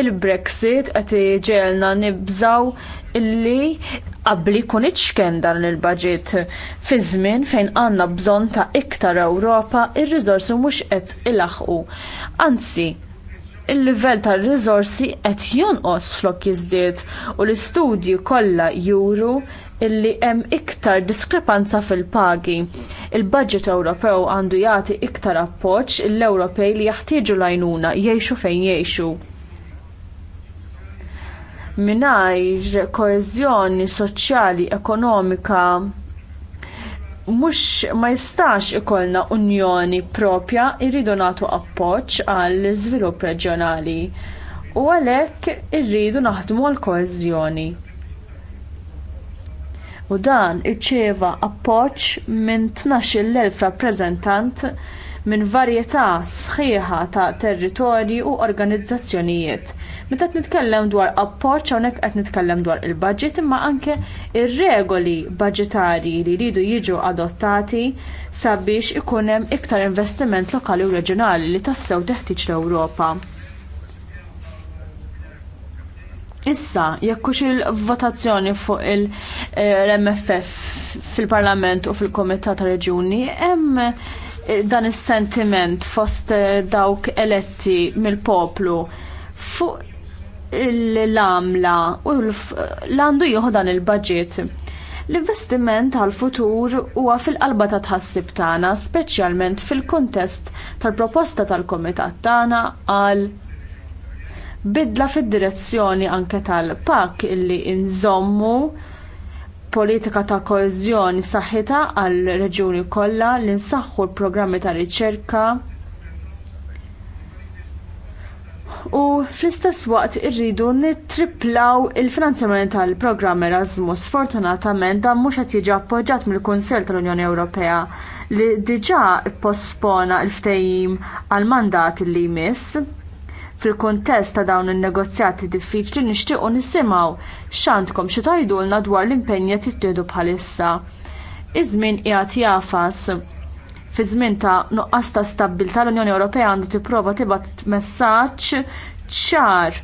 Il-Brexit qed ġelna nibżaw illi qabli kun iċken dan il-budget fi żmien fejn għanna bżonn ta' iktar Ewropa ir rizorsi mhux qed il-axu. Anzi, il-livell ta' rizorsi qed jonqos flok jizdiet u l-istudji kollha juru illi hemm iktar diskrepanza fil-pagi. Il-budget Ewropew għandu jagħti iktar appoġġ l-Ewropej li jaħtieġu l-għajnuna jgħixu fejn jgħixu. Mingħajr koeżjoni soċjali, ekonomika mhux ma jistax ikollna unjoni propja irridu nagħtu appoġġ għall iżvilupp reġjonali u għalhekk irridu naħdmu għall koeżjoni u dan irċieva appoġġ minn tnax-il elf rappreżentant minn varjetà sħiħa ta' territorji u organizzazzjonijiet. Meta qed nitkellem dwar appoġġ hawnhekk qed nitkellem dwar il-budget imma anke ir-regoli budġetarji li jridu jiġu adottati sabiex ikun hemm iktar investiment lokali u reġjonali li tassew teħtieġ l-Ewropa. Issa, jekkux il-votazzjoni fuq il-MFF fil-Parlament u fil-Komitat Reġuni, hemm eh, dan is-sentiment fost eh, dawk eletti mill-poplu fuq l-għamla u l-għandu jieħu dan il-budget. L-investiment għall futur huwa fil-qalba ta' tħassib tagħna, speċjalment fil-kuntest tal-proposta tal-Komitat tagħna għal bidla fid-direzzjoni anke tal-pak illi inżommu politika ta' koeżjoni saħħita għal reġjuni kollha li nsaħħu l-programmi ta' riċerka u fl-istess waqt irridu nittriplaw il-finanzjament tal-programm Erasmus. Sfortunatament dan mhux qed jiġi appoġġjat mill-Kunsell tal-Unjoni Ewropea li diġà ppospona l-ftehim għal mandat li jmiss. Fil-kontest ta' dawn in-negozjati diffiċli nixtiequ nisimgħu x'għandkom xi tgħidulna dwar l qed tittieħdu bħalissa. Iż-żmien qiegħed jafas fi żmien ta' nuqqas ta' stabbiltà l-Unjoni Ewropea għandu tipprova tibgħat messaġġ ċar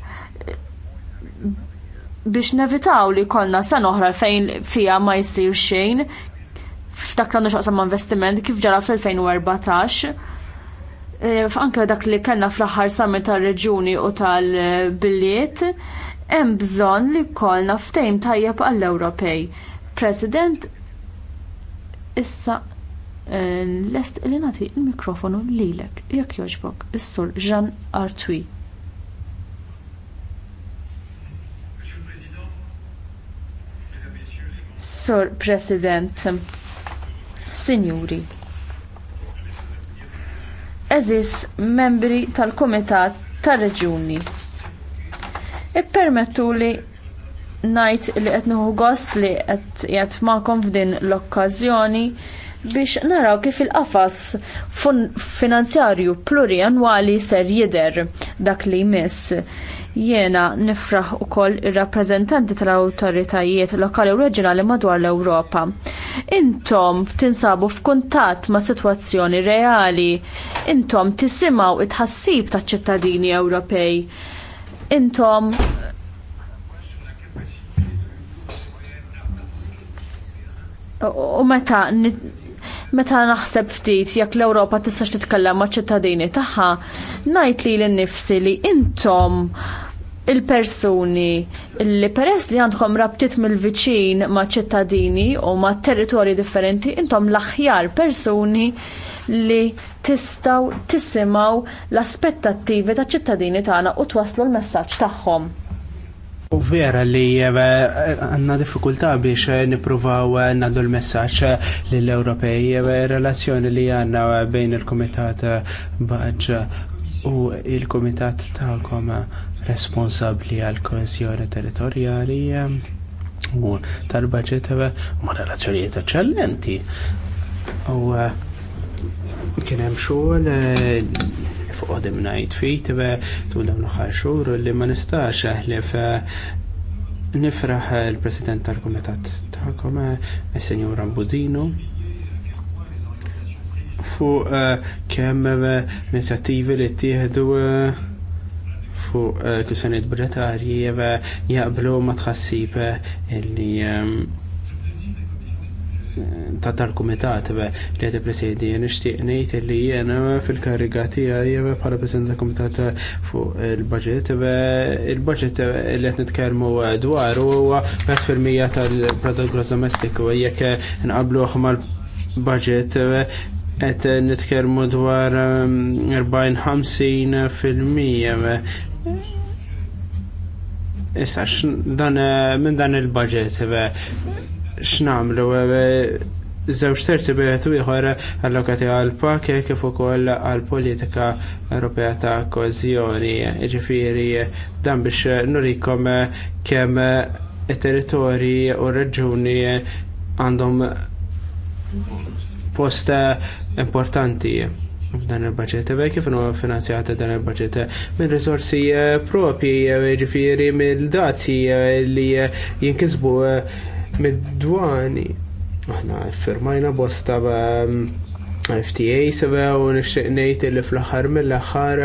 biex nevitaw li jkollna sena oħra fejn fiha ma jsir xejn f'dak l-għandu xaqsam investiment kif ġara fl-2014 Eh, Anke dak li kellna fl-aħħar summit tal-reġuni u tal-billiet, hemm bżonn li jkollna ftehim tajjeb għall-Ewropej. President, issa eh, lest li nagħti l mikrofonu lilek, jekk jogħġbok, is-sur Jean Artwi. Sur President, Signori, eżis membri tal-Komitat tar-Reġjuni. Ippermettu li ngħid li qed nieħu gost li qed jgħid magħkom f'din l-okkażjoni biex naraw kif il-qafas finanzjarju plurianwali ser jidher dak li jmiss. Jiena nifraħ ukoll ir-rappreżentanti tal-awtoritajiet lokali u reġjonali madwar l-Ewropa. Intom tinsabu f'kuntatt ma' sitwazzjoni reali, intom tisimgħu it tħassib taċ ċittadini Ewropej. Intom u meta Meta naħseb ftit jekk l-Ewropa tistax titkellem maċ-ċittadini tagħha, ngħid li l-nifsi li intom il-persuni li peress li għandkom rabtiet mill-viċin ma' ċittadini u ma' territorji differenti, intom l-aħjar persuni li tistaw tisimaw l-aspettattivi ta' ċittadini tagħna u twaslu l-messaġġ tagħhom. U vera li eh, għanna diffikultà biex eh, nipruvaw eh, naddu l messaċ l-Ewropej relazzjoni li għanna bejn il-Komitat Baġ u il-Komitat ta'kom responsabli għal koesjoni territorjali u tal-budget ma relazzjonijiet eccellenti. U kienem xogħol fuqodim najt fit, tu dawn xarxur li ma nistax eħlif eh, nifraħ il-President tal-Komitat tal-Kom, eh, il-Senjura Budino, fuq eh, kemm inizjattivi li tieħdu fuq kusanet Britarji jaqblu ma tħassib illi ta' tal-Kumitat li qed ippresidi nixtieq ngħid li jen fil-kariga tiegħi pala presidi tal-Kumitat fuq il-budget il-budget li qed nitkellmu dwar huwa għat fil-mija tal-prodott gross domestiku jekk nqabluh mal-budget għat nitkellmu dwar 40-50 um, fil-mija Issa, dan, minn dan il-budget, x'namlu eh, eh, żewġ terzi bieħet ieħor allokati għal pak eh, kif ukoll għal politika Ewropea ta' kożjoni. Ġifieri dan biex nurikom kemm it-territorji u r-reġuni għandhom post importanti f'dan il-budget, bej kif finanzjata dan il-budget, minn risorsi propji, ġifiri, minn dati li jinkisbu mid-dwani. Aħna firmajna bosta FTA mm, sebe u nixtieq ngħid li fl axar mill axar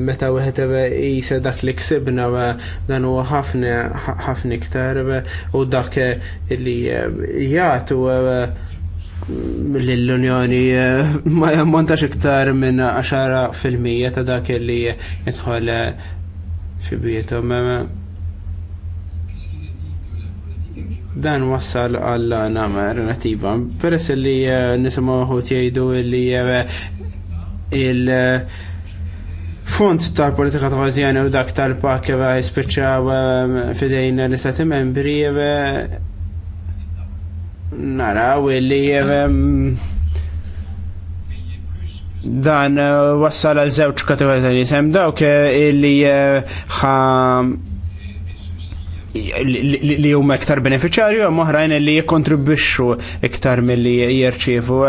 meta wieħed jisa dak li ksibna dan huwa ħafna ħafna iktar u dak eh, li eh, jagħtu l-Unjoni eh, ma jammontax iktar minn 10% ta' dak li jidħol fi bietom. Dan wassal għall nama relativa. Peress li eh, nisimaw jgħidu li eh, il- eh, Font tal-politika ta' u dak tal-pak jispiċċa fidejn l-istati membri naraw li dan wassal għal żewġ kategorija sem dawk illi ħa li huma iktar beneficjarju u maħrajn li jikkontribwixxu iktar milli jirċievu.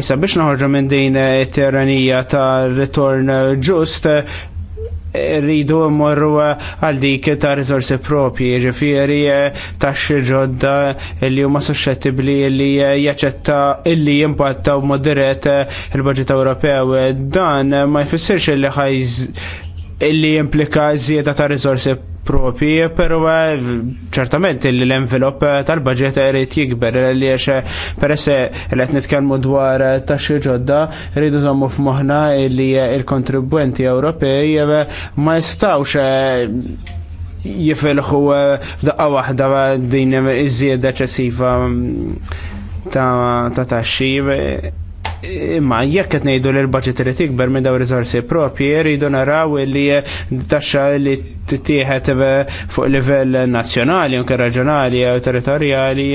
Issa biex naħorġu minn din it-terranija ta' ritorn ġust rridu mmorru għal dik ta' risorsi propji, ġifieri taxxi ġodda li huma suscettibbli li jaċċetta illi jimpattaw mod dirett il-Baġit Ewropew. Dan ma jfissirx li ħajż illi implika żieda ta' rizorsi propi, pero eh, ċertament illi l-envelop eh, tal-budget rrit jikber, li għax eh, peress li qed nitkellmu dwar ta' ġodda, rridu zammu f'moħħna li il-kontribwenti Ewropej ma jistawx jifilħu daqqa waħda din iż-żieda ċessiva mm, ta' taxxi Imma jekk qed ngħidu li l baġit irid ikber minn daw riżorsi propji, jridu naraw li taxxa li tieħed fuq livell nazzjonali, anke raġjonali jew territorjali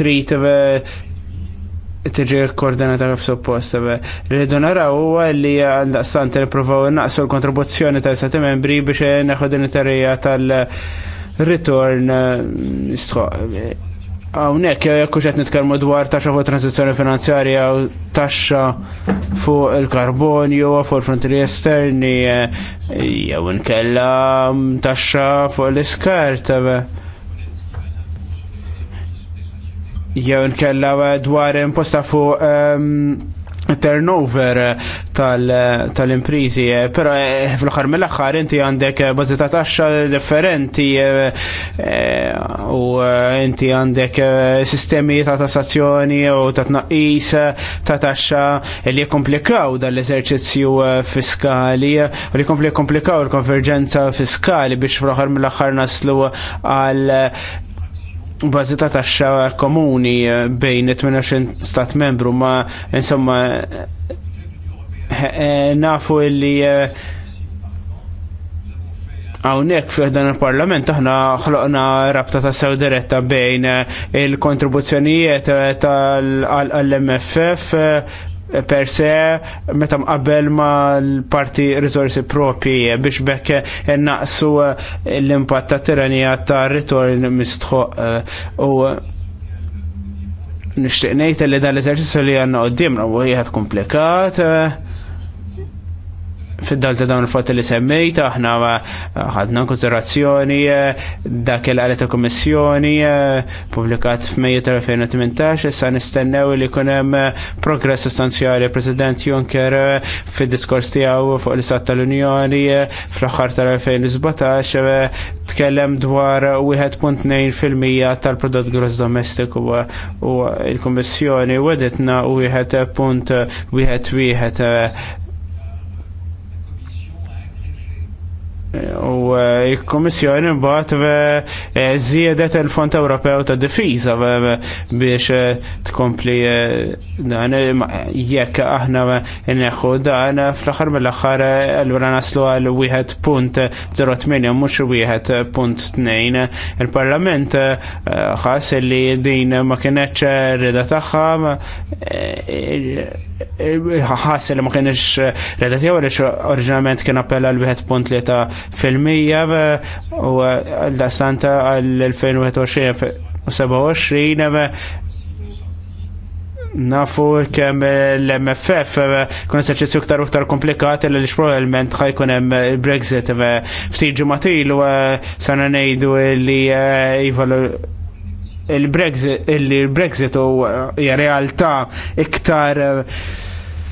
trid tiġi koordinata kif suppost. Rridu naraw huwa li għandaqstant nipprovaw naqsu l-kontribuzzjoni tal-sati membri biex neħu din it-tarija tal-ritorn eh, Għawnek, jekku ġet nitkarmu dwar taxa fuq transizjoni finanzjarja u taxa fuq il-karbonju, fuq il-frontieri esterni, jew nkella mm, taxa fuq l-iskart. Jew nkella dwar imposta fuq ehm, turnover eh, eh, tal-imprizi, tal eh, pero fl-axar mill-axar inti għandek bazzita taxxa differenti u inti għandek sistemi ta' tassazzjoni u ta' tnaqqis ta' taxxa li komplikaw dal-eżerċizzju fiskali u li komplikaw il-konverġenza fiskali biex fl-axar mill-axar naslu għal bazita ta' taxxa komuni eh, bejn 28 stat membru ma insomma eh, eh, nafu li Għawnek fi dan il-parlament aħna ħloqna rabta ta' sew diretta bejn il-kontribuzzjonijiet tal-MFF per se meta mqabbel ma l-parti risorsi propi biex bekk naqsu eh, l-impatt ta' tiranija ta' ritorn mistħoq eh, u nishtiq ngħid li dan l-eżerċizzju li għandna qudiemna u wieħed komplikat eh, fid-dal ta' dawn il-fatti li semmejt, aħna eh, ħadna konsiderazzjoni eh, dak il għalet kommissjoni eh, publikat f'Mejju tal-2018, issa nistennew li kun hemm progress sostanzjali President Juncker fid-diskors tiegħu fuq l-Istat tal-Unjoni fl-aħħar tal-2017 tkellem dwar 1.2% tal-prodott gross domestiku u il-Kommissjoni wedetna u 1.1 U eh, il-Komissjoni mbagħad eh, eh, żiedet il-Fond Ewropew ta' Difiża biex tkompli dan jekk aħna neħu dan fl-aħħar mill-aħħar allura naslu għal 1.08 punt 08 mhux wieħed Il-Parlament ħass li din ma kienetx rida tagħha ħas li ma kienx relativi għaliex oriġinament kien appella l-1.3 fil-mija u l-dastanta għal-2021 u 27 nafu kem l-MFF kun s eserċizzju ktar u ktar komplikat li l-xprovelment ħajkun hemm Brexit ftit ġimgħatil u eh, sana ngħidu li jivalu eh, il-Brexit il-Brexit u uh, hija realtà iktar uh,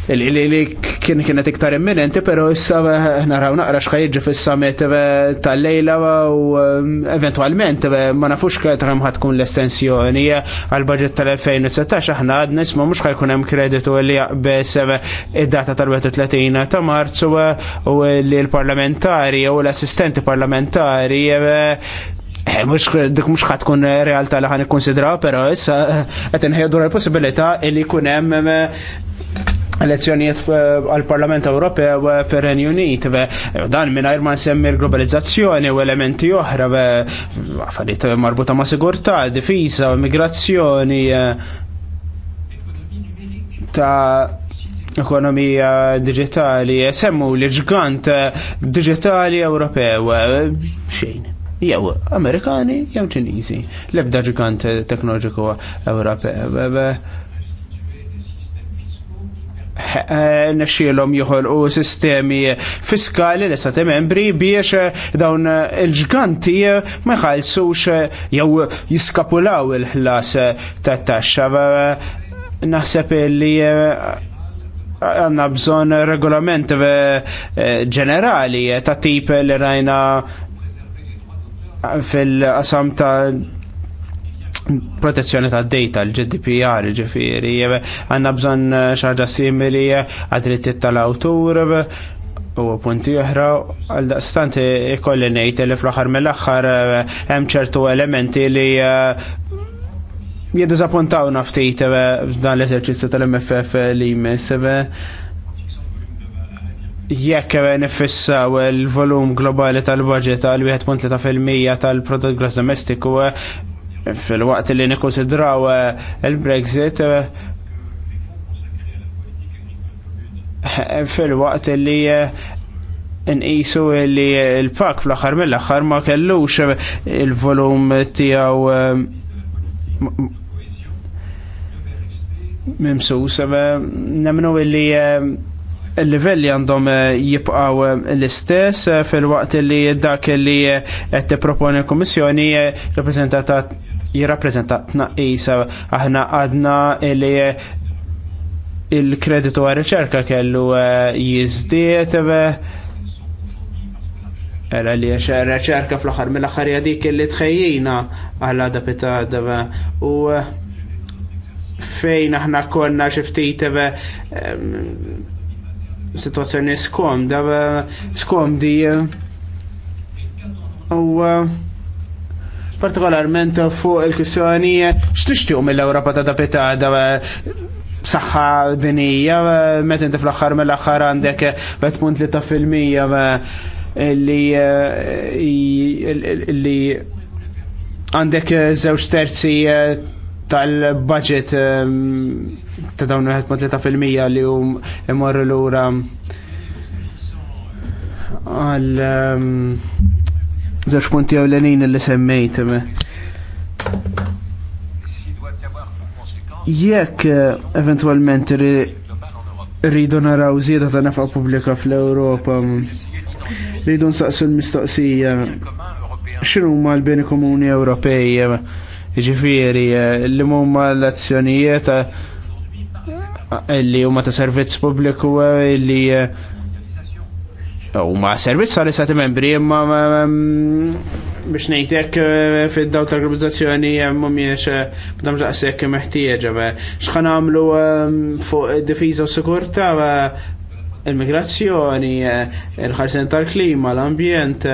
li kien kienet iktar imminenti, pero issa uh, naraw naqra x'ħaj jiġi fis-summit tal-lejla u um, eventualment ma nafux kemm ħad tkun l-estensjoni għal-budget tal-2019 aħna għadna isma mhux ħajkun hemm kreditu li jaqbes id-data tal-31 ta' Marzu u li l-parlamentari u l-assistenti parlamentari Eh, dik mux ħat kun eh, realta li ħan ikkonsidra, pero issa eh, qed inħedu l-possibilità li jkun hemm elezzjonijiet għal-Parlament Ewropew fir-Renju Unit. Dan mingħajr ma nsemmi l-globalizzazzjoni u elementi oħra, affarijiet marbuta ma' sigurta, difisa, migrazzjoni, ta' ekonomija digitali, semmu li ġgant digitali Ewropew, xejn jew Amerikani jew Ċiniżi. L-ebda ġigant teknoloġiku Ewropew. E, nexxielhom joħolqu sistemi fiskali li stati membri biex e, dawn il-ġganti e, ma jħallsux jew jiskapulaw il-ħlas tat-taxxa. Naħseb li għanna bżon regolament ġenerali ta' tip li rajna fil-qasam ta' protezzjoni ta' data, l-GDPR, ġifiri, għanna bżon xaġa simili għadrittiet tal-autur u punti oħra għal daqstant ikolli nejt li fl-axar mill-axar hemm ċertu elementi li eh, jiddiżappuntaw naftit eh, dan l-eżerċizzju tal-MFF li jmiss eh, jekk nifissa u l volum globali tal-budget tal-1.3% tal-prodott gross domestiku fil-waqt li nikkonsidraw il-Brexit fil-waqt li nqisu li l-pak fl axar mill axar ma kellux il-volum tiegħu mimsu sebe nemnu li il-livelli għandhom eh, jibqaw eh, l-istess eh, fil-waqt li dak li qed tipproponi l-Kummissjoni rappreżentata jirrappreżenta aħna għadna li il-kreditu għal riċerka kellu jizdiet Ela li reċerka fl-axar mill-axar jadik li tħejjina għalla dabita daba u fejn aħna konna xiftijt situazzjoni skom. di eh, u eh, partikolarment fuq il-kwissjoni x'tixtieq mill-Ewropa ta' dapita da saħħa dinija, eh, meta inti fl axħar mill axħar għandek 1.3% li li għandek zewġ terzi tal-budget ehm, ta' dawn 1.3% li hum imorru lura għal ehm, żewġ punti ewlenin li semmejt. Jekk eh, eventualment rridu naraw zieda ta' nafa pubblika fl europa rridu nsaqsu l-mistoqsija x'inhuma l-beni komuni Ewropej Ġifiri, eh, li mumma l-azzjonijiet eh, li huma ta' servizz pubbliku eh, li huma servizz għal istati membri imma mm, biex ngħidlek fid-daw tal-organizzazzjoni mhumiex b'dam ġaqsek meħtieġa x'ħan għamlu fuq id-difiża u sikurta il-migrazzjoni, il-ħarsen tal-klima, l-ambjent,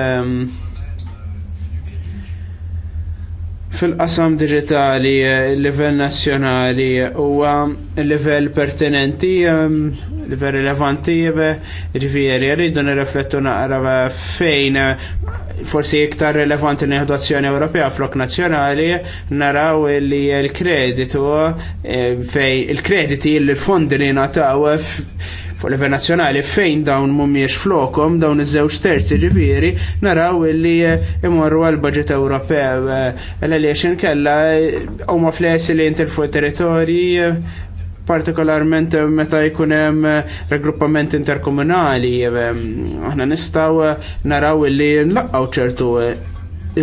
fil-qasam digitali il-level nazzjonali u il-level pertinenti, um, il-level rilevanti, ġifieri rridu nirreflettu naqra fejn forsi iktar rilevanti l azzjoni Ewropea flok nazzjonali naraw li l-kreditu eh, fej il-krediti il-fondi li nataw fuq level nazzjonali fejn dawn mhumiex flokom dawn iż-żewġ terzi ġifieri naraw illi eh, imorru għal budget Ewropew eh, l għaliex inkella eh, huma flessi li jintilfu territorji partikolarment meta jkun hemm raggruppament interkomunali aħna nistgħu naraw illi nlaqgħu ċertu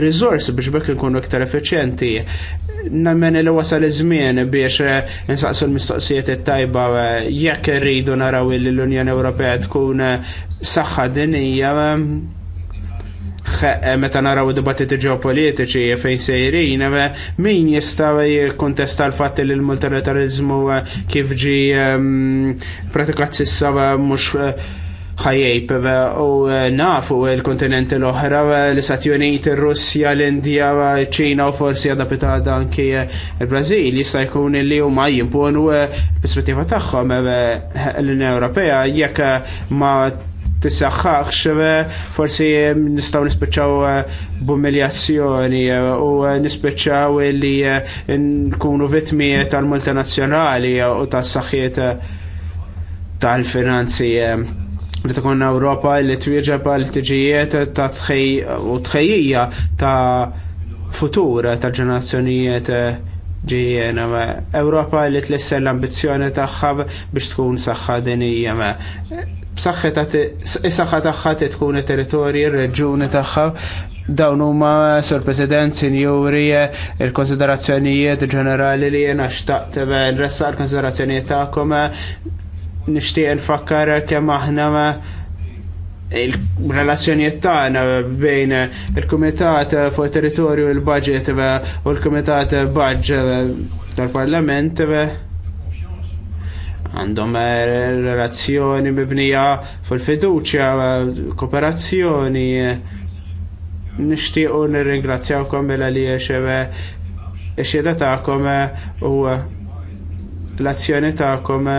risorsi biex bekk nkunu iktar effiċjenti. Nammen li wasal iż-żmien biex eh, nsaqsu l-mistoqsijiet it-tajba eh, jekk irridu naraw li l-Unjoni Ewropea tkun eh, saħħa dinija meta naraw id dibattiti ġeopolitiċi fejn sejrin, min jista' jikkontesta l-fatt li l-multilateralizmu kif ġi ehm, pratikat sissa mhux ħajjejb eh, u eh, nafu l-kontinenti l-oħra eh, l-Istati Uniti, Russja, l-Indija, ċina u forsi għadha pitada anki il-Brazil jista' jkun li huma jimponu l-perspettiva tagħhom l-Unjoni Ewropea jekk ma tissaħħax forsi nistgħu nispiċċaw b'umiljazzjoni u nispiċċaw li nkunu vittmi tal-multinazzjonali u tas-saħħiet tal-finanzi li tkun Ewropa li twieġeba l-tiġijiet ta' u tħejjija ta' futur ta' ġenerazzjonijiet ġejjena Ewropa li tlissel l-ambizzjoni tagħha biex tkun saħħa dinija Is-saħħa tagħha tkun it-territorji, ir-reġjuni tagħha dawn huma Sur President, Sinjuri, il-konsiderazzjonijiet ġenerali li jiena xtaqt l-ressa eh, l-konsiderazzjonijiet tagħkom nixtieq nfakkar kemm aħna il-relazzjonijiet tagħna bejn il-Kumitat fuq territorju l budget u l-Kumitat Budget tal-Parlament għandhom relazzjoni mibnija fil-fiduċja, kooperazzjoni. Nixtiequ nirringrazzjawkom mela li xieda tagħkom u l-azzjoni tagħkom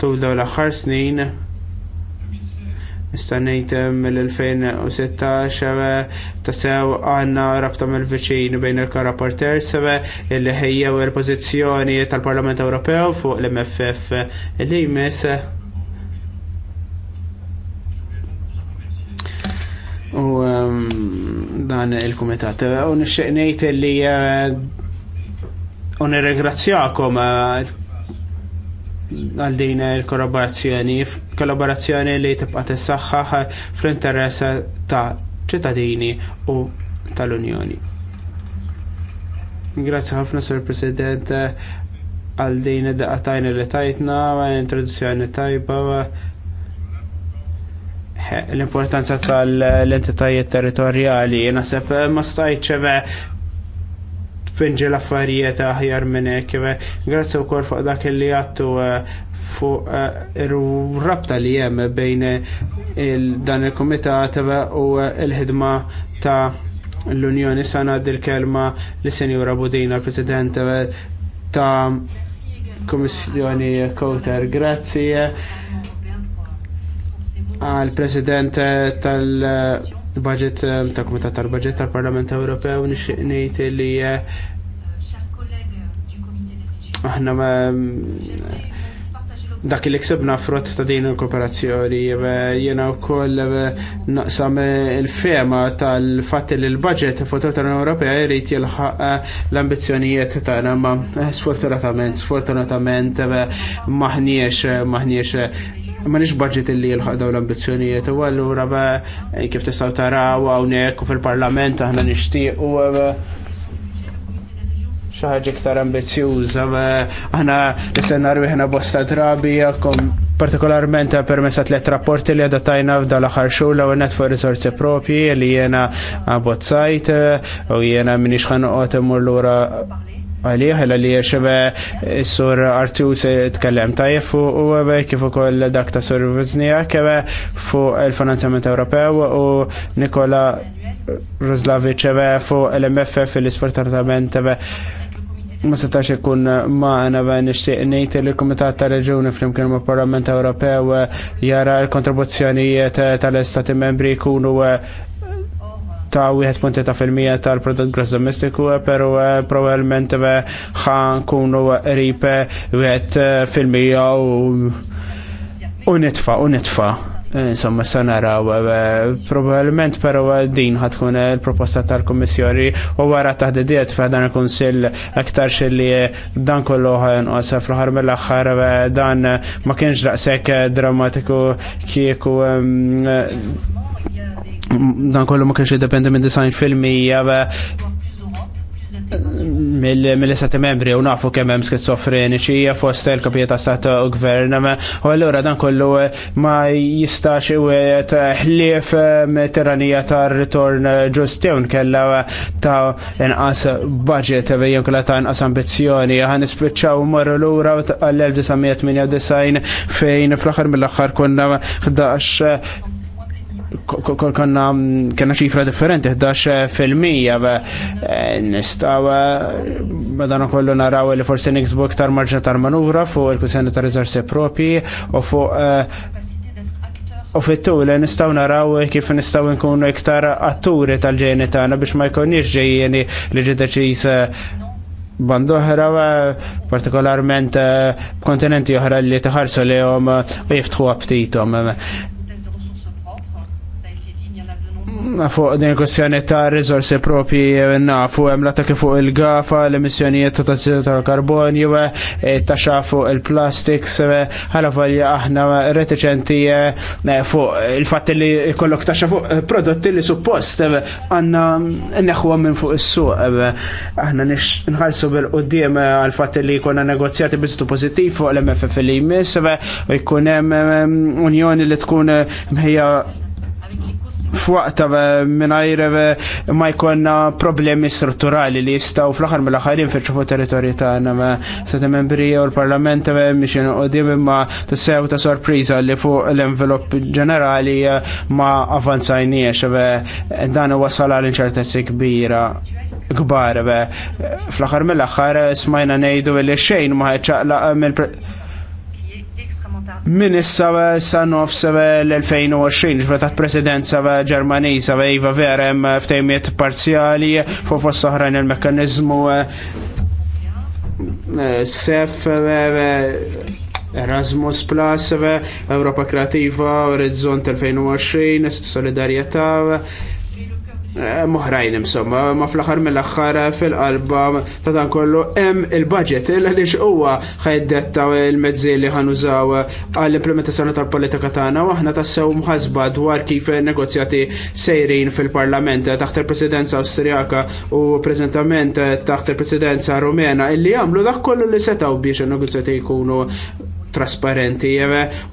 tul daw l-axar snin Istanejt eh, mill-2016 eh, ta' sew għanna rabta mill-viċin bejn il-karapporter sewe illi ħejjew il-pozizjoni tal-Parlament Ewropew fuq l-MFF li jmiss. U ehm, dan il-komitat. U nixxeqnejt li eh, u nirregrazzjakom għaldina l-kollaborazzjoni, kollaborazzjoni li tibqa tissaħħaħ fl-interess ta' ċittadini u tal-Unjoni. Grazzi ħafna, Sir President, għal din id-daqatajna li tajtna, introduzzjoni tajba, l-importanza tal-entitajiet territorjali. Naseb ma stajċeve eh, finġi l-affarijiet aħjar minn hekk. Grazzi wkoll fuq dak li għattu eh, fuq ir-rabta eh, li hemm bejn eh, dan il-kumitat u l-ħidma ta' l-Unjoni sana l kelma li senjura Budina, president ta' Komissjoni Kouter. Grazzi għal-president tal- il-budget eh, ta' Kumitat tal-Budget tal-Parlament Ewropew nixtieq ngħid li eh, aħna mm, dak li ksebna frott ta' din il-kooperazzjoni eh, jiena wkoll naqsam il-fema tal-fatt li l-budget fotot tal-Unjoni Ewropea jrid jilħaq l-ambizzjonijiet tagħna ma sfortunatament sfortunatament maħniex maħniex ma nix budget illi jilħak daw l-ambizjonijiet u għallura ba eh, kif tistaw taraw għaw neku fil-parlament aħna nishtiq u eh, xaħġa iktar ambizjuża aħna l-senarju aħna bosta drabi eh, partikolarment permessa tliet rapporti li għadatajna l aħħar xhur l net fuq risorsi propji li jena abbozzajt u jena minix ħanqot imur lura għalih li xebe s-sur Artu se tkellem tajf u kif ukoll dak ta' sur Viznija kebe fu il-finanzjament Ewropew u Nikola Ruzlavic ċebe fuq l-MFF l-isfortatament ċebe ma setax ikun maħna ben nixtieq ngħid li l-Kumitat ta' Reġuni flimkien ma' Parlament Ewropew jara l-kontribuzzjonijiet tal estati Membri jkunu ta' 1.3% tal-prodott gross domestiku, eh, pero eh, probablement eh, ħa kunu ripe 1% u nitfa, u nitfa. Insomma, sa naraw, probabilment pero din kun il-proposta tal komissjoni u wara taħt id-diet il-Kunsill aktar xilli dan kollu ħanqas fl-ħar mill axħar dan ma kienx daqshekk drammatiku kieku Dan kollu ma kienx jiddependi minn design filmi mill-istati membri u nafu kemm hemm skizofreniċi fost il-kapija ta' stat u gvern u allura dan kollu eh, ma jistax iwiet eh, ħlief eh, tiranija ta' ritorn ġustjon kella ta' inqas budget bejn kollha ta' inqas ambizzjoni ħan ispiċċaw marru lura għall-1998 fejn fl-aħħar mill-aħħar kunna 11 konna mm, kena ċifra differenti, 11% eh, fil-mija, eh, nistaw eh, madana kollu naraw li forse niksbu iktar marġna tar manuvra fuq il-kusenni ta' rizorsi propi u fuq U fittu li nistaw naraw kif nistaw nkunu iktar atturi tal ġeni tagħna biex ma jkunniex ġejjeni li ġi deċis bandoħra partikolarment kontinenti oħra li taħarsu li jom u jiftħu aptitom fuq din kwestjoni ta' rizorsi propri nafu hemm l kif fuq il-gafa, l-emissjonijiet ta' tazzit tal-karbonju, eh, taxxa fuq il-plastics, eh, ħala valja aħna reticenti eh, fuq il-fatt li jkollok taxxa fuq prodotti li suppost għandna neħu minn fuq is-suq. Aħna nħallsu bil-qudiem għal-fatt li jkollna negozjati biżitu pożittiv fuq l-MFF li jmiss u jkun hemm unjoni li tkun mħija f'waqta eh, mingħajr eh, ma jkollna problemi strutturali li jistgħu fl-aħħar mill-aħħar jinfirxu fuq territorju tagħna seta' membri u l-Parlament eh, mhix inqudiem imma tissew ta' sorpriża li fuq l-envelop ġenerali ma avvanzajniex dan wasal għal inċertezzi kbira kbar fl-aħħar mill-aħħar smajna ngħidu li xejn ma ċaqlaq mill Min issa sa nofs l-2020, ġbeta presidenza ġermaniza iva verem ftejmiet parzjali fu fost soħrajn il-mekanizmu eh, eh, sef eh, Erasmus Plus, Europa Kreativa, Orizzont 2020, Solidarietà Eh, moħrajn insomma, ma fl-axar mill-axar eh, fil-qalba ta' dan kollu hemm il-budget li huwa ħajdetta il-mezzi li ħanużaw eh, għall-implementazzjoni tal-politika tagħna u aħna tassew mħasba dwar kif negozjati sejrin fil-Parlament taħt il-Presidenza Awstrijaka u preżentament taħt il-Presidenza Rumena illi jagħmlu dak kollu li setgħu biex il negozjati jkunu trasparenti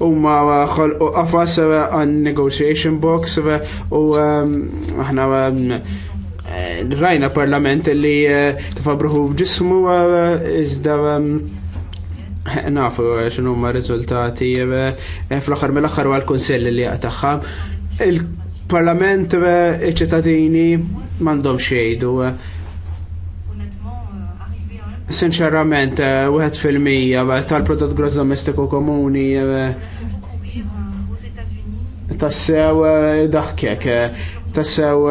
u ma u għafas għan negotiation box u għahna ehm, ehm, eh, rajna parlament li eh, tfabruħu ġismu eh, izda ehm, nafu xinu ma rizultati fl-axar mill-axar għal konsell li għataxħa il-parlament iċ-ċittadini mandom xejdu Sinċerament, eh, wieħed fil-mija tal-prodott gross domestiku komuni eh, tassew eh, daħkek, tassew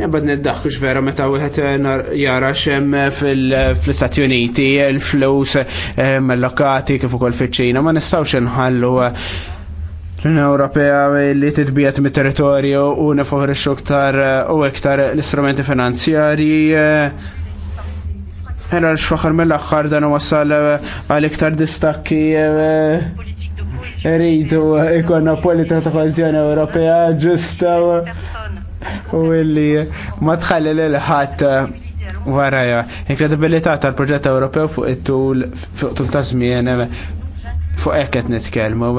jabad niddaħk ux vera meta wieħed jara xem fil istati Uniti, l-flus mellokati kif ukoll fiċ-Ċina, ma nistgħux inħallu l-Unjoni Ewropea li titbiet mit territorju u nifoħrixxu iktar u iktar l-istrumenti finanzjarji Għera x-faxar mill-axħar dan wasal għal-iktar distakki rridu eh, eh, ikonna eh, politika ta' kwanzjoni Ewropea ġusta u illi ma tħalli l-ħat waraja. Inkredibilità tal-proġett Ewropew fuq it-tul fuq tul ta' żmien fuq hekk qed nitkellmu.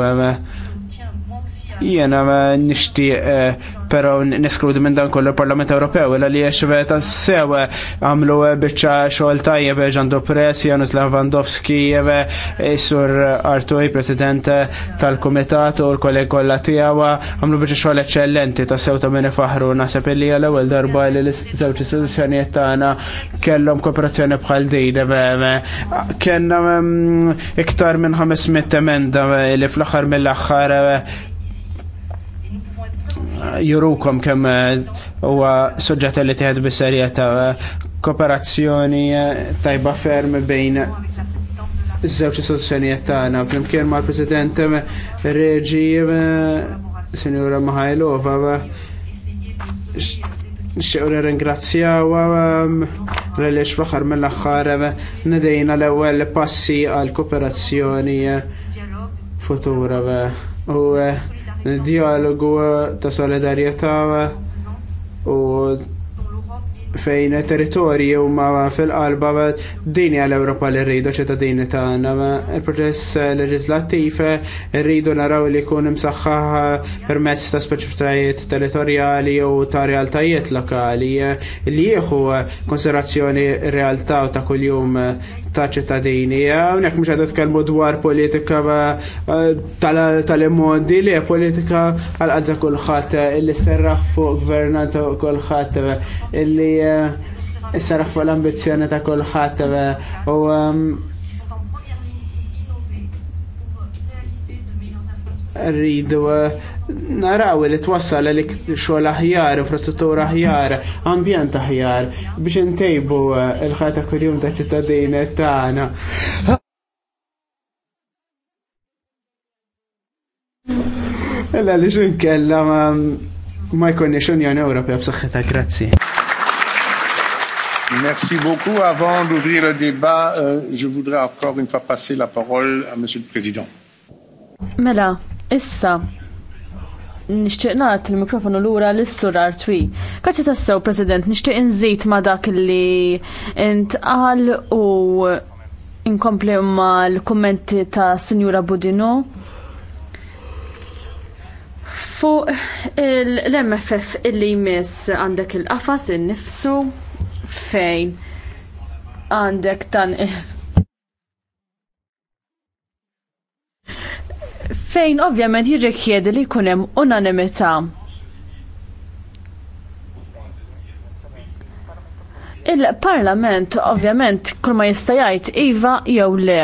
Jiena nixtieq pero neskludi minn dan kollu l-Parlament Ewropew, illa li jiexve ta' sew eh, għamlu eh, bieċa xogħol tajjeb ġandu eh, Press, Janus Lewandowski, Sur Artuj, President tal komitat u l-kolleg kollha tiegħu għamlu bieċa xogħol eċċellenti ta' sew ta' minn faħru nasab illi għal ewwel darba li l-żewġ istituzzjonijiet tagħna kellhom kooperazzjoni bħal din. Kenna mm, iktar minn 500 emenda li fl-aħħar mill-aħħar jurukom kemm eh, huwa soġġett li tieħed bis-serjetà eh, kooperazzjoni eh, tajba ferm bejn iż-żewġ istituzzjonijiet tagħna flimkien mal-President Reġi Sinjura Mahajlova xeqri ringrazzjaw għaliex fl-axar mill-axar nedejna l-ewel passi għal kooperazzjoni futura u dialogu eh, ta' solidarieta eh, u fejn territorji huma fil-qalba eh, dini għal Ewropa li rridu ċittadini tagħna. Il-proċess leġislattiv rridu naraw li jkun imsaħħaħ permezz ta' speċifitajiet territorjali u ta' realtajiet lokali li jieħu konsiderazzjoni realtà ta' kuljum ta' ċittadini. Unek mux għadet kalmu dwar politika eh, tal-immondi li politika għal-għadda kullħat illi serraħ fuq gvernanza kullħat illi eh, serraħ fuq l-ambizjoni ta' kullħat eh, u ehm, rridu eh, naraw li twassal li xogħol aħjar, infrastruttura aħjar, ambjent aħjar biex intejbu eh, il ħata kuljum ta' ċittadini tagħna. Ella li kella ma jkunni xunjon Ewropja b'saħħitha grazzi. Merci beaucoup. Avant d'ouvrir le débat, euh, je voudrais encore une fois passer la parole à Monsieur le Président. Mela, Issa, nixtieq nagħti il mikrofonu lura lis-sur Artwi. Kaċi tassew, President, nixtieq inżid ma dak li intqal u inkompli ma l-kommenti ta' Sinjura Budino. Fuq l-MFF illi jmiss għandek il-qafas, il-nifsu, fejn għandek dan il fejn ovvjament jirrikjedi li jkun hemm unanimità. Il-Parlament ovvjament kull ma jista' jgħid iva jew le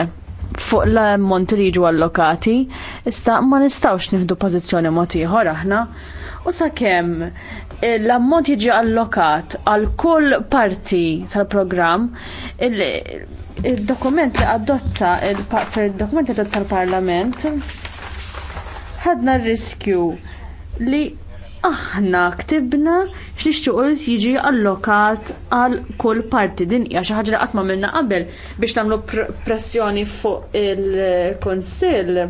fuq l monti li jiġu allokati, issa ma nistgħux nieħdu pożizzjoni mod ieħor aħna. U sakemm l-ammont jiġi allokat għal kull parti tal-programm, il-dokument li adotta il-dokument li adotta l-Parlament ħadna r-riskju li aħna ktibna x'nixtiequ jiġi allokat għal kull parti din hija xi ħaġa li qatt ma minna qabel biex nagħmlu pressjoni fuq il-Kunsill.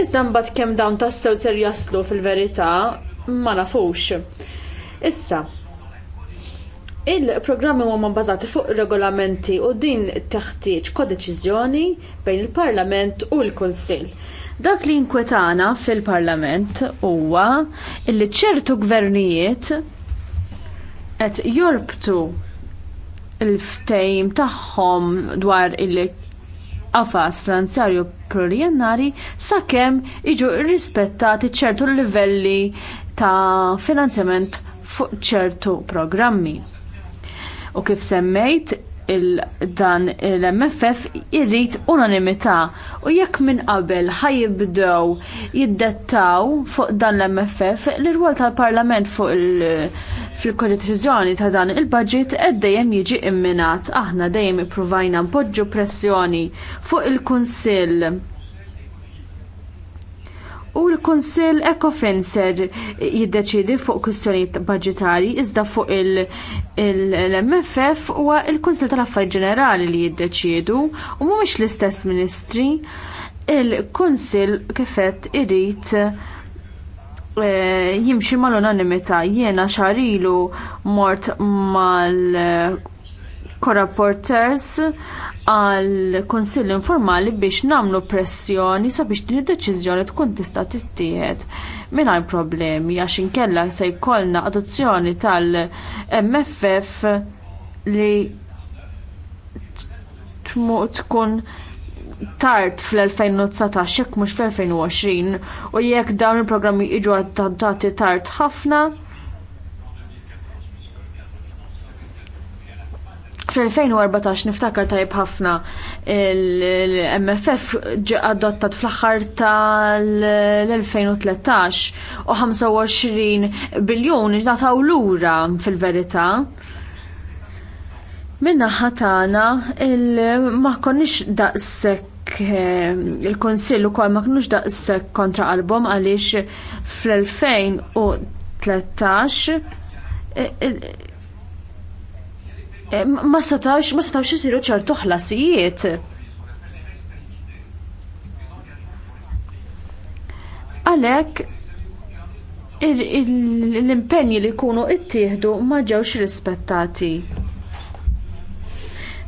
Iżda mbagħad kemm dawn tassew ser jaslu fil-verità ma nafux. Issa, il-programmi huma bbażati fuq regolamenti u din teħtieġ kodeċiżjoni bejn il-Parlament u l-Kunsill. Dak li inkwetana fil-Parlament huwa li ċertu gvernijiet qed jorbtu l-ftejm tagħhom dwar il qafas finanzjarju pluriennali sakemm jiġu rrispettati ċertu livelli ta' finanzjament fuq ċertu programmi. U kif semmejt, dan l-MFF irrit unanimità u jekk minn qabel ħajibdew jiddettaw fuq dan l-MFF l-irwol tal-Parlament fuq fil-kodeċiżjoni ta' dan il-budget qed dejjem jiġi imminat. Aħna dejjem ippruvajna npoġġu pressjoni fuq il-Kunsill U l-Konsil Ecofin ser jiddeċidi fuq kwistjonijiet budġetari iżda fuq il-MFF il huwa l-Kunsill tal-Affarijiet Ġenerali li jiddeċiedu u mhumiex l-istess ministri. Il-Kunsill kifet irid eh, jimxi mal-unanimità jiena xarilu mort mal korrapporters għal konsill informali biex nagħmlu pressjoni sabiex din id-deċiżjoni tkun tista' tittieħed mingħajr problemi għax inkella se jkollna adozzjoni tal-MFF li tkun tard fl-2019 jekk mhux fl-2020 u jekk dawn il-programmi jiġu adottati tard ħafna fl-2014 niftakar tajb ħafna il-MFF ġi adottat fl-axar tal-2013 u 25 biljon nataw lura fil-verità. Minna ħatana ma konniex daqsek eh, il konsil u kol ma kienux daqsek kontra album għaliex fl-2013 Eh, ma setax, ma setax jisiru ċertu ħlasijiet. Għalek, l-impenji li jkunu ttieħdu ma ġewx rispettati.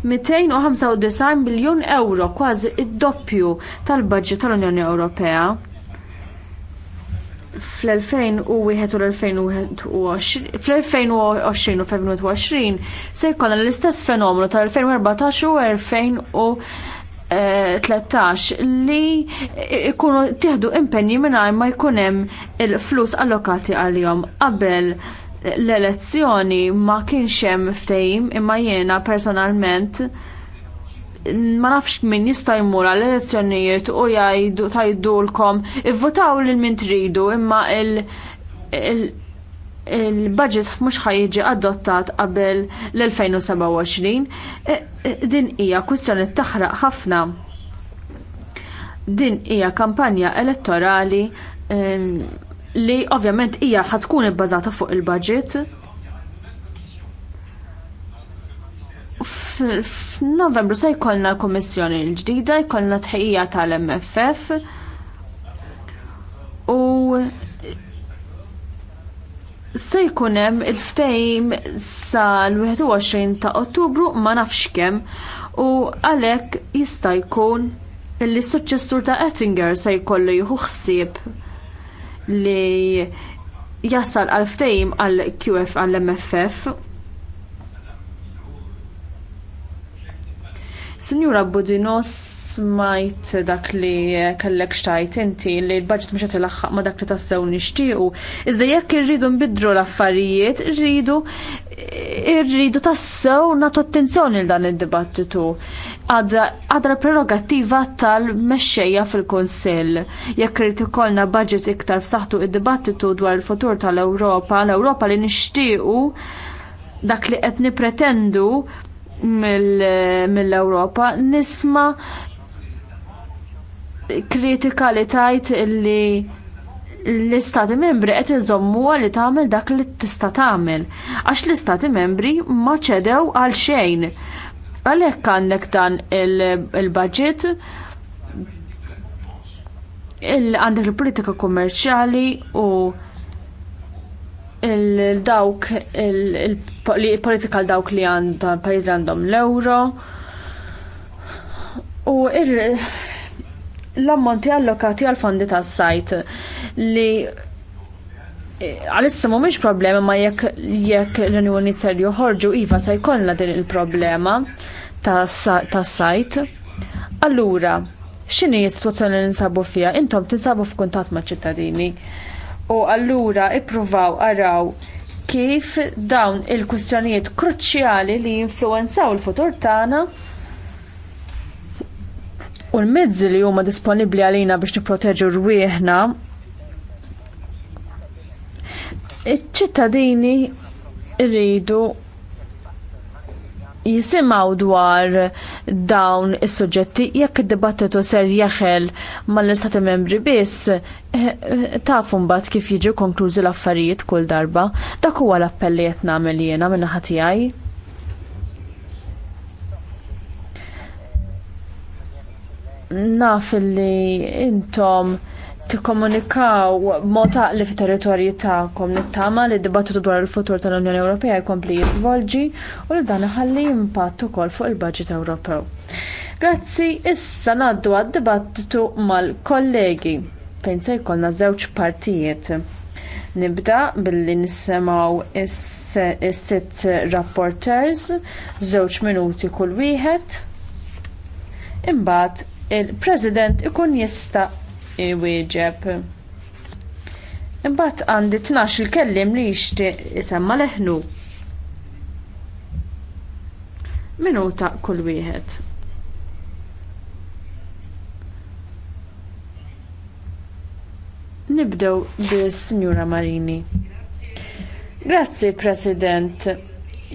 295 miljon euro kważi id-doppju tal-budget tal-Unjoni Ewropea fl-2021 u fl-2020 u fl-2021 se jkollna l-istess fenomenu tal-2014 u 2013 li ikunu tieħdu impenji mingħajr ma jkun hemm il-flus allokati għalihom qabel l-elezzjoni ma kienx hemm ftehim imma jiena personalment ma nafx min jista' jmur għall elezzjonijiet u jgħidu tajdulkom ivvotaw lil min tridu imma il-budget mhux ħajġi adottat qabel l-2027. E, e, din hija kwistjoni taħraq ħafna. Din hija kampanja elettorali li ovvjament hija ħatkun ibbażata fuq il-budget F'Novembru se jkollna l-Kummissjoni l-ġdida, jkollna tħejja tal-MFF u se jkun hemm il-ftejm sal-21 ta' Ottubru ma nafx kemm u għalhekk jista' jkun li s-suċċessur ta' Ettinger se jkollu jieħu ħsieb li jasal għal ftehim għal QF għall MFF Sinjura Budinos smajt dak li kellek xtajt inti li l-budget mhux qed ilaħħaq ma dak li tassew nixtiequ. Iżda jekk irridu nbidru l-affarijiet, irridu irridu tassew nagħtu attenzjoni l dan id-dibattitu. Għadra prerogattiva tal-mexxejja fil-Kunsill. Jekk irrid ikollna budget iktar f'saħħtu id-dibattitu dwar il-futur tal-Ewropa, l-Ewropa li nixtiequ dak li qed nippretendu mill-Europa nisma kritika li tajt li l-istati membri qed iżommu li tagħmel dak li tista' tagħmel għax l-istati membri ma ċedew għal xejn. Għalhekk għandek dan il-budget għandek il-politika kummerċjali u il-dawk il-politika dawk li għandhom pajjiż għandhom l-euro u l-ammonti allokati għal fondi tas sajt li għalissa mhumiex problema ma jekk jekk l-Unjoni ser joħorġu iva se jkollna din il-problema tas sajt. Allura, x'inhi s-sitwazzjoni li ninsabu fiha? Intom tinsabu f'kuntatt maċ ċittadini u allura ippruvaw araw kif dawn il-kwistjonijiet kruċjali li jinfluwenzaw il-futur tagħna u l-mezzi li huma disponibbli għalina biex nipproteġu rwieħna iċ-ċittadini rridu jisimaw dwar dawn is-suġġetti jekk id-dibattitu ser jaħel mal-istati membri biss eh, eh, tafu mbagħad kif jiġu konklużi l-affarijiet kull darba. Dak huwa l-appell li qed nagħmel jiena minn naħa tiegħi. Naf li intom tikkomunikaw mod li fit-territorji tagħkom nittama li d-dibattitu dwar il-futur tal-Unjoni Ewropea jkompli jitvolġi u li dan iħalli impatt ukoll fuq il-budget Ewropew. Grazzi, issa ngħaddu għad-dibattitu mal-kollegi fejn se jkollna żewġ partijiet. Nibda billi nisimgħu is-sitt rapporters, żewġ minuti kull wieħed. Imbagħad il-President ikun jista' iwieġeb. Imbagħad għandi tnax il-kellim li jixtieq isemma leħnu. Minuta kull wieħed. Nibdew bis-Sinjura Marini. Grazzi, President.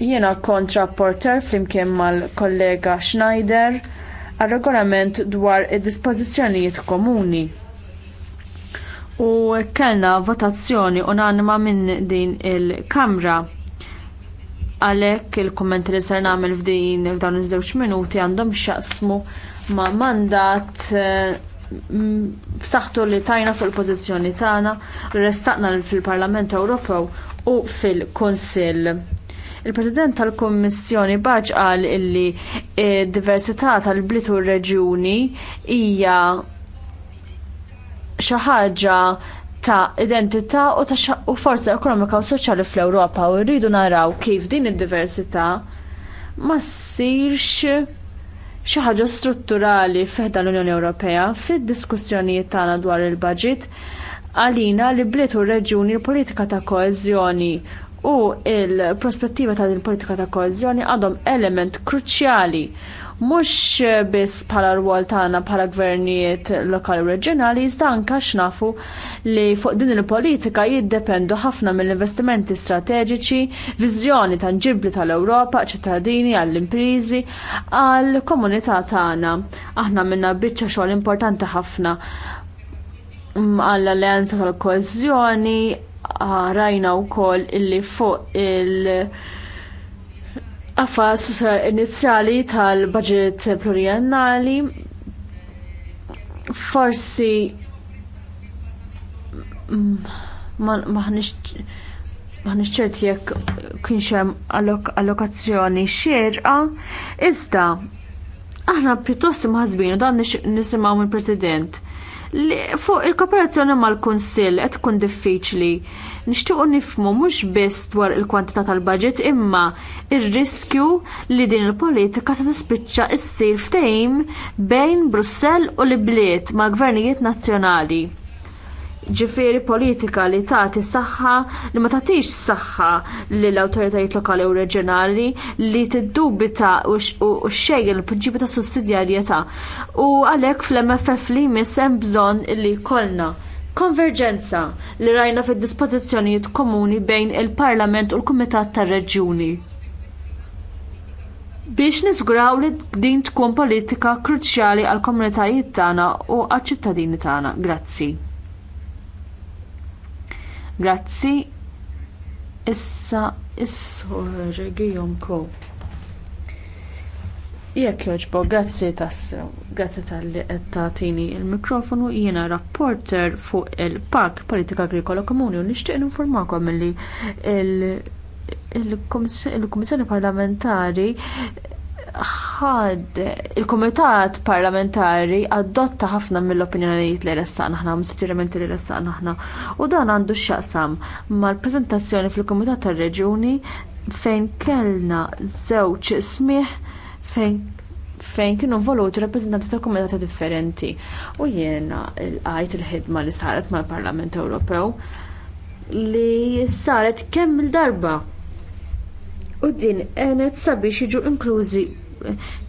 Jiena kont rapporter flimkien mal-kollega Schneider għal regolament dwar id-dispożizzjonijiet komuni u kellna votazzjoni unanima minn din il-Kamra. Għalhekk il-kummenti li ser nagħmel f'din f'dawn iż-żewġ minuti għandhom x'jaqsmu ma' mandat b'saħħtu eh, li tajna fuq il-pożizzjoni tagħna li restaqna fil-Parlament Ewropew u fil-Kunsill. Il-President tal-Kommissjoni Baġ qal illi d eh, diversità tal-bliet u r reġjuni hija xi ħaġa ta' identità u ta' u forza ekonomika u soċjali fl-Ewropa u rridu naraw kif din id-diversità ma ssirx xi ħaġa strutturali fiħda l-Unjoni Ewropea fid-diskussjonijiet tagħna dwar il-baġit għalina li bliet u reġuni l-politika ta' koeżjoni u l prospettiva ta' din politika ta' koeżjoni għadhom element kruċjali mhux biss bħala rwol tagħna bħala gvernijiet lokali u reġjonali, iżda anke x'nafu li fuq din il-politika jiddependu ħafna mill-investimenti strateġiċi, viżjoni tanġibbli tal-Ewropa, ċittadini, għall-imprizi, għall-komunità tagħna. Aħna minna biċċa xogħol importanti ħafna għall-alleanza tal-koeżjoni, ah, rajna wkoll illi fuq il-, -il għafas inizjali tal-budget pluriannali forsi maħnix ċert jekk kienxem allokazzjoni xirqa, iżda aħna pjuttost mħazbin u dan nisimgħu mill-President fuq il-kooperazzjoni mal-Kunsill qed tkun diffiċli. Nixtiequ nifmu mhux biss dwar il-kwantità tal-budget imma ir-riskju li din il-politika se tispiċċa ssir ftehim bejn Brussell u l-bliet mal-gvernijiet nazzjonali ġifiri politika li tagħti saħħa li ma tagħtix saħħa lill awtoritajiet lokali u reġjonali li tiddubita u xejn il-prinċipju ta' sussidjarjetà. U għalhekk fl-MFF li jmiss hemm bżonn li jkollna konverġenza li rajna fid-dispożizzjonijiet komuni bejn il-Parlament u l-Kumitat tar-Reġjuni biex niżguraw li din tkun politika kruċjali għall komunitajiet tagħna u għaċ-ċittadini tagħna. Grazzi. Grazzi. Issa is-sur Guillaume Co. Jekk jogħġbok, grazzi tassew, grazzi tal-li qed tagħtini l mikrofonu jiena rapporter fuq il-Pak Politika Agrikola Komuni u nixtieq ninformakom milli il-Kummissjoni Parlamentari ħad il-Komitat Parlamentari adotta ħafna mill-opinjonijiet li ressaqna ħna, mis-suġġerimenti li ressaqna ħna. U dan għandu x'jaqsam mal-preżentazzjoni fil-Komitat tar-Reġuni fejn kellna żewġ smih fejn fejn kienu voluti rappresentanti ta' komitati differenti. U jiena l-għajt il-ħidma li saret mal-Parlament Ewropew li saret kemm il-darba u din għenet sabiex jiġu inklużi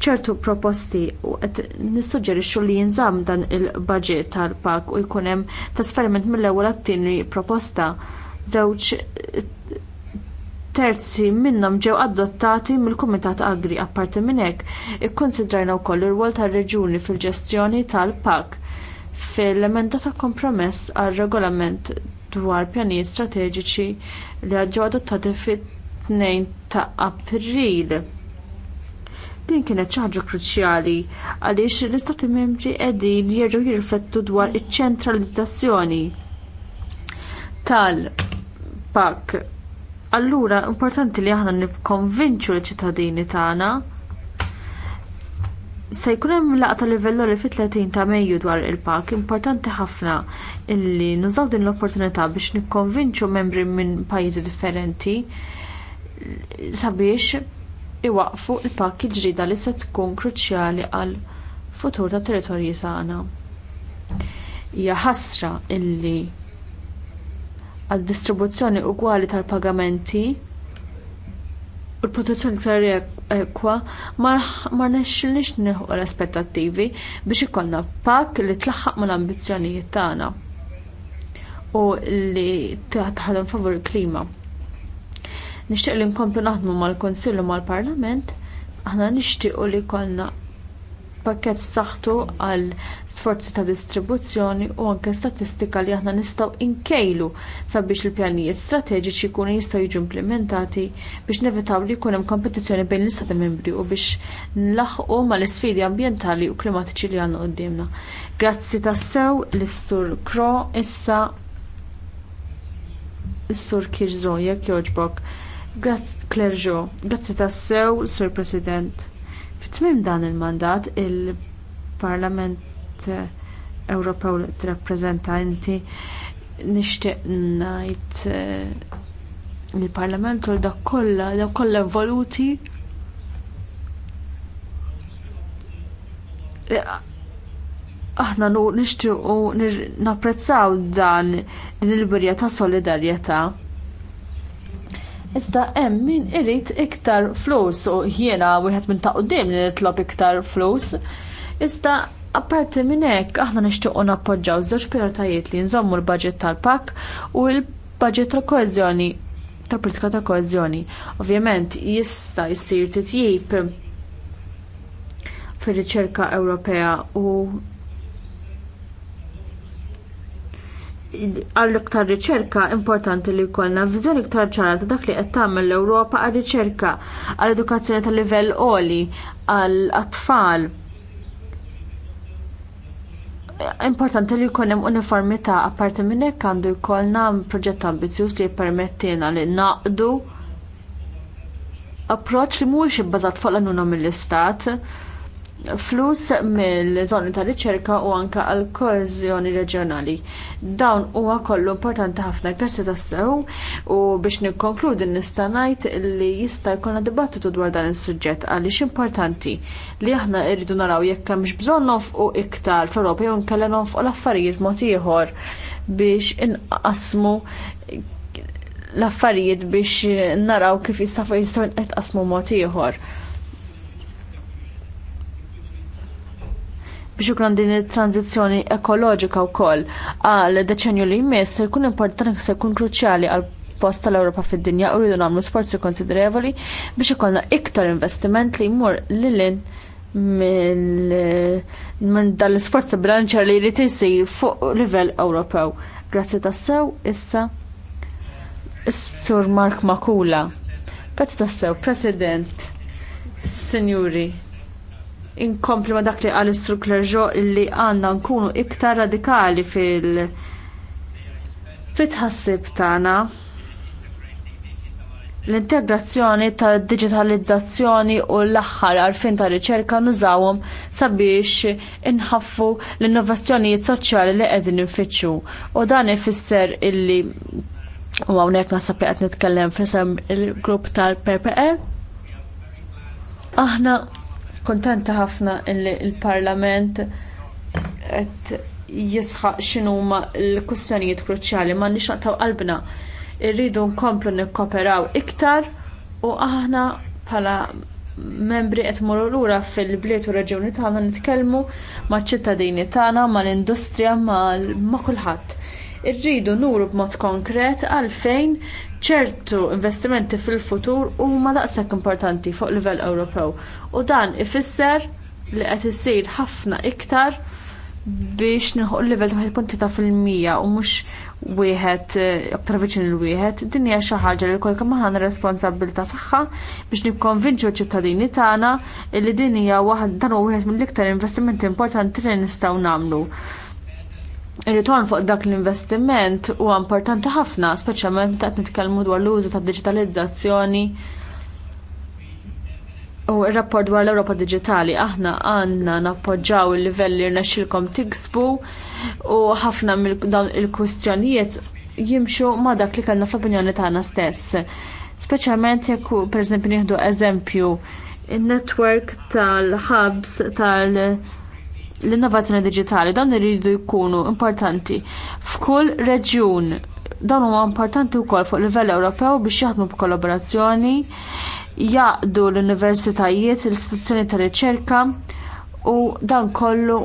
ċertu proposti u qed nissuġġerixxu li jinżamm dan il-budget tal-pak u jkun hemm trasferiment mill-ewwel għat-tieni proposta żewġ terzi minnhom ġew adottati mill-Kumitat Agri apparti minn hekk ikkonsidrajna wkoll ir-rwol tar-reġuni fil-ġestjoni tal-PAK fil-emenda ta' kompromess għar regolament dwar pjanijiet strateġiċi li ġew adottati fit-2 ta' April Din kienet ċaġa kruċjali għaliex l-Istati membri qegħdin jerġgħu jirriflettu dwar iċ-ċentralizzazzjoni tal-pak. Allura importanti li aħna nikkonvinċu l-ċittadini tagħna se jkun hemm laqta ta' livell fit-30 ta' Mejju dwar il-pak importanti ħafna illi nużaw din l-opportunità biex nikkonvinċu membri minn pajjiżi differenti sabiex iwaqfu l-pakki ġrieda li se tkun kruċjali għal futur tat territorji tagħna. Hija ħasra illi għad distribuzzjoni ugwali tal-pagamenti u l-protezzjoni tal ekwa ma nexxilniex nilħu l-aspettattivi biex ikollna pakk li tlaħħaq mal-ambizzjonijiet tagħna u li taħdem favur il-klima. Nixtieq li nkomplu naħdmu mal-Konsill u mal-Parlament, aħna nixtiequ li jkollna pakkett saħtu għal sforzi ta' distribuzzjoni u anke statistika li aħna nistgħu inkejlu sabiex il-pjanijiet strateġiċi jkunu jistgħu jiġu implementati biex nevitaw li jkun hemm kompetizzjoni bejn l-istati membri u biex nlaħqu mal isfidi ambjentali u klimatiċi li għandna qudiemna. Grazzi tassew l-Sur Kro issa s-Sur Kirzo jekk jogħġbok. Grazzi Klerġo, grazzi tassew, Sur President. Fit-tmim dan il-mandat, il-Parlament Ewropew tirrappreżentanti t ngħid nishtiq eh, najt il-Parlament u dak kollha dak eh, aħna nu nixtiequ napprezzaw dan din il-birja ta' solidarjetà Iżda hemm min irid iktar flus u jiena wieħed minn ta' qudiem li nitlob iktar flus. Iżda apparti minn hekk aħna nixtiequ nappoġġaw żewġ prioritajiet li nżommu l-baġġett tal-pak u l-baġġett tal-koeżjoni tal-politika ta' koeżjoni. Ovvjament jista' jsir titjib fir-riċerka Ewropea u għall-iktar riċerka importanti li jkollna viżjoni iktar ċara ta' dak li qed tagħmel l-Ewropa għar-riċerka, għall-edukazzjoni tal livell għoli, għall-atfal. Importanti li jkun hemm uniformità apparti minn hekk għandu jkollna proġett ambizzjuż li jippermettilna li naqdu approċċ li mhuwiex ibbażat fuq l-għanuna mill-istat, flus mill-żoni ta' riċerka u anke għal koeżjoni reġjonali. Dawn huwa kollu importanti ħafna grazzi tas-sew u biex nikkonkludi nista' ngħid li jista' jkollna dibattitu dwar dan is-suġġett għaliex importanti li aħna rridu naraw jekk hemmx bżonn nofqu iktar fl-Ewropa jew inkella nofqu l-affarijiet mod ieħor biex inqasmu l-affarijiet biex naraw kif jistgħu jistgħu nqetqasmu mod ieħor. biex ikun din it-tranzizzjoni ekoloġika wkoll għal deċenju li jmiss se jkun importanti se jkun kruċjali għal post tal-Ewropa fid-dinja u rridu nagħmlu sforzi konsiderevoli biex ikollna iktar investiment li jmur lilin minn dal-sforz bilanċar li jrid isir fuq livell Ewropew. Grazzi tassew issa Sur Mark Makula. Grazzi tassew, President, Signori inkompli ma dak li għal ġo li għandna nkunu iktar radikali fil- fit-ħassib tagħna l-integrazzjoni tad digitalizzazzjoni u l-aħħar għarfien ta' riċerka nużawhom sabiex inħaffu l-innovazzjonijiet soċjali li qegħdin infittxu. U dan ifisser illi u hawnhekk naħseb li qed nitkellem f'isem il-grupp tal-PPE. Aħna Kontenta ħafna illi l-Parlament qed jisħaq x'inhuma l-kwistjonijiet kruċjali ma nix qalbna. Irridu nkomplu nikkoperaw iktar u aħna bħala membri qed morru lura fil-bliet u reġjuni tagħna nitkellmu maċ-ċittadini tagħna, mal-industrija, ma' kulħadd irridu nuru b'mod konkret għalfejn ċertu investimenti fil-futur huma daqshekk importanti fuq livell Ewropew. U dan ifisser li qed issir ħafna iktar biex nilħu l-level ta' mija u mhux wieħed eh, aktar viċin il-wieħed, din hija xi ħaġa li kolkemm aħna responsabilità tagħha biex nikkonvinċu ċ-ċittadini tagħna li din hija waħda dan huwa wieħed mill-iktar investimenti importanti li nistgħu nagħmlu. Ir-ritorn fuq dak l-investiment huwa importanti ħafna, speċjalment meta qed nitkellmu dwar l-użu tad-diġitalizzazzjoni u r-rapport dwar l-Ewropa Diġitali. Aħna għandna nappoġġaw il-livelli li rnexxilkom tiksbu u ħafna mill dawn il-kwistjonijiet jimxu ma' dak li kellna fl-opinjoni tagħna stess. Speċjalment jekk pereżempju nieħdu eżempju in netwerk tal-ħabs tal-, -hubs, tal l-innovazzjoni digitali dan iridu jkunu importanti f'kull reġjun dawn huma importanti wkoll fuq livell Ewropew biex jaħdmu b'kollaborazzjoni jaqdu l-universitajiet, l-istituzzjoni ta' riċerka u dan kollu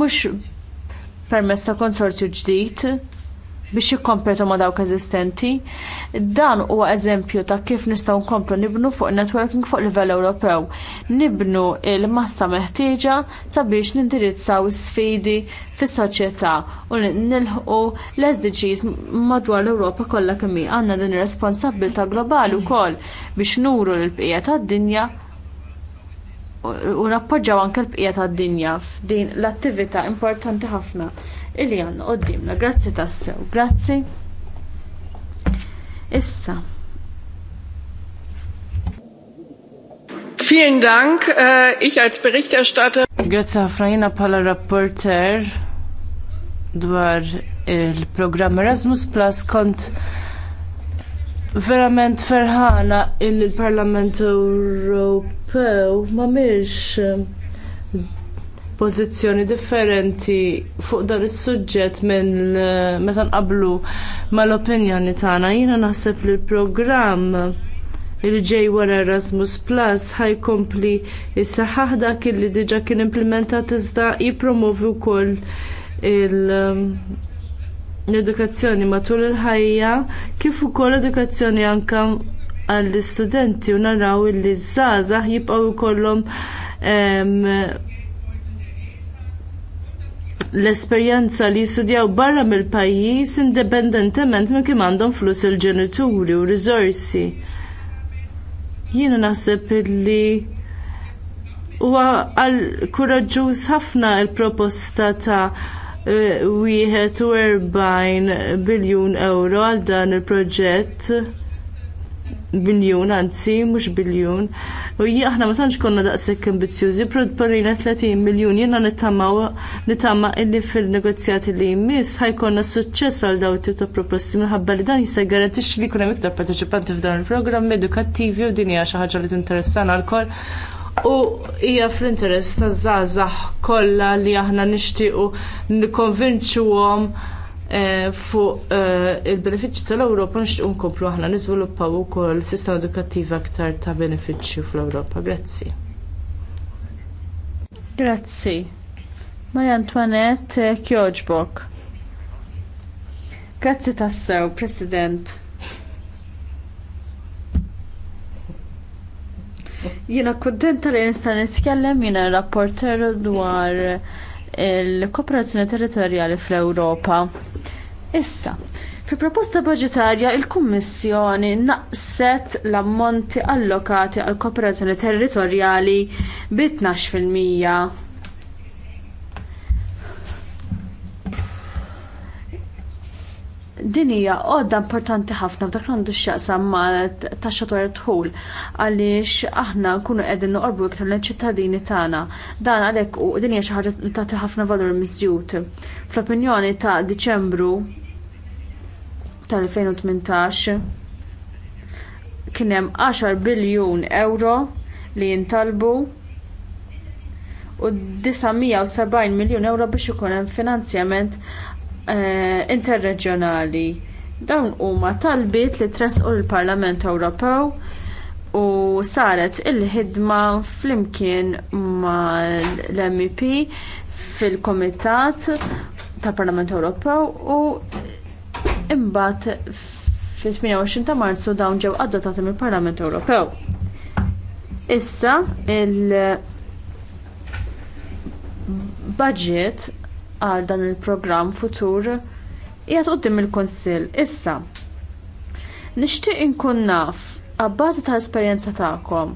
mhux permezz ta' konsorzju ġdid biex jikkompetu ma dawk eżistenti. Dan huwa eżempju ta' kif nistgħu nkomplu nibnu fuq networking fuq livell Ewropew. Nibnu il-massa meħtieġa sabiex nindirizzaw sfidi fis-soċjetà u nilħqu l-SDGs madwar l-Ewropa kollha kemm għandna din ir-responsabbilta globali wkoll biex nuru l-bqija tad-dinja u nappoġġaw anke l-bqija tad-dinja f'din l-attività importanti ħafna illi għandna qoddimna. Grazzi tassew, grazzi. Issa. Vielen Dank. Äh, ich als Berichterstatter. Grazie Frajna pala rapporter dwar il-programm Erasmus Plus kont verament ferħana il-Parlament Ewropew ma mirx pożizzjoni differenti fuq dan is-suġġett minn eh, meta nqablu mal-opinjoni tagħna. Jiena naħseb li l-programm il-ġej wara Erasmus Plus ħajkompli is-saħħaħ dak li diġà kien implementat iżda jippromovi wkoll ehm, l-edukazzjoni matul il-ħajja kif ukoll edukazzjoni anke għall-istudenti u naraw li ż żgħażagħ jibqgħu jkollhom ehm, l-esperjenza li jistudjaw barra mill-pajjiż indipendentement minn kemm għandhom flus il-ġenituri u riżorsi. Jiena naħseb li huwa għal kuraġġuż ħafna l-proposta ta' e, wieħed u 41 biljun euro għal dan il-proġett biljun, anzi, mhux biljun. U aħna ma tantx konna daqshekk ambizjużi, proponina 30 miljun jiena nittamaw nittama illi fil-negozjati li jmiss ħajkonna suċċess għal daw tip ta' proposti minħabba li dan jista' jgarantixxi li jkun hemm iktar parteċipanti f'dan il-programm edukattivi u din hija xi ħaġa li tinteressana l U hija fl-interess taż-żgħażagħ kollha li aħna nixtiequ nikkonvinċuhom Eh, fuq eh, il-benefiċċju tal-Ewropa nixtieq nkomplu aħna niżviluppaw ukoll sistema edukattiva aktar ta' benefiċċju fl-Ewropa. Grazzi. Grazzi. Marja Antoinette eh, Kjoġbok. Grazzi tassew, President. Jiena kuntenta li nista' nitkellem jiena rapporter dwar il-kooperazzjoni territorjali fl-Ewropa. Issa, fi proposta budgetarja il-Kummissjoni naqset l-ammonti allokati għal kooperazzjoni territorjali bi 12 fil-mija Din hija għodda importanti ħafna f'dak għandu x-xaqsam ma' taxxa dwar dħul għaliex aħna nkunu qegħdin noqorbu iktar lill-ċittadini tagħna. Dan għalhekk u din hija xi ħaġa li tagħti ħafna valur miżjud. Fl-opinjoni ta' Diċembru tal-2018 kien hemm 10 biljun euro li jintalbu u 970 miljun euro biex ikun hemm finanzjament Eh, interreġjonali. Dawn huma talbiet li tresqu l-Parlament Ewropew u saret il-ħidma flimkien mal mep fil kumitat tal Parlament Ewropew u imbagħad fil-28 ta' Marzu dawn ġew adottati mill-Parlament Ewropew. Issa il- budget għal dan il-programm futur qiegħed quddiem il-Kunsill issa. Nixtieq inkun naf għabbażi tal-esperjenza tagħkom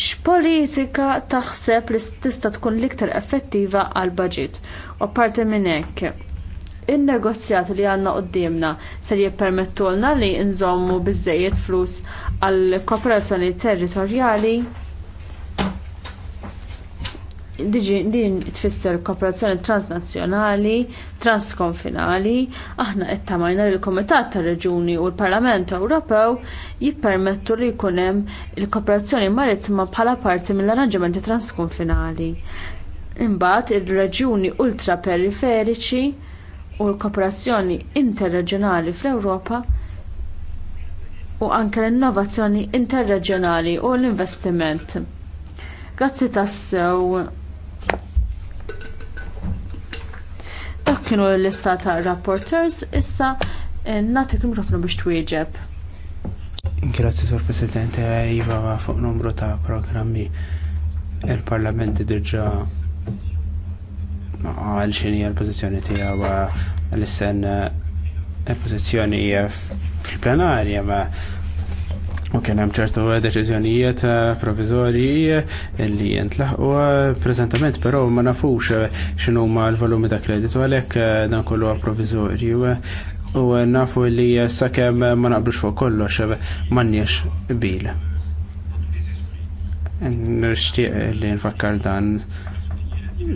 x'politika taħseb li tista' tkun l-iktar effettiva għall budget u apparti minn hekk in-negozjati li għandna quddiemna ser jippermettulna li nżommu biżżejjed flus għall kooperazzjoni territorjali Diġi din tfisser kooperazzjoni transnazzjonali, transkonfinali, aħna qed tamajna li l-Kumitat tar-Reġuni u l-Parlament Ewropew jippermettu li jkun hemm il-kooperazzjoni marittima bħala parti mill-arranġamenti transkonfinali. Imbagħad ir-reġuni ultraperiferiċi u l-kooperazzjoni interreġjonali fl-Ewropa u anke l-innovazzjoni interreġjonali u l-investiment. Grazzi tassew kienu l-lista ta' rapporters, issa eh, nagħtik mikrofonu biex twieġeb. Grazie, Sor Presidente, eh, Iva, fuq numru ta' programmi il-Parlament diġa għal xini għal-pozizjoni tijaw għal sen il-pozizjoni fil-plenarja ma' U kien hemm ċertu deċiżjonijiet eh, provizorji eh, li jentlaħqu eh, preżentament però ma nafux x'inhu huma l-volumi ta' kreditu għalhekk dan kollu provizorju u nafu li sakemm ma naqblux fuq kollox m'għandniex bil. Nixtieq li nfakkar dan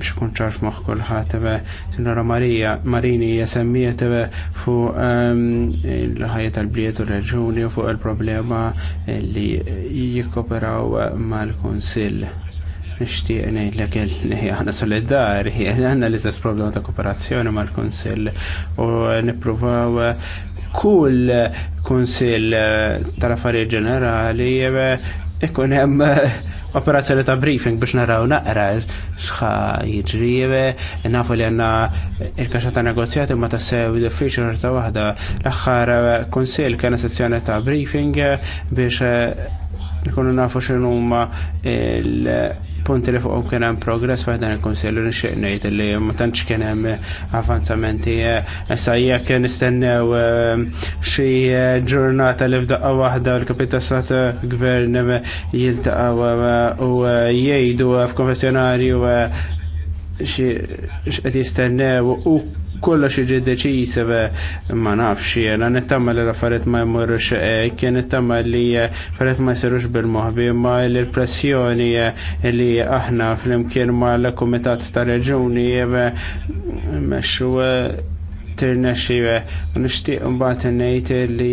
xkun ċarf maħ ħatebe, Sinora Marija, Marini jesemmiet fu ehm, l-ħajja tal-bliet u reġuni u fuq il-problema li jikkoperaw mal-konsil. Nishtiq nejt l ħana solidari, għanna l-istess problema ta' kooperazzjoni mal-konsil u nipruvaw kull konsil tal-affarijiet ġenerali ikun hemm operazzjoni ta' briefing biex naraw naqra xa jiġri nafu li għanna il-kaxa ta' negozjati ma ta' sew diffiċli ta' wahda l-axħar eh, konsil kena sezzjoni ta' briefing eh, biex eh, nkunu nafu xinu ma' il- punti li fuqhom kien hemm progress dan il-Kunsill nikkonsillu nixtieq ngħid li ma tantx kien hemm avvanzamenti issa jekk nistennew ehm, xi ġurnata li f'daqqa waħda l-kapita stat eh, gvern eh, jiltaqgħu eh, u jgħidu f'konfessjonarju xi qed jistennew u kollox iġi deċiż eh, ma nafx jena nittama li l-affariet ma jmurrux eh, kien nittama li eh, affariet ma jsirux bil mohbi ma l-pressjoni li aħna fl-imkien ma l-komitat ta' reġuni meċu tirnexi nishtiq mbagħad ngħid li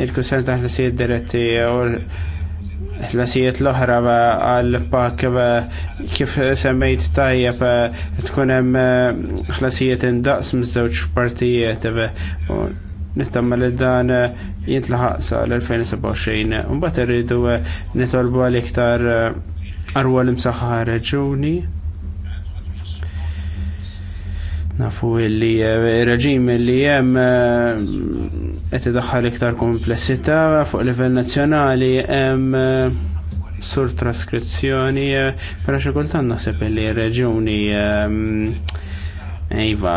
il-kusen taħlasijiet diretti u l-mesijiet l ohra għal-pak kif semmejt tajja eh, tkunem l eh, ħlasijiet indaqs miż partijiet eh, nittamma li dan jintlaħaq sa l-2027. Mbagħad irridu nitolbu għal iktar arwol imsaħħa reġuni. Nafu illi il eh, reġim li jem eh, qed idaħħal iktar komplessità fuq livell nazzjonali hemm eh, sur traskrizzjoni però xi kultant naħseb li reġuni iva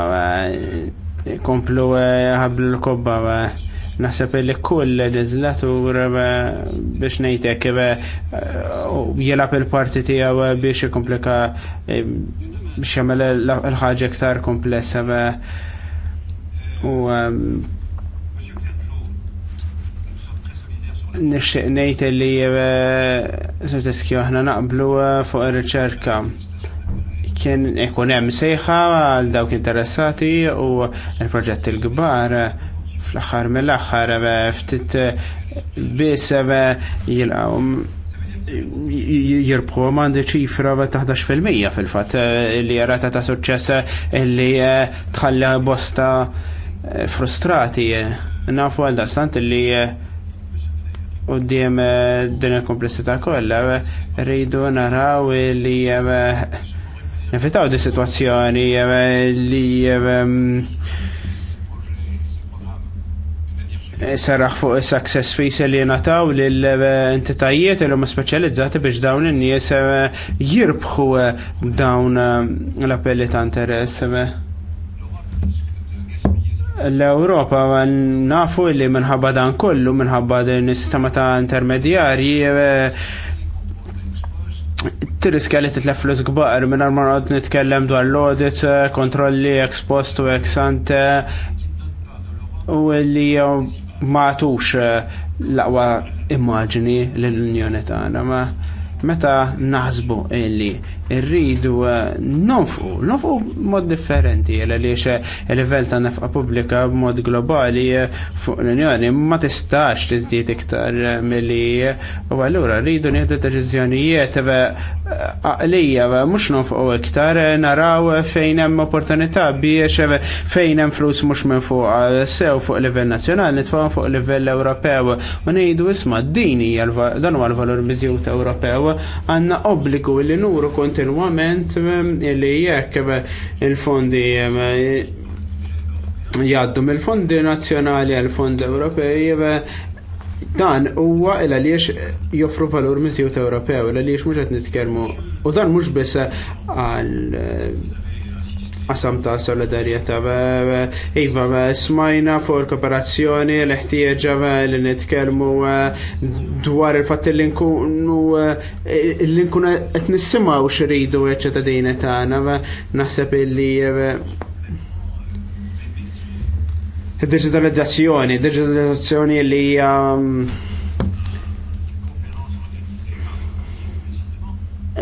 komplu ħablu l-kobba naħseb li kull leġislatur biex nejtek jilab il-parti biex jikomplika biex jagħmel il ħaġa iktar komplessa ve u um, nixtieq ngħid li uh, Soteskju aħna naqblu uh, fuq ir-riċerka. Kien ikun hemm sejħa għal dawk interessati u l-proġett il-kbar uh, fl-aħħar mill-aħħar ftit biss jilqgħu jirbħu għandi ċifra taħdax fil-mija fil-fat eh, li jarata ta' suċċess eh, li eh, tħalla bosta frustrati. Nafu għalda stant li u d-diem din il komplessita kolla rridu naraw li nifitaw di situazzjoni li mm, Eh, saraħ fuq success fees li nataw l-entitajiet eh, li huma speċjalizzati biex dawn in-nies eh, jirbħu dawn l-appelli ta' interess. L-Europa nafu li minħabba dan kollu, minħabba din sistema ta' intermedjarji Tiriskja li titlef flus gbar minn ma għad nitkellem dwar l-audit, kontrolli ex post u ex ante u li ma tux eh, laqwa immaġni l-Unjoni tagħna ma meta naħsbu illi rridu eh, nonfqu, nonfqu mod differenti għaliex eh, il-livell ta' nefqa pubblika b'mod globali eh, fuq l-Unjoni ma tistax tizdiet iktar milli u allura rridu nieħdu deċiżjonijiet għalija mhux nonfqu iktar naraw fejn hemm opportunità biex fejn hemm flus mhux minn fuq sew fuq livell nazzjonali nitfaw fuq livell Ewropew u ngħidu isma' din hija dan huwa l-valur miżjut Ewropew għanna obbligu li nuru kontinuament ehm, li jekk ehm, il-fondi ehm, jgħaddu mill-fondi nazzjonali għal-fondi Ewropej dan huwa li għaliex joffru valur mizjut Ewropew, il għaliex mhux qed nitkellmu u dan mhux biss għal Qasam ta' solidarjetà iva smajna fuq kooperazzjoni l-ħtieġa li nitkellmu dwar il-fatt li nkunu li nkunu qed nisimgħu x'ridu ċ-ċittadini tagħna naħseb illi Digitalizzazzjoni, digitalizzazzjoni li mm,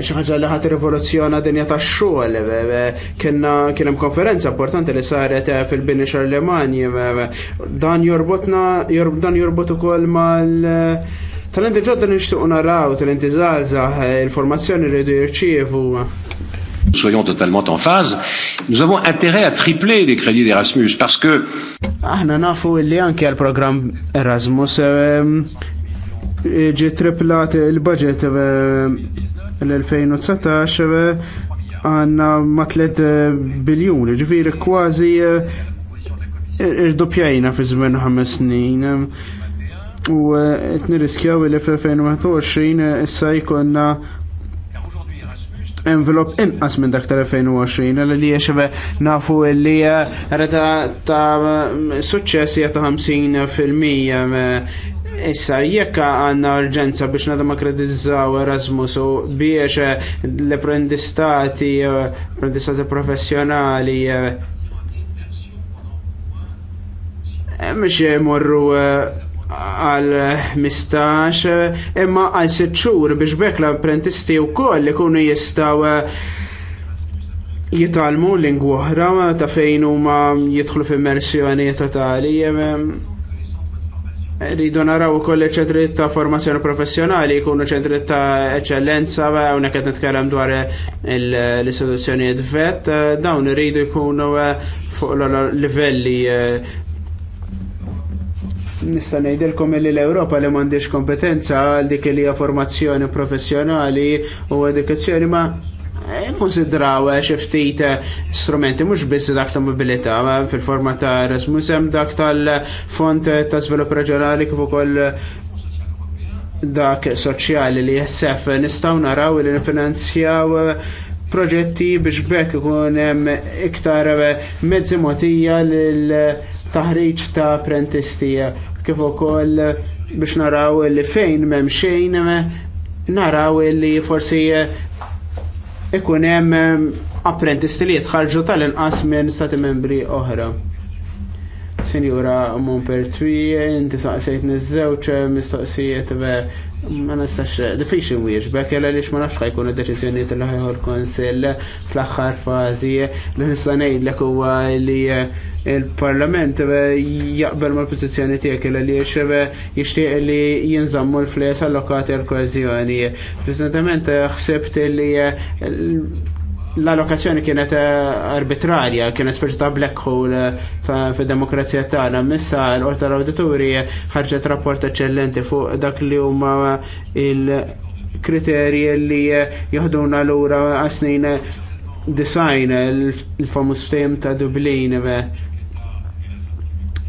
xi ħaġa li ħadd rivoluzzjona dinja tax-xogħol. Kienna kien hemm konferenza importanti li saret eh, fil-bini xarlemani, Dan jorbotna dan jorbot ukoll mal Tal-inti ġodda nixtuq naraw, tal-inti żgħażagħ, eh, il-formazzjoni rridu jridu jirċievu. Soyons totalement en phase. Nous avons intérêt à tripler les crédits d'Erasmus parce que. Aħna nafu li anke għal-programm Erasmus eh, ġi triplat il-budget l-2019 għanna matlet eh, biljoni, ġifiri kważi eh, irdupjajna fi żmien ħames snin. U eh, qed nirriskjaw li fl-2021 issa jkollna envelop inqas minn dak tal-2020 li hija xebe nafu li ta' suċċess hija 50 Issa, jekk għanna urġenza biex nademakratizzaw Erasmus u biex eh, l-apprendistati, eh, apprendistati professjonali, eh, mux morru għal mistax imma għal 6 xhur biex bekk l-apprentisti u koll ikunu jistaw jitalmu oħra ta' fejn huma jidħlu f'immersjoni totali Rridu naraw ukoll ċentri ta' formazzjoni professjonali jkunu ċentri ta' eċellenza hawnhekk qed nitkellem dwar l-istituzzjonijiet vet, dawn iridu jkunu eh, fuq livelli eh, Nista' ngħidilkom li l-Ewropa li m'għandix kompetenza għal dik li hija formazzjoni professjonali u edukazzjoni ma' Eh, konsidraw eh, xiftit eh, strumenti mux biss dak ta' mobilita fil-forma ta' Erasmus hemm dak tal-font ta' svilup reġjonali kif ukoll dak soċjali li jessef nistaw naraw li nifinanzjaw proġetti biex bekk ikun hemm iktar mezzi motija lil taħriġ ta' apprentisti kif ukoll biex naraw li fejn m'hemm xejn naraw li forsi ikun hemm ehm, apprentisti li jitħarġu tal-inqas minn stati membri oħra. Sinjura Mumpertwi, inti saqsejt niż-żewġ mistoqsijiet eh, Ma nistax, diffiċi mwiex, bekk jella li ma nafx ħajkun id-deċizjoni tal-ħajħor konsil fl-axħar fazi li nistanejd l ek huwa li eh, il-parlament eh, jaqbel ma' l pozizjoni tijek jella li xebe eh, jishtiq li jinżammu l-flies allokati l kwazjoni Prezentament xsebt li l-allokazzjoni kienet eh, arbitrarja, kienet speċi ta' black hole eh, fid demokrazija tagħna. Missa l-Qorta l-Awditori ħarġet rapport eċċellenti fuq dak li huma il-kriterji li eh, jeħduna lura għasnin design il famous ftehim ta' Dublin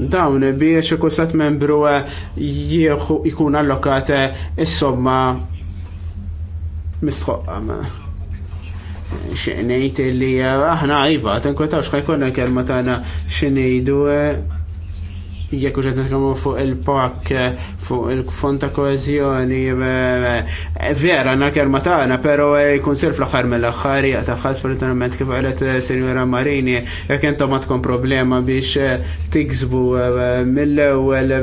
dawn biex ikun membru membru jkun allokat is-somma mistħoqqa xinejt li eh, aħna għajva, tinkwetaw xħajkonna kelma tagħna xinejdu eh, jekk uġet nitkellmu fuq il-pak, eh, fuq il-fond ta' koezjoni, vera na kelma tagħna, però jkun sir fl-aħħar mill-aħħar hija ta' ħadd fortunatament kif qalet Sinjura Marini, jekk intom għandkom problema biex tiksbu mill-ewwel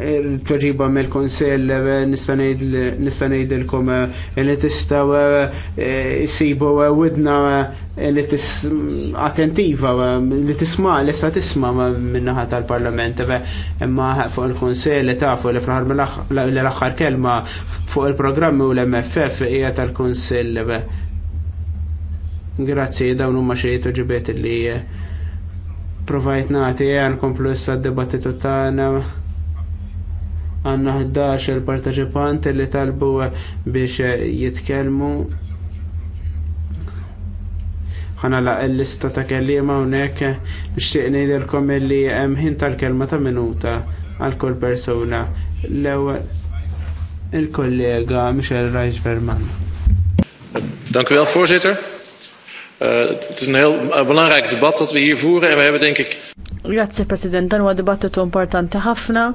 il-proġiba mill konsell ngħidilkom eh, li tistaw eh, sibu eh, widna li tis attentiva li tisma li sta tisma minnaħa tal-parlament imma fuq il-konsell li tafu li fl l-axħar kelma fuq il-programmi u l-MFF hija tal-konsell Grazzi, dawn huma xi toġibiet li provajt nagħti għan komplu issa d-dibattitu tagħna għanna 11 parteċipant li talbu biex jitkelmu ħana laq il-lista ta' kellima unek nishtiq ngħidilkom illi hemm ħin tal-kelma ta' minuta għal kull persuna. L-ewwel il-kollega Michel Reich Verman. Dank u wel, voorzitter. Uh, het is een heel uh, belangrijk debat dat we hier voeren en we hebben denk ik... Grazie, president. Dan huwa dibattitu importanti ħafna.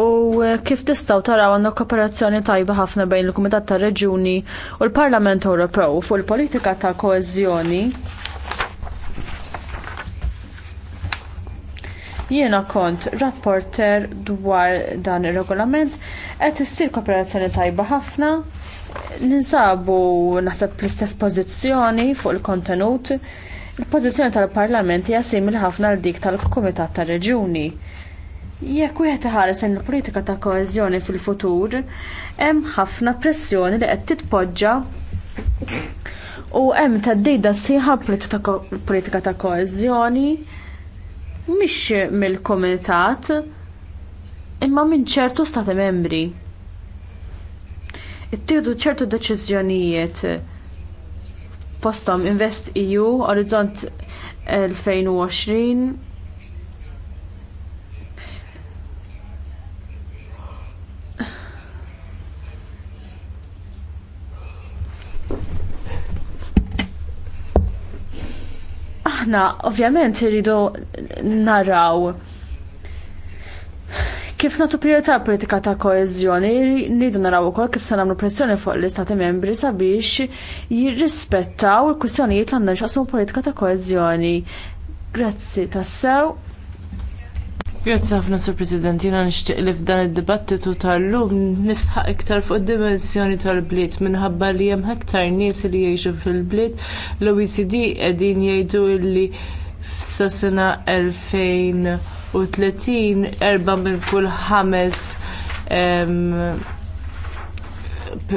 U eh, kif tistaw taraw għandna kooperazzjoni tajba ħafna bejn il-Kumitat tar Reġuni u l-Parlament Ewropew fuq il-politika ta' koezjoni? Jiena kont rapporter dwar dan ir-regolament qed issir kooperazzjoni tajba ħafna. Ninsabu naħseb l-istess pożizzjoni fuq il-kontenut. Il-pożizzjoni tal-Parlament hija simili ħafna għal dik tal-Kumitat tar Reġuni Jekk wieħed iħares lejn il-politika ta' koeżjoni fil-futur, hemm ħafna pressjoni li qed titpoġġa u hemm theddida sħiħa politika ta' koeżjoni mhix mill-Kumitat imma minn ċertu stati membri. Ittieħdu ċertu deċiżjonijiet fosthom Invest EU, Orizzont 2020, Aħna ovvjament irridu naraw kif natu priorità politika ta' koeżjoni, rridu naraw ukoll kif se nagħmlu pressjoni fuq l-istati membri sabiex jirrispettaw il-kwistjonijiet għandna xaqsmu politika ta' koeżjoni. Grazzi tassew. Grazzi ħafna Sur President, jiena nixtieq li f'dan id-dibattitu tal-lum nisħaq iktar fuq id-dimensjoni tal-bliet minħabba li hemm aktar nies li jgħixu fil-bliet l-OECD qegħdin jgħidu li f'sa sena 2030 erba' minn kull ħames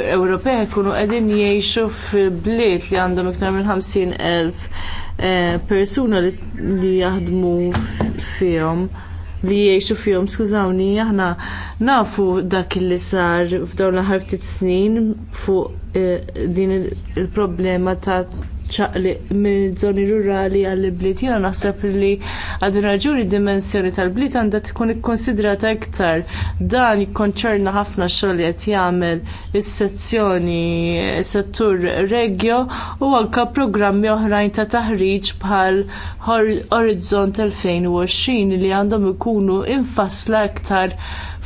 Ewropej jkunu qegħdin jgħixu fil-bliet li għandhom iktar minn 50 elf eh, persuna li jaħdmu fihom li jgħixu fihom skużawni aħna nafu dak li sar f'dawn l-aħħar ftit snin fuq eh, din il-problema ta' ċaqliq minn żoni rurali għall-bliet. Jiena naħseb li għad raġuni dimensjoni tal-bliet għandha tkun ikkonsidrata iktar. Dan jikkonċerna ħafna xogħol qed jagħmel is-sezzjoni settur regjo u anke programmi oħrajn ta' taħriġ bħal Horizont 2020 li għandhom ikunu infassla iktar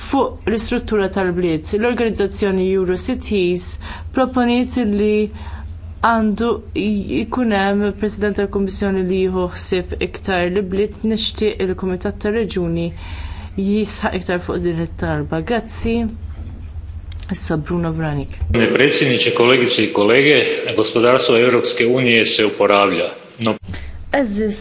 fuq l-istruttura tal-bliet. L-organizzazzjoni Eurocities proponiet li għandu jkun hemm President tal-Kummissjoni li jieħu ħsieb iktar li bliet nixtieq il-Kumitat tar-Reġuni jisħaq iktar fuq din it-talba. Grazzi. Issa Bruno Vranik. Predsjedniče, kolegice i kolege, gospodarstvo Europske unije se uporavlja. No... Eżis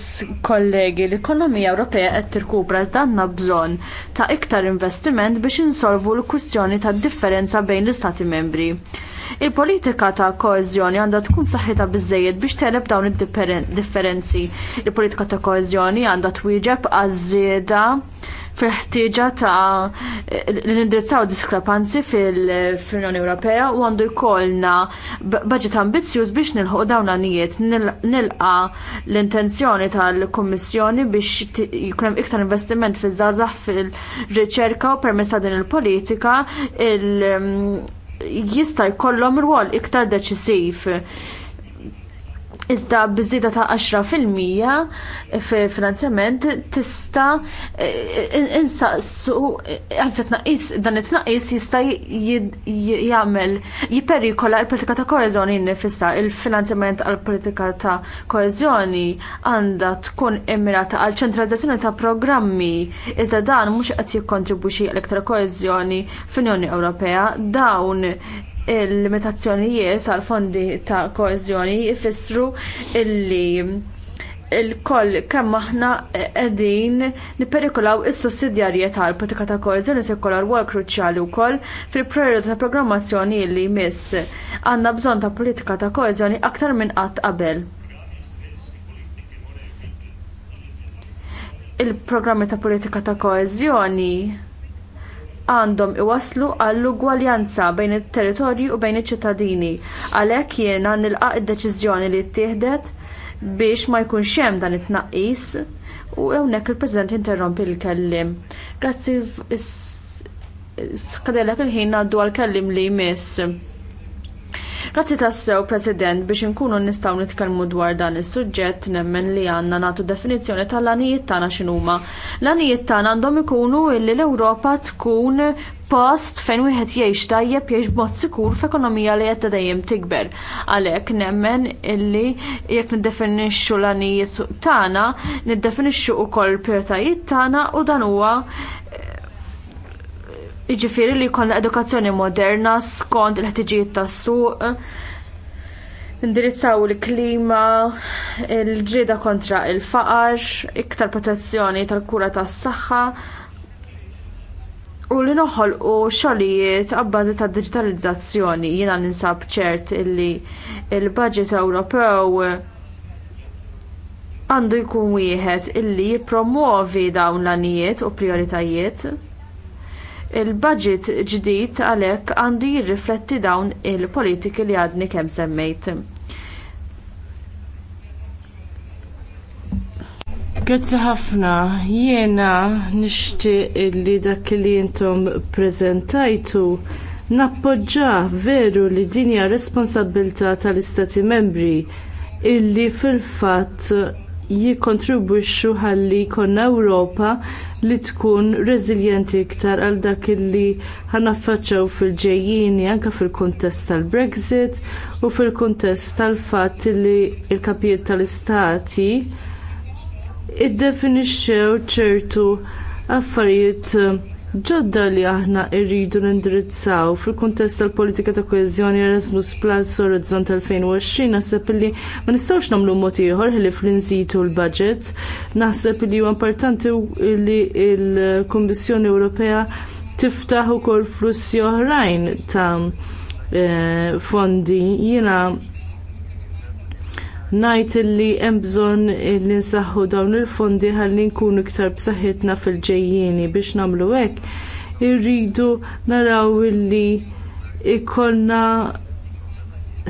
kollegi, l-ekonomija Ewropea qed tirkubra għandna bżonn ta' iktar investiment biex insolvu l-kwistjoni tad differenza bejn l-Istati membri. Il-politika ta' koeżjoni għandha tkun saħħitha biżżejjed biex teleb dawn id-differenzi. Il-politika ta' koeżjoni għandha twieġeb għażieda fil-ħtieġa ta' l-indirizzaw diskrepanzi fil-Unjoni Ewropea u għandu jkollna budget ambizzjuż biex nilħu dawn għanijiet nilqa l-intenzjoni tal-Kummissjoni biex jkun hemm iktar investiment fil-żgħażagħ fil-riċerka u permezz ta' din il-politika il- jista' jkollhom rwol iktar deċisiv. Iżda biżieda ta' 10% fil-mija finanzjament tista' eh, insaqsu eh, anzi tnaqqis dan it-tnaqqis jista' jagħmel jiperikola l-politika ta' koeżjoni nifissa il-finanzjament għall politika ta' koeżjoni għandha tkun immirata għal ċentralizzazzjoni ta' programmi iżda dan mhux qed jikkontribwixxi għal iktar koeżjoni fl-Unjoni Ewropea dawn il-limitazzjonijiet għal fondi ta' koeżjoni jfissru illi il-koll kemm aħna qegħdin nipperikolaw is-sussidjarjetà għall politika ta' koeżjoni se jkollha rwol kruċjali wkoll fil prijorità ta' programmazzjoni li jmiss. Għandna bżonn ta' politika ta' koeżjoni aktar minn qatt qabel. Il-programmi ta' politika ta' koeżjoni għandhom iwasslu għall-ugwaljanza bejn it-territorju u bejn iċ-ċittadini. Għalhekk jiena nilqa' id-deċiżjoni li ttieħdet biex ma jkunx hemm dan it-tnaqqis u hawnhekk il-President interrompi l-kellim. Grazzi skadellek il-ħin għaddu għal-kellim li jmiss. Grazzi sew President, biex inkunu nistgħu nitkellmu dwar dan is-suġġett nemmen li għandna nagħtu definizzjoni tal-għanijiet tagħna x'inhuma. L-għanijiet tagħna għandhom ikunu li l-Ewropa tkun post fejn wieħed jgħix tajjeb jgħix b'mod sikur f'ekonomija li qed dejjem tikber. Għalhekk nemmen illi jekk niddefinixxu l-għanijiet tagħna, niddefinixxu wkoll prijoritajiet tagħna u dan huwa Jiġifieri li jkollna edukazzjoni moderna skont il-ħtiġijiet tas-suq, indirizzaw il-klima, il-ġrieda kontra il-faqar, iktar protezzjoni tal-kura tas-saħħa u li noħolqu xogħlijiet abbażi tad digitalizzazzjoni jiena ninsab ċert illi l budget Ewropew għandu jkun wieħed illi jippromuovi dawn l-anijiet u prioritajiet. Il-budget ġdid għalhekk għandu jirrifletti dawn il-politiki li għadni kemm semmejt. Grazzi ħafna, jiena nixtieq li dak li intom prezentajtu nappoġġa veru li din hija responsabilità tal-Istati membri illi fil-fatt jikkontribwixxu ħalli jkollna Ewropa li tkun reżiljenti iktar għal dak li ħanaffaċċjaw fil-ġejjini anke fil-kuntest tal-Brexit u fil-kuntest tal-fatt li l-kapijiet tal-istati iddefinixxew ċertu affarijiet ġodda li aħna rridu nindirizzaw fil-kuntest tal-politika ta' koeżjoni Erasmus Plus Horizont 2020 naħseb li ma nistgħux nagħmlu mod ieħor ħli fl-inżitu l-budget. Naħseb li huwa importanti li l-Kummissjoni Ewropea tiftaħ ukoll flussi oħrajn ta' eh, fondi jiena ngħid illi hemm bżonn li nsaħħu dawn il-fondi ħalli nkunu iktar b'saħħitna fil-ġejjieni biex nagħmlu hekk irridu naraw illi ikollna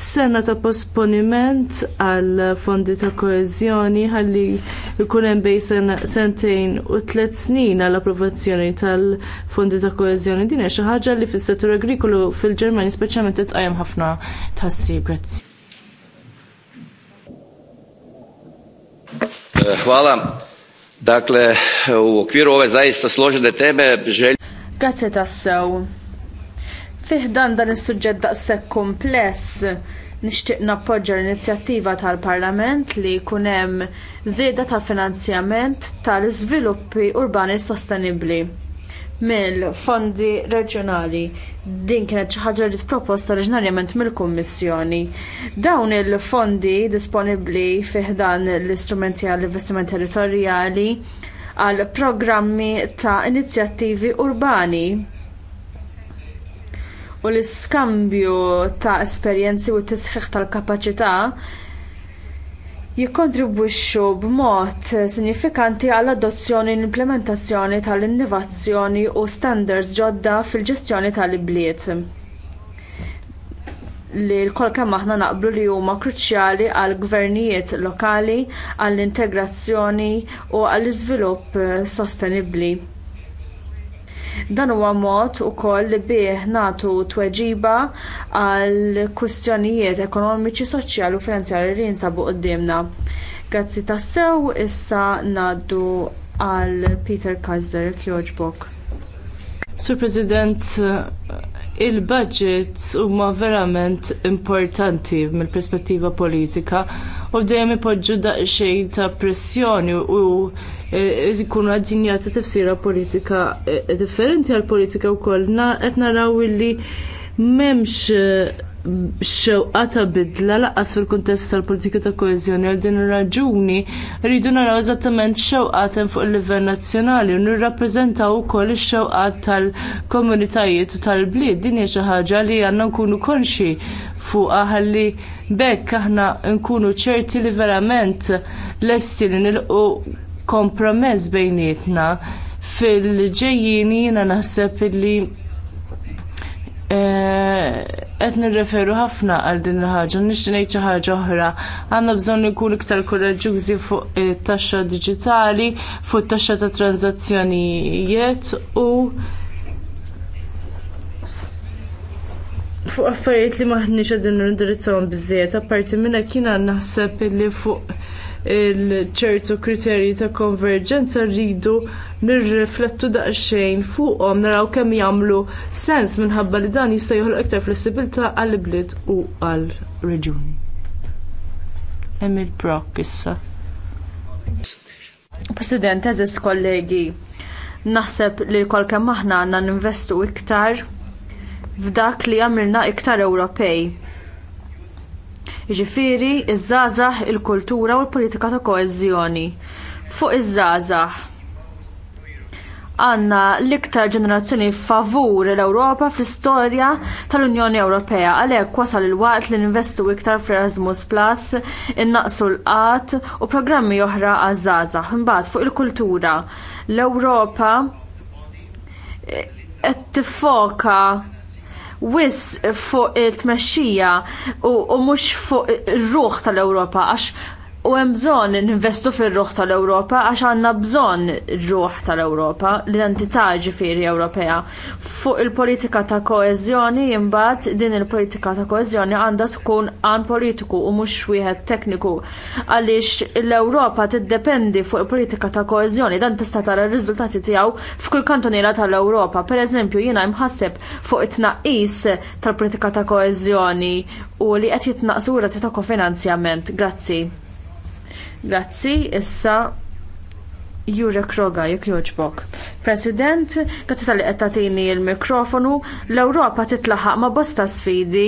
sena ta' posponiment għal fondi ta' koeżjoni ħalli jkun hemm bejn sentejn u tliet snin għall approvazzjoni tal-fondi ta' koeżjoni din hija xi ħaġa li fis-settur agrikolu fil-Ġermanja speċjalment titqajjem ħafna tassi. Grazzi. Hvala. Dakle, u okviru ove zaista složene teme želj... Grazie tassew. Fih dan dan is-suġġett daqshekk kompless nixtieq nappoġġa l-inizjattiva tal-Parlament li jkun hemm żieda tal-finanzjament tal-iżviluppi urbani sostenibbli mill-fondi reġjonali. Din kienet xi ħaġa li proposta oriġinarjament mill-Kummissjoni. Dawn il-fondi disponibbli fih dan l-istrumenti għall-investiment territorjali għal programmi ta' inizjattivi urbani u l-iskambju ta' esperjenzi u t tisħiħ tal-kapaċità jikkontribwixxu b'mod sinifikanti għall adozzjoni u l-implementazzjoni tal-innovazzjoni u standards ġodda fil-ġestjoni tal-ibliet li l-kol kemm aħna naqblu li huma kruċjali għall gvernijiet lokali, għall-integrazzjoni u għall-iżvilupp sostenibbli. Dan huwa mod ukoll li bih nagħtu tweġiba għal kwistjonijiet ekonomiċi, soċjali u finanzjarji li jinsabu quddiemna. Grazzi tassew issa ngħaddu għal Peter Kaiser Kjoġbok. Sur President, il-budget huma verament importanti mill-perspettiva politika u dejjem ipoġġu daqsxejn ta' pressjoni u e, jkunu għaddin jagħtu tifsira politika e, differenti għall politika wkoll qed naraw illi m'hemmx xewqa ta' bidla laqas fil-kuntest tal-politika ta' koezjoni għal din ir-raġuni rridu naraw eżattament xewqatem fuq il-livell nazzjonali u nirrappreżentaw ukoll ix-xewqat tal-komunitajiet u tal-bliet. Din hija xi ħaġa li għandna nkunu konxi fuqha ħalli bekk aħna nkunu ċerti li verament lesti li nilqu kompromess bejnietna fil-ġejjini jiena naħseb illi eh, qed nirreferu ħafna għal din il-ħaġa, nixtieq ngħid xi ħaġa oħra. Għandna bżonn ikun iktar kuraġġjużi fuq it-taxxa diġitali, fuq it-taxxa ta' tranzazzjonijiet u fuq affarijiet li m'aħniex għadin nindirizzawhom biżżejjed, apparti minn hekk jiena naħseb illi fuq ċertu kriterji ta' konverġenza rridu nirriflettu daqsxejn fuqhom naraw kemm jagħmlu sens minħabba li dan jista' joħloq iktar flessibilità għall bliet u għall reġuni. Emil Brock issa. President, eżis kollegi, naħseb li kol kemm aħna għandna ninvestu iktar f'dak li għamilna iktar Ewropej Jiġifieri iż żazax il-kultura u l-politika ta' koezzjoni. Fuq iż żazax għandna l-iktar ġenerazzjoni favur l-Ewropa fl-istorja tal-Unjoni Ewropea. Għalhekk wasal il-waqt li ninvestu iktar fl-Erasmus Plus, innaqsu l-qat u programmi oħra għaż-żgħażagħ. Imbagħad fuq il-kultura l-Ewropa eh, qed tiffoka wis fuq it-tmexxija u mhux fuq ir-ruħ tal-Ewropa għax U hemm bżonn ninvestu fir-ruħ tal-Ewropa għax għandna bżonn ruħ tal-Ewropa, l-identità ġifieri Ewropea. Fuq il-politika ta' koeżjoni imbagħad din il-politika ta' koeżjoni għandha tkun għan politiku u mhux wieħed tekniku għaliex l-Ewropa tiddependi fuq il-politika ta' koeżjoni dan tista' tara r-riżultati tiegħu f'kull kantoniera tal-Ewropa. Pereżempju jiena ħasseb fuq it-tnaqqis tal-politika ta' koeżjoni u li qed jitnaqsura rati ta' kofinanzjament. Grazzi. Grazzi, issa Jure Kroga, jek joġbok. President, għatisa li għattatini il-mikrofonu, l-Europa titlaħaq ma bosta sfidi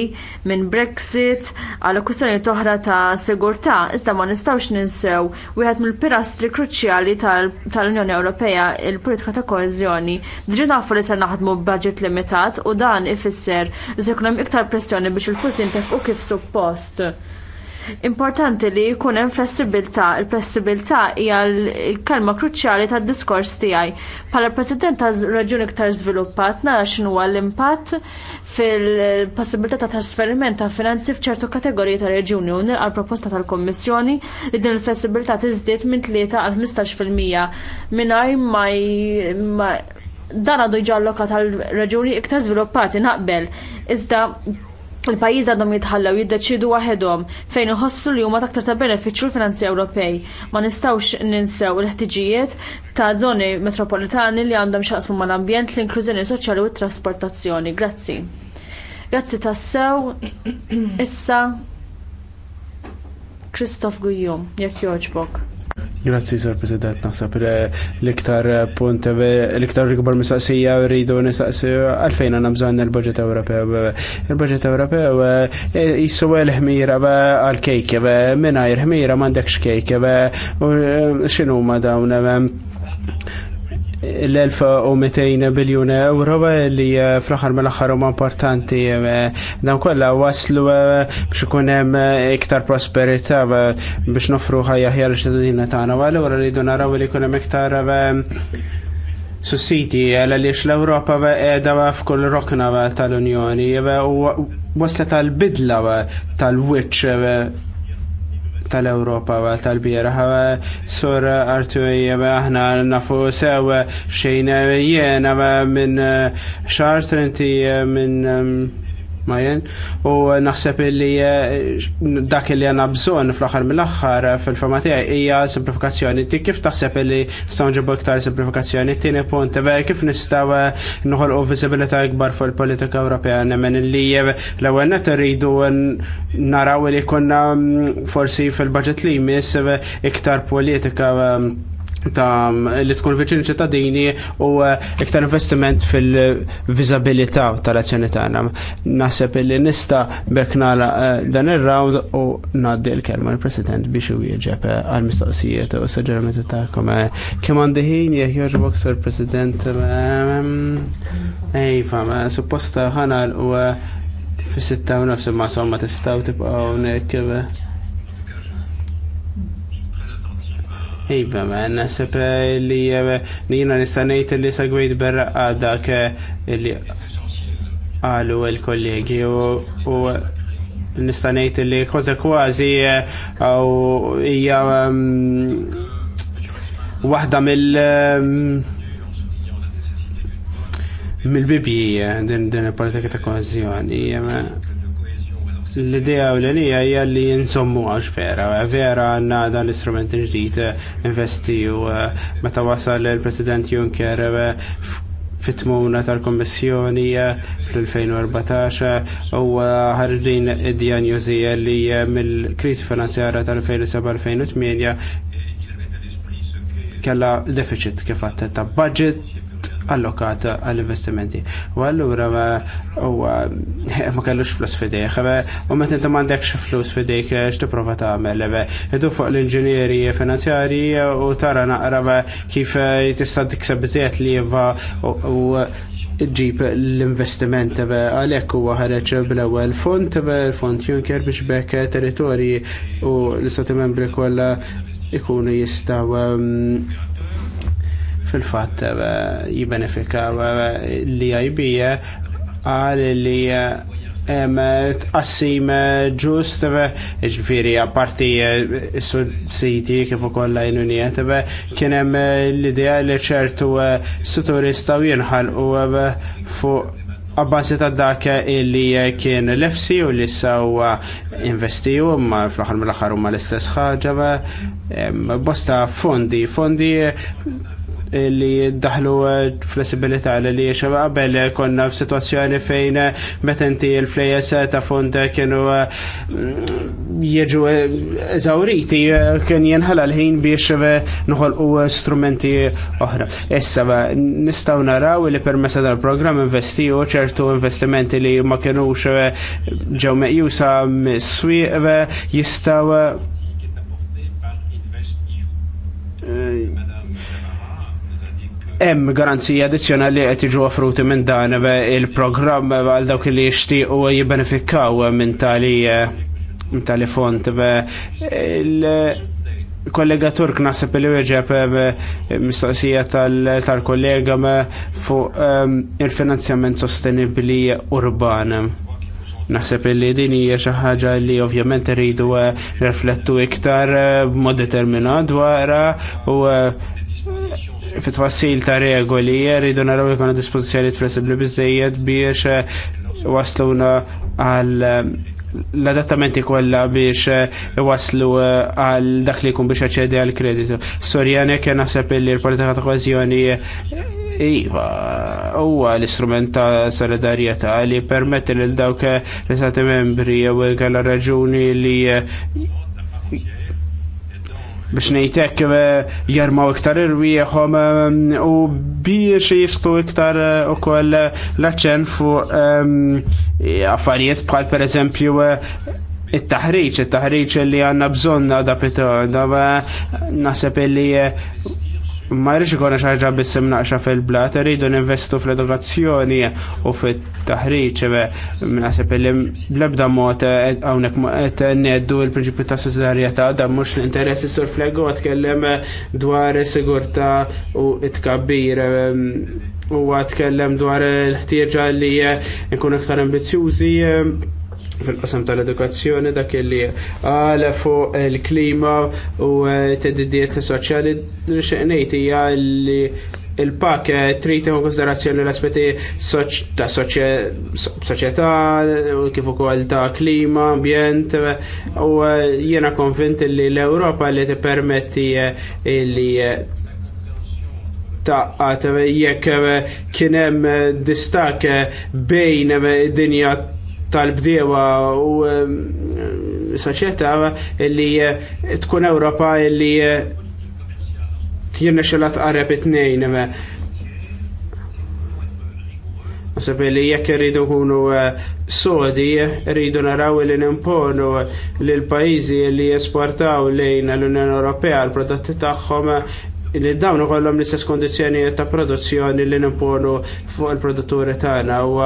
minn Brexit, għal kustjoni toħra ta' sigurta, iżda ma nistawx ninsew wieħed mill-pilastri kruċjali tal-Unjoni Ewropea il-politika ta' koezjoni. Diġi nafu li se naħdmu budget limitat u dan ifisser iżekonom iktar pressjoni biex il-fus jintef u kif suppost. Importanti li jkun hemm flessibilità. Il-flessibilità hija l-kelma kruċjali tad-diskors tiegħi. Bħala President ta' Raġuni iktar żviluppat nara x'inhu l-impatt fil-possibilità ta' trasferiment ta' finanzi f'ċertu kategoriji ta' reġuni u nilqa' proposta tal-Kommissjoni li din il-flessibilità tiżdied minn 3 għal 15% mingħajr ma dan għadu ġalloka tal-raġuni iktar żviluppati naqbel. Iżda il-pajjiż għadhom jitħallew jiddeċidu waħedhom fejn iħossu li huma aktar ta' benefiċċju l-finanzi Ewropej. Ma nistgħux ninsew il-ħtiġijiet ta' żoni metropolitani li għandhom xaqsmu mal-ambjent, l-inklużjoni soċjali u t-trasportazzjoni. Grazzi. Grazzi tassew. Issa Kristof Guillaume, jekk jogħġbok. Grazzi, Sor President, nasab l-iktar punt, l-iktar ikbar mistaqsija rridu nistaqsiju għalfejn għandna bżonn il-budget Ewropew. Il-budget Ewropew eh, jissu l-ħmira għal-kejk, minna ħmira m'għandekx kejk, u eh, xinu ma dawn eh, l-1200 biljun euro li eh, fl-axar mill-axar huma importanti eh, dan kollha waslu eh, biex ikun hemm iktar prosperità biex nofru ħajja ħjar l-ċittadina tagħna u li rridu naraw li jkun hemm iktar sussidi għaliex l-Ewropa qiegħda f'kull rokna tal-Unjoni u waslet tal-bidla tal witch tal-Europa tal-bira sur Artu artuj aħna nafu sew xejn jiena minn xar 30 minn um, majen u eh, naħseb li eh, dak li għanna bżon fl-axar mill-axar eh, fil-formatija hija simplifikazzjoni. Ti kif taħseb li nistaw iktar simplifikazzjoni? Tieni punt, kif nistaw nħolqu visibilità ikbar fuq il-politika Ewropea nemmen li l-ewwel net irridu naraw li konna mm, forsi fil-budget li jmiss iktar politika ta' li tkun viċin ċittadini u eh, iktar investiment fil-vizabilità tal-azzjoni għana. Naħseb li nista' bekna eh, dan il round u naddi l-kelma l-President biex jieġeb eh, għal-mistoqsijiet u suġġerimenti kome. Kemm għandi ħin jekk jogħġbok sur President. fam, mm, iva, supposta ħanal u fis-sitta u nofs ma' somma tistgħu tibqgħu nek. Iva, man, nasib eh, li nina eh, nistanajt li sagwejt berra għadak li għalu eh, l-kollegi u nistanajt li koza kważi u ija mm, wahda mill mm, mill-bibji din il-politika ta' kohezjoni l-idea u l-għalija hija li insommu għax vera, vera għanna dan l-istrument ġdijt eh, investi u eh, meta wasal il-President Juncker eh, fit-tmuna tal-Kommissjoni fl-2014 u ħarġin id-dijanjozi li mill-krisi finanzjara tal-2007-2008 kella deficit kif ta' budget allokata għall-investimenti. U allura ma kellux flus fidejk, u meta inti m'għandekx flus fidejk x'tipprova tagħmel. Idu fuq l-inġinieri finanzjarji u tara naqra kif eh, tista' diksa bizziet li u ġib l-investiment għalek u għahreċ bl-ewel font, font Junker biex bekk territorji u l-istati membri kolla ikunu jistaw ehm, fil-fatt eh, jibenefika eh, li għajbija eh, għal li tqassim ġust, ġviri għaparti s-sidi kif ukoll lajnuniet, kien hemm l-idea li ċertu s-turista u jinħal u fuq għabbasi ta' dak illi kien l-efsi u li saw u ma fl-axar mill-axar u ma l-istess ħagġa bosta fondi, fondi li daħlu eh, flessibilità li li qabel eh, konna f-situazzjoni fejn eh, metenti il flejes ta' fond kienu mm, jieġu eżawriti kien jenħala l-ħin biex nħol u strumenti oħra. Issa nistaw naraw li permessa dal-programm investiju ċertu investimenti li ma kienux ġew meqjusa mis-swieq jistaw hemm garanzija addizzjonali qed jiġu offruti minn dan il-programm għal dawk li jixtiequ jibbenefikaw minn tali eh, minn tali font. Il-kollega Turk naħseb li weġeb eh, mistoqsija tal-kollega fuq ehm, il-finanzjament sostenibli urban. Naħseb li din hija xi ħaġa li ovvjament iridu eh, riflettu iktar b'mod determinat dwar u fit-twassil ta' regoli jeridu naraw jkun dispozizjoni flessibbli biżejjed biex eh, wasluna għal eh, l-adattamenti kollha biex eh, waslu għal dak li jkun biex aċċedi għal kreditu. Sorjane kien naħseb li l-politika ta' kważjoni Iva, huwa l-istrument ta' solidarjetà li permetti lil dawk l-istati membri jew kellha raġuni li biex nejtek eh, jarmaw iktar irwieħom eh, u biex jistu iktar eh, u koll laċen fu affarijiet bħal per eżempju it-taħriċ, it-taħriċ li għanna bżonna da pito, da nasab li ma jrix ikona xaġa biss imnaqxa fil-blat, rridu ninvestu fl-edukazzjoni u fit-taħriġ, minnaħseb li bl-ebda mod eh, hawnhekk qed neddu l-prinċipju ta' sussidjarjetà da mhux l-interessi surflegu flego tkellem dwar sigurtà u tkabbir eh, u tkellem dwar l-ħtieġa li eh, nkunu iktar ambizzjużi fil-qasam tal-edukazzjoni dak li għala fuq il-klima u t-didiet soċjali nxeqnejt hija li il-pak trid tieħu konsiderazzjoni l-aspetti ta' soċjetà kif ukoll ta' klima, ambjent u jiena konvint li l europa li t-permetti li ta' jekk kien hemm distak bejn id-dinja tal-bdewa u saċieta li eh, tkun Ewropa li eh, tjirna xela tqarreb it-nejn. Nasib li jekk rridu nkunu eh, sodi, rridu naraw li nimponu li l-pajizi li jesportaw lejna l-Unjoni Ewropea l-prodotti tagħhom li dawnu ukollhom l-istess kondizjoni ta' produzzjoni li nimponu fuq il-produtturi tagħna u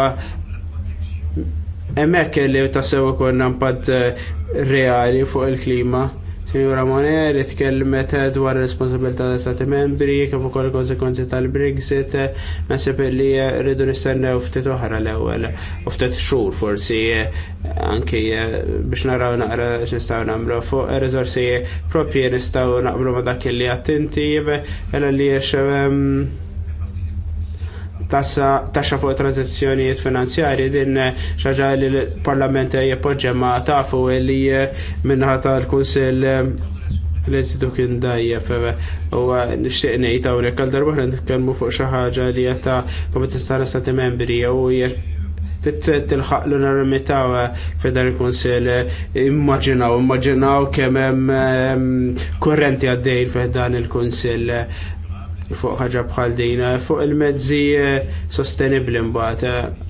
emmek li sewa ikun impatt eh, reali fuq il-klima. Signora Moneri kelmet eh, dwar responsabilità ta' stati membri, kif ukoll konsekwenzi tal-Brexit, sepp li eh, rridu nistennew ftit oħra l-ewwel, u ftit xhur forsi anke biex naraw naqra x'nistgħu nagħmlu fuq riżorsi propji nistgħu naqblu ma' dak li attenti, ela li hemm taxxa fuq transazzjonijiet finanzjarji din xaġa li l-Parlament jappoġġa ma tafu li minnaħa tal-Kunsill l-eżitu kien dajjef u nixtieq ngħid u rekkal darba nitkellmu fuq xi ħaġa li qed ta' komitat stati membri u tilħaq l-unanimità f'dan il-Kunsill immaġinaw, immaġinaw kemm hemm mm, kurrenti għaddejn f'dan il-Kunsill fuq ħaġa bħal dina, fuq il-mezzi eh, sostenibli mbagħad eh,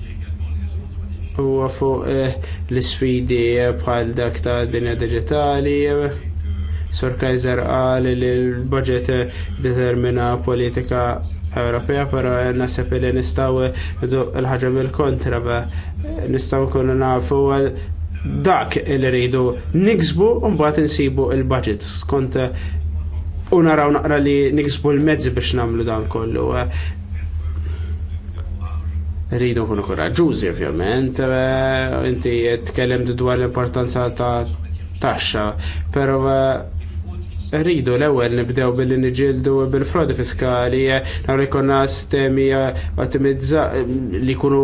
u fuq eh, l-sfidi bħal dak ta' dinja digitali. Sur Kaiser qal li l-budget determina politika Ewropea, però nasib li nistaw l-ħagġa bil-kontra, nistaw kunu nafu dak li rridu niksbu un bat nsibu il-budget skont u naraw naqra li nikisbu l-mezzi biex namlu dan kollu. Rridu kunu koraġużi, ovvjament, eh, inti tkellem dwar l-importanza ta' taxxa, pero eh, rridu l-ewwel nibdew billi niġildu bil-frodi fiskali, eh, li konna sistemi ottimizza li jkunu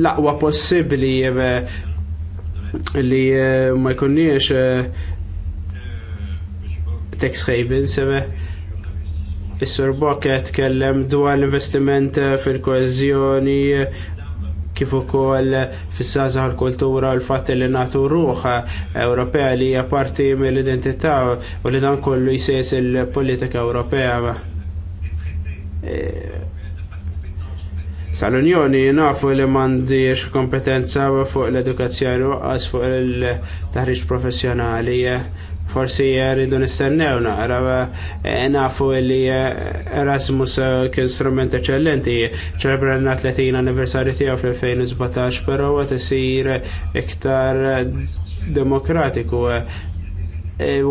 l-aqwa possibbli li ma jkunniex Tex Haven sebe. Is-Sur Bucket kellem dwar l-investiment eh, fil-koezjoni eh, kif ukoll fis-saża l-kultura u l-fatt li nagħtu ruħ Ewropea li hija parti mill-identità u li dan kollu jsejs il-politika Ewropea. Eh, Sal-Unjoni nafu li m'għandix kompetenza fuq l-edukazzjoni u fuq il-taħriġ professjonali forsi rridu nistennew naqra eh, nafu li eh, Erasmus eh, kien strument eċellenti ċelebrana 30 anniversari tiegħu fl-2017 però għat isir iktar demokratiku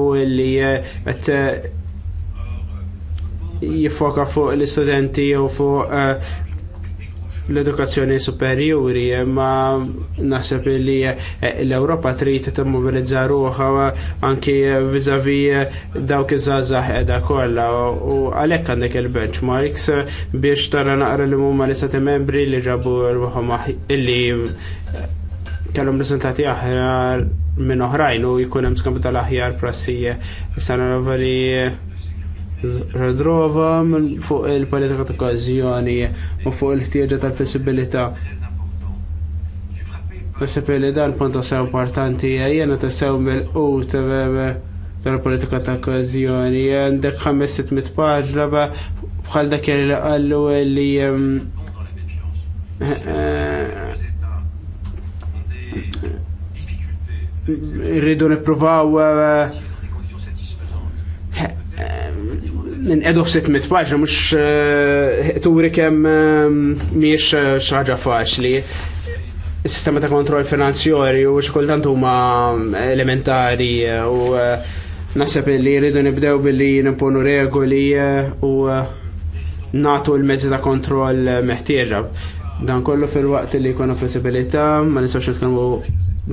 u li għat jifoka fuq l-istudenti u fuq l-edukazzjoni superjuri, ma naħseb li eh, l-Europa trid timmobilizza ruħha anki vizavi eh, dawk iż-żgħażagħ qiegħda kollha u għalhekk għandek il-benchmarks biex tara naqra li huma li sati membri li ġabu ruħhom illi eh, kellhom riżultati aħjar minn oħrajn u jkun hemm skamp tal-aħjar prassija. li Redrova fuq il-politika ta' okkażjoni u fuq il-ħtieġa tal-flessibilità. Nasib li dan punt sew importanti jena tassew mill-qut tal-politika ta' okkażjoni. Għandek 500 paġna bħal dak li qallu li ehm, eh, eh, rridu nippruvaw eh, minn edu 600 paġna, mux eh, turi kem eh, miex eh, xaġa faċli. Sistema ta' kontrol finanzjori u xikultant huma elementari u nasab li jridu nibdew billi nimponu regoli u natu l-mezzi ta' kontrol meħtieġa. Dan kollu fil-waqt li jkunu flessibilità, ma nistax nitkellmu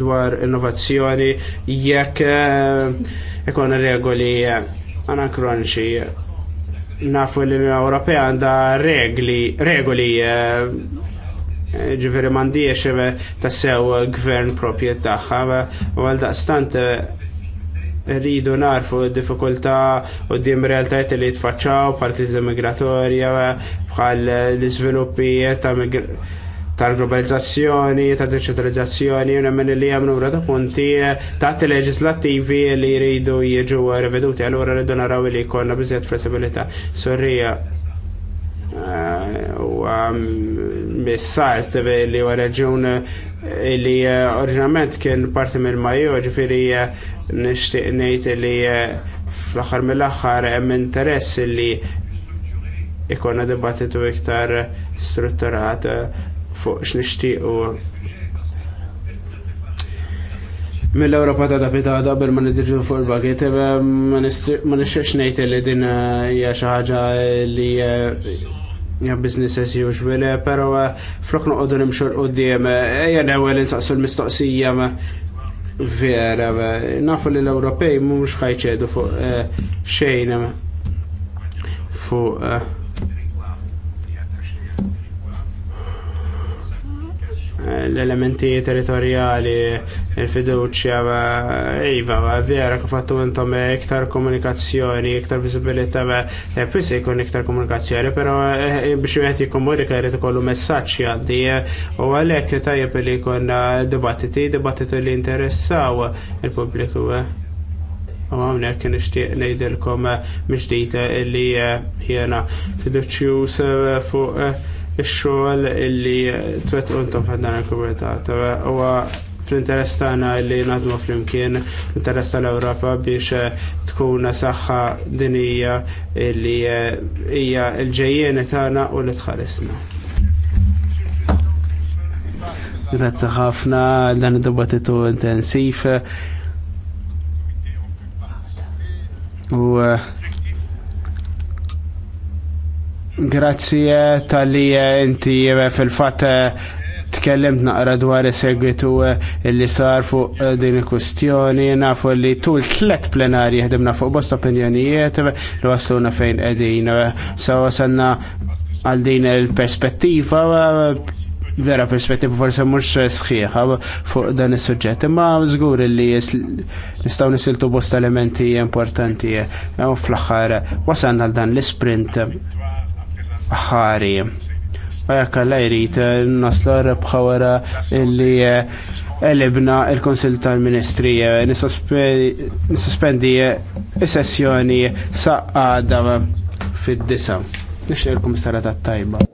dwar innovazzjoni jekk ikun regoli anakroniċi nafu l-Unjoni Ewropea għandha regli, regoli eh, eh, ġifiri mandiex eh, tassew gvern proprjet tagħha, u għal daqstant rridu narfu diffikultà u dim realtajt li tfaċċaw bħal kriżi migratorja bħal l izviluppi ta' tal-globalizzazzjoni, ta' deċentralizzazzjoni, u nemmen li hemm nura ta' punti eh, ta' leġislattivi li jridu jiġu eh, reveduti, allura rridu naraw li jkonna biżjed flessibilita. Sorrija, eh, u ehm, missart li u reġun li oriġinament kien parti mill maju, ġifiri nishtiq nejt li fl-axar mill-axar hemm interess li ikonna debattitu iktar strutturat fuq u mill-Europa ta' dabitada bil ma nidġu fuq il-bagiet, eh, ma nixxiex ngħid li din eh, hija xi ħaġa li eh, hija business as usual, però flok noqogħdu nimxu l-qudiem, ejja l insaqsu l-mistoqsija ma' vera, nafu li l-Ewropej mhux ħajċedu fuq xejn fuq l-elementi territoriali, il-fiduċja, iva, vera, kifattu intom iktar komunikazzjoni, iktar visibilita, e, pis jkun iktar komunikazzjoni, pero eh, biex jgħet jikomunika jgħet kollu messaċ għaddi, eh, u għalek tajjeb li jkun eh, dibattiti, dibattiti li interessaw il-publiku. U għamnek kien nejdilkom ngħidilkom mixdita illi jena fiduċjus fuq il-xol illi twet untom fadna l-komitat. U fl-interess tagħna illi nadmu flimkien, l-interess tal-Ewropa biex eh, tkun saħħa dinija illi eh, hija l-ġejjeni tagħna u li tħarisna. Grazzi ħafna dan id-dibattitu intensiv. U eh, Grazzi eh, tal-li eh, inti eh, fil-fat tkellimt naqra dwar is-segwitu li sar fuq din il-kustjoni, nafu li tul tlet plenari ħdimna fuq bost opinjonijiet li wasluna fejn qegħdin. Sa wasanna għal din il-perspettiva vera perspettiva forse mhux sħiħa fuq dan is-suġġett, imma żgur li nistgħu nisiltu bost elementi importanti. Fl-aħħar wasalna għal dan l-isprint ħari. Għajak għalla jrit eh, nasla rebħa wara illi eh, elibna il-Konsil tal-Ministri eh, nisospendi il sessjoni saqqada fid-disa. Nixtieq s-sarata t tajba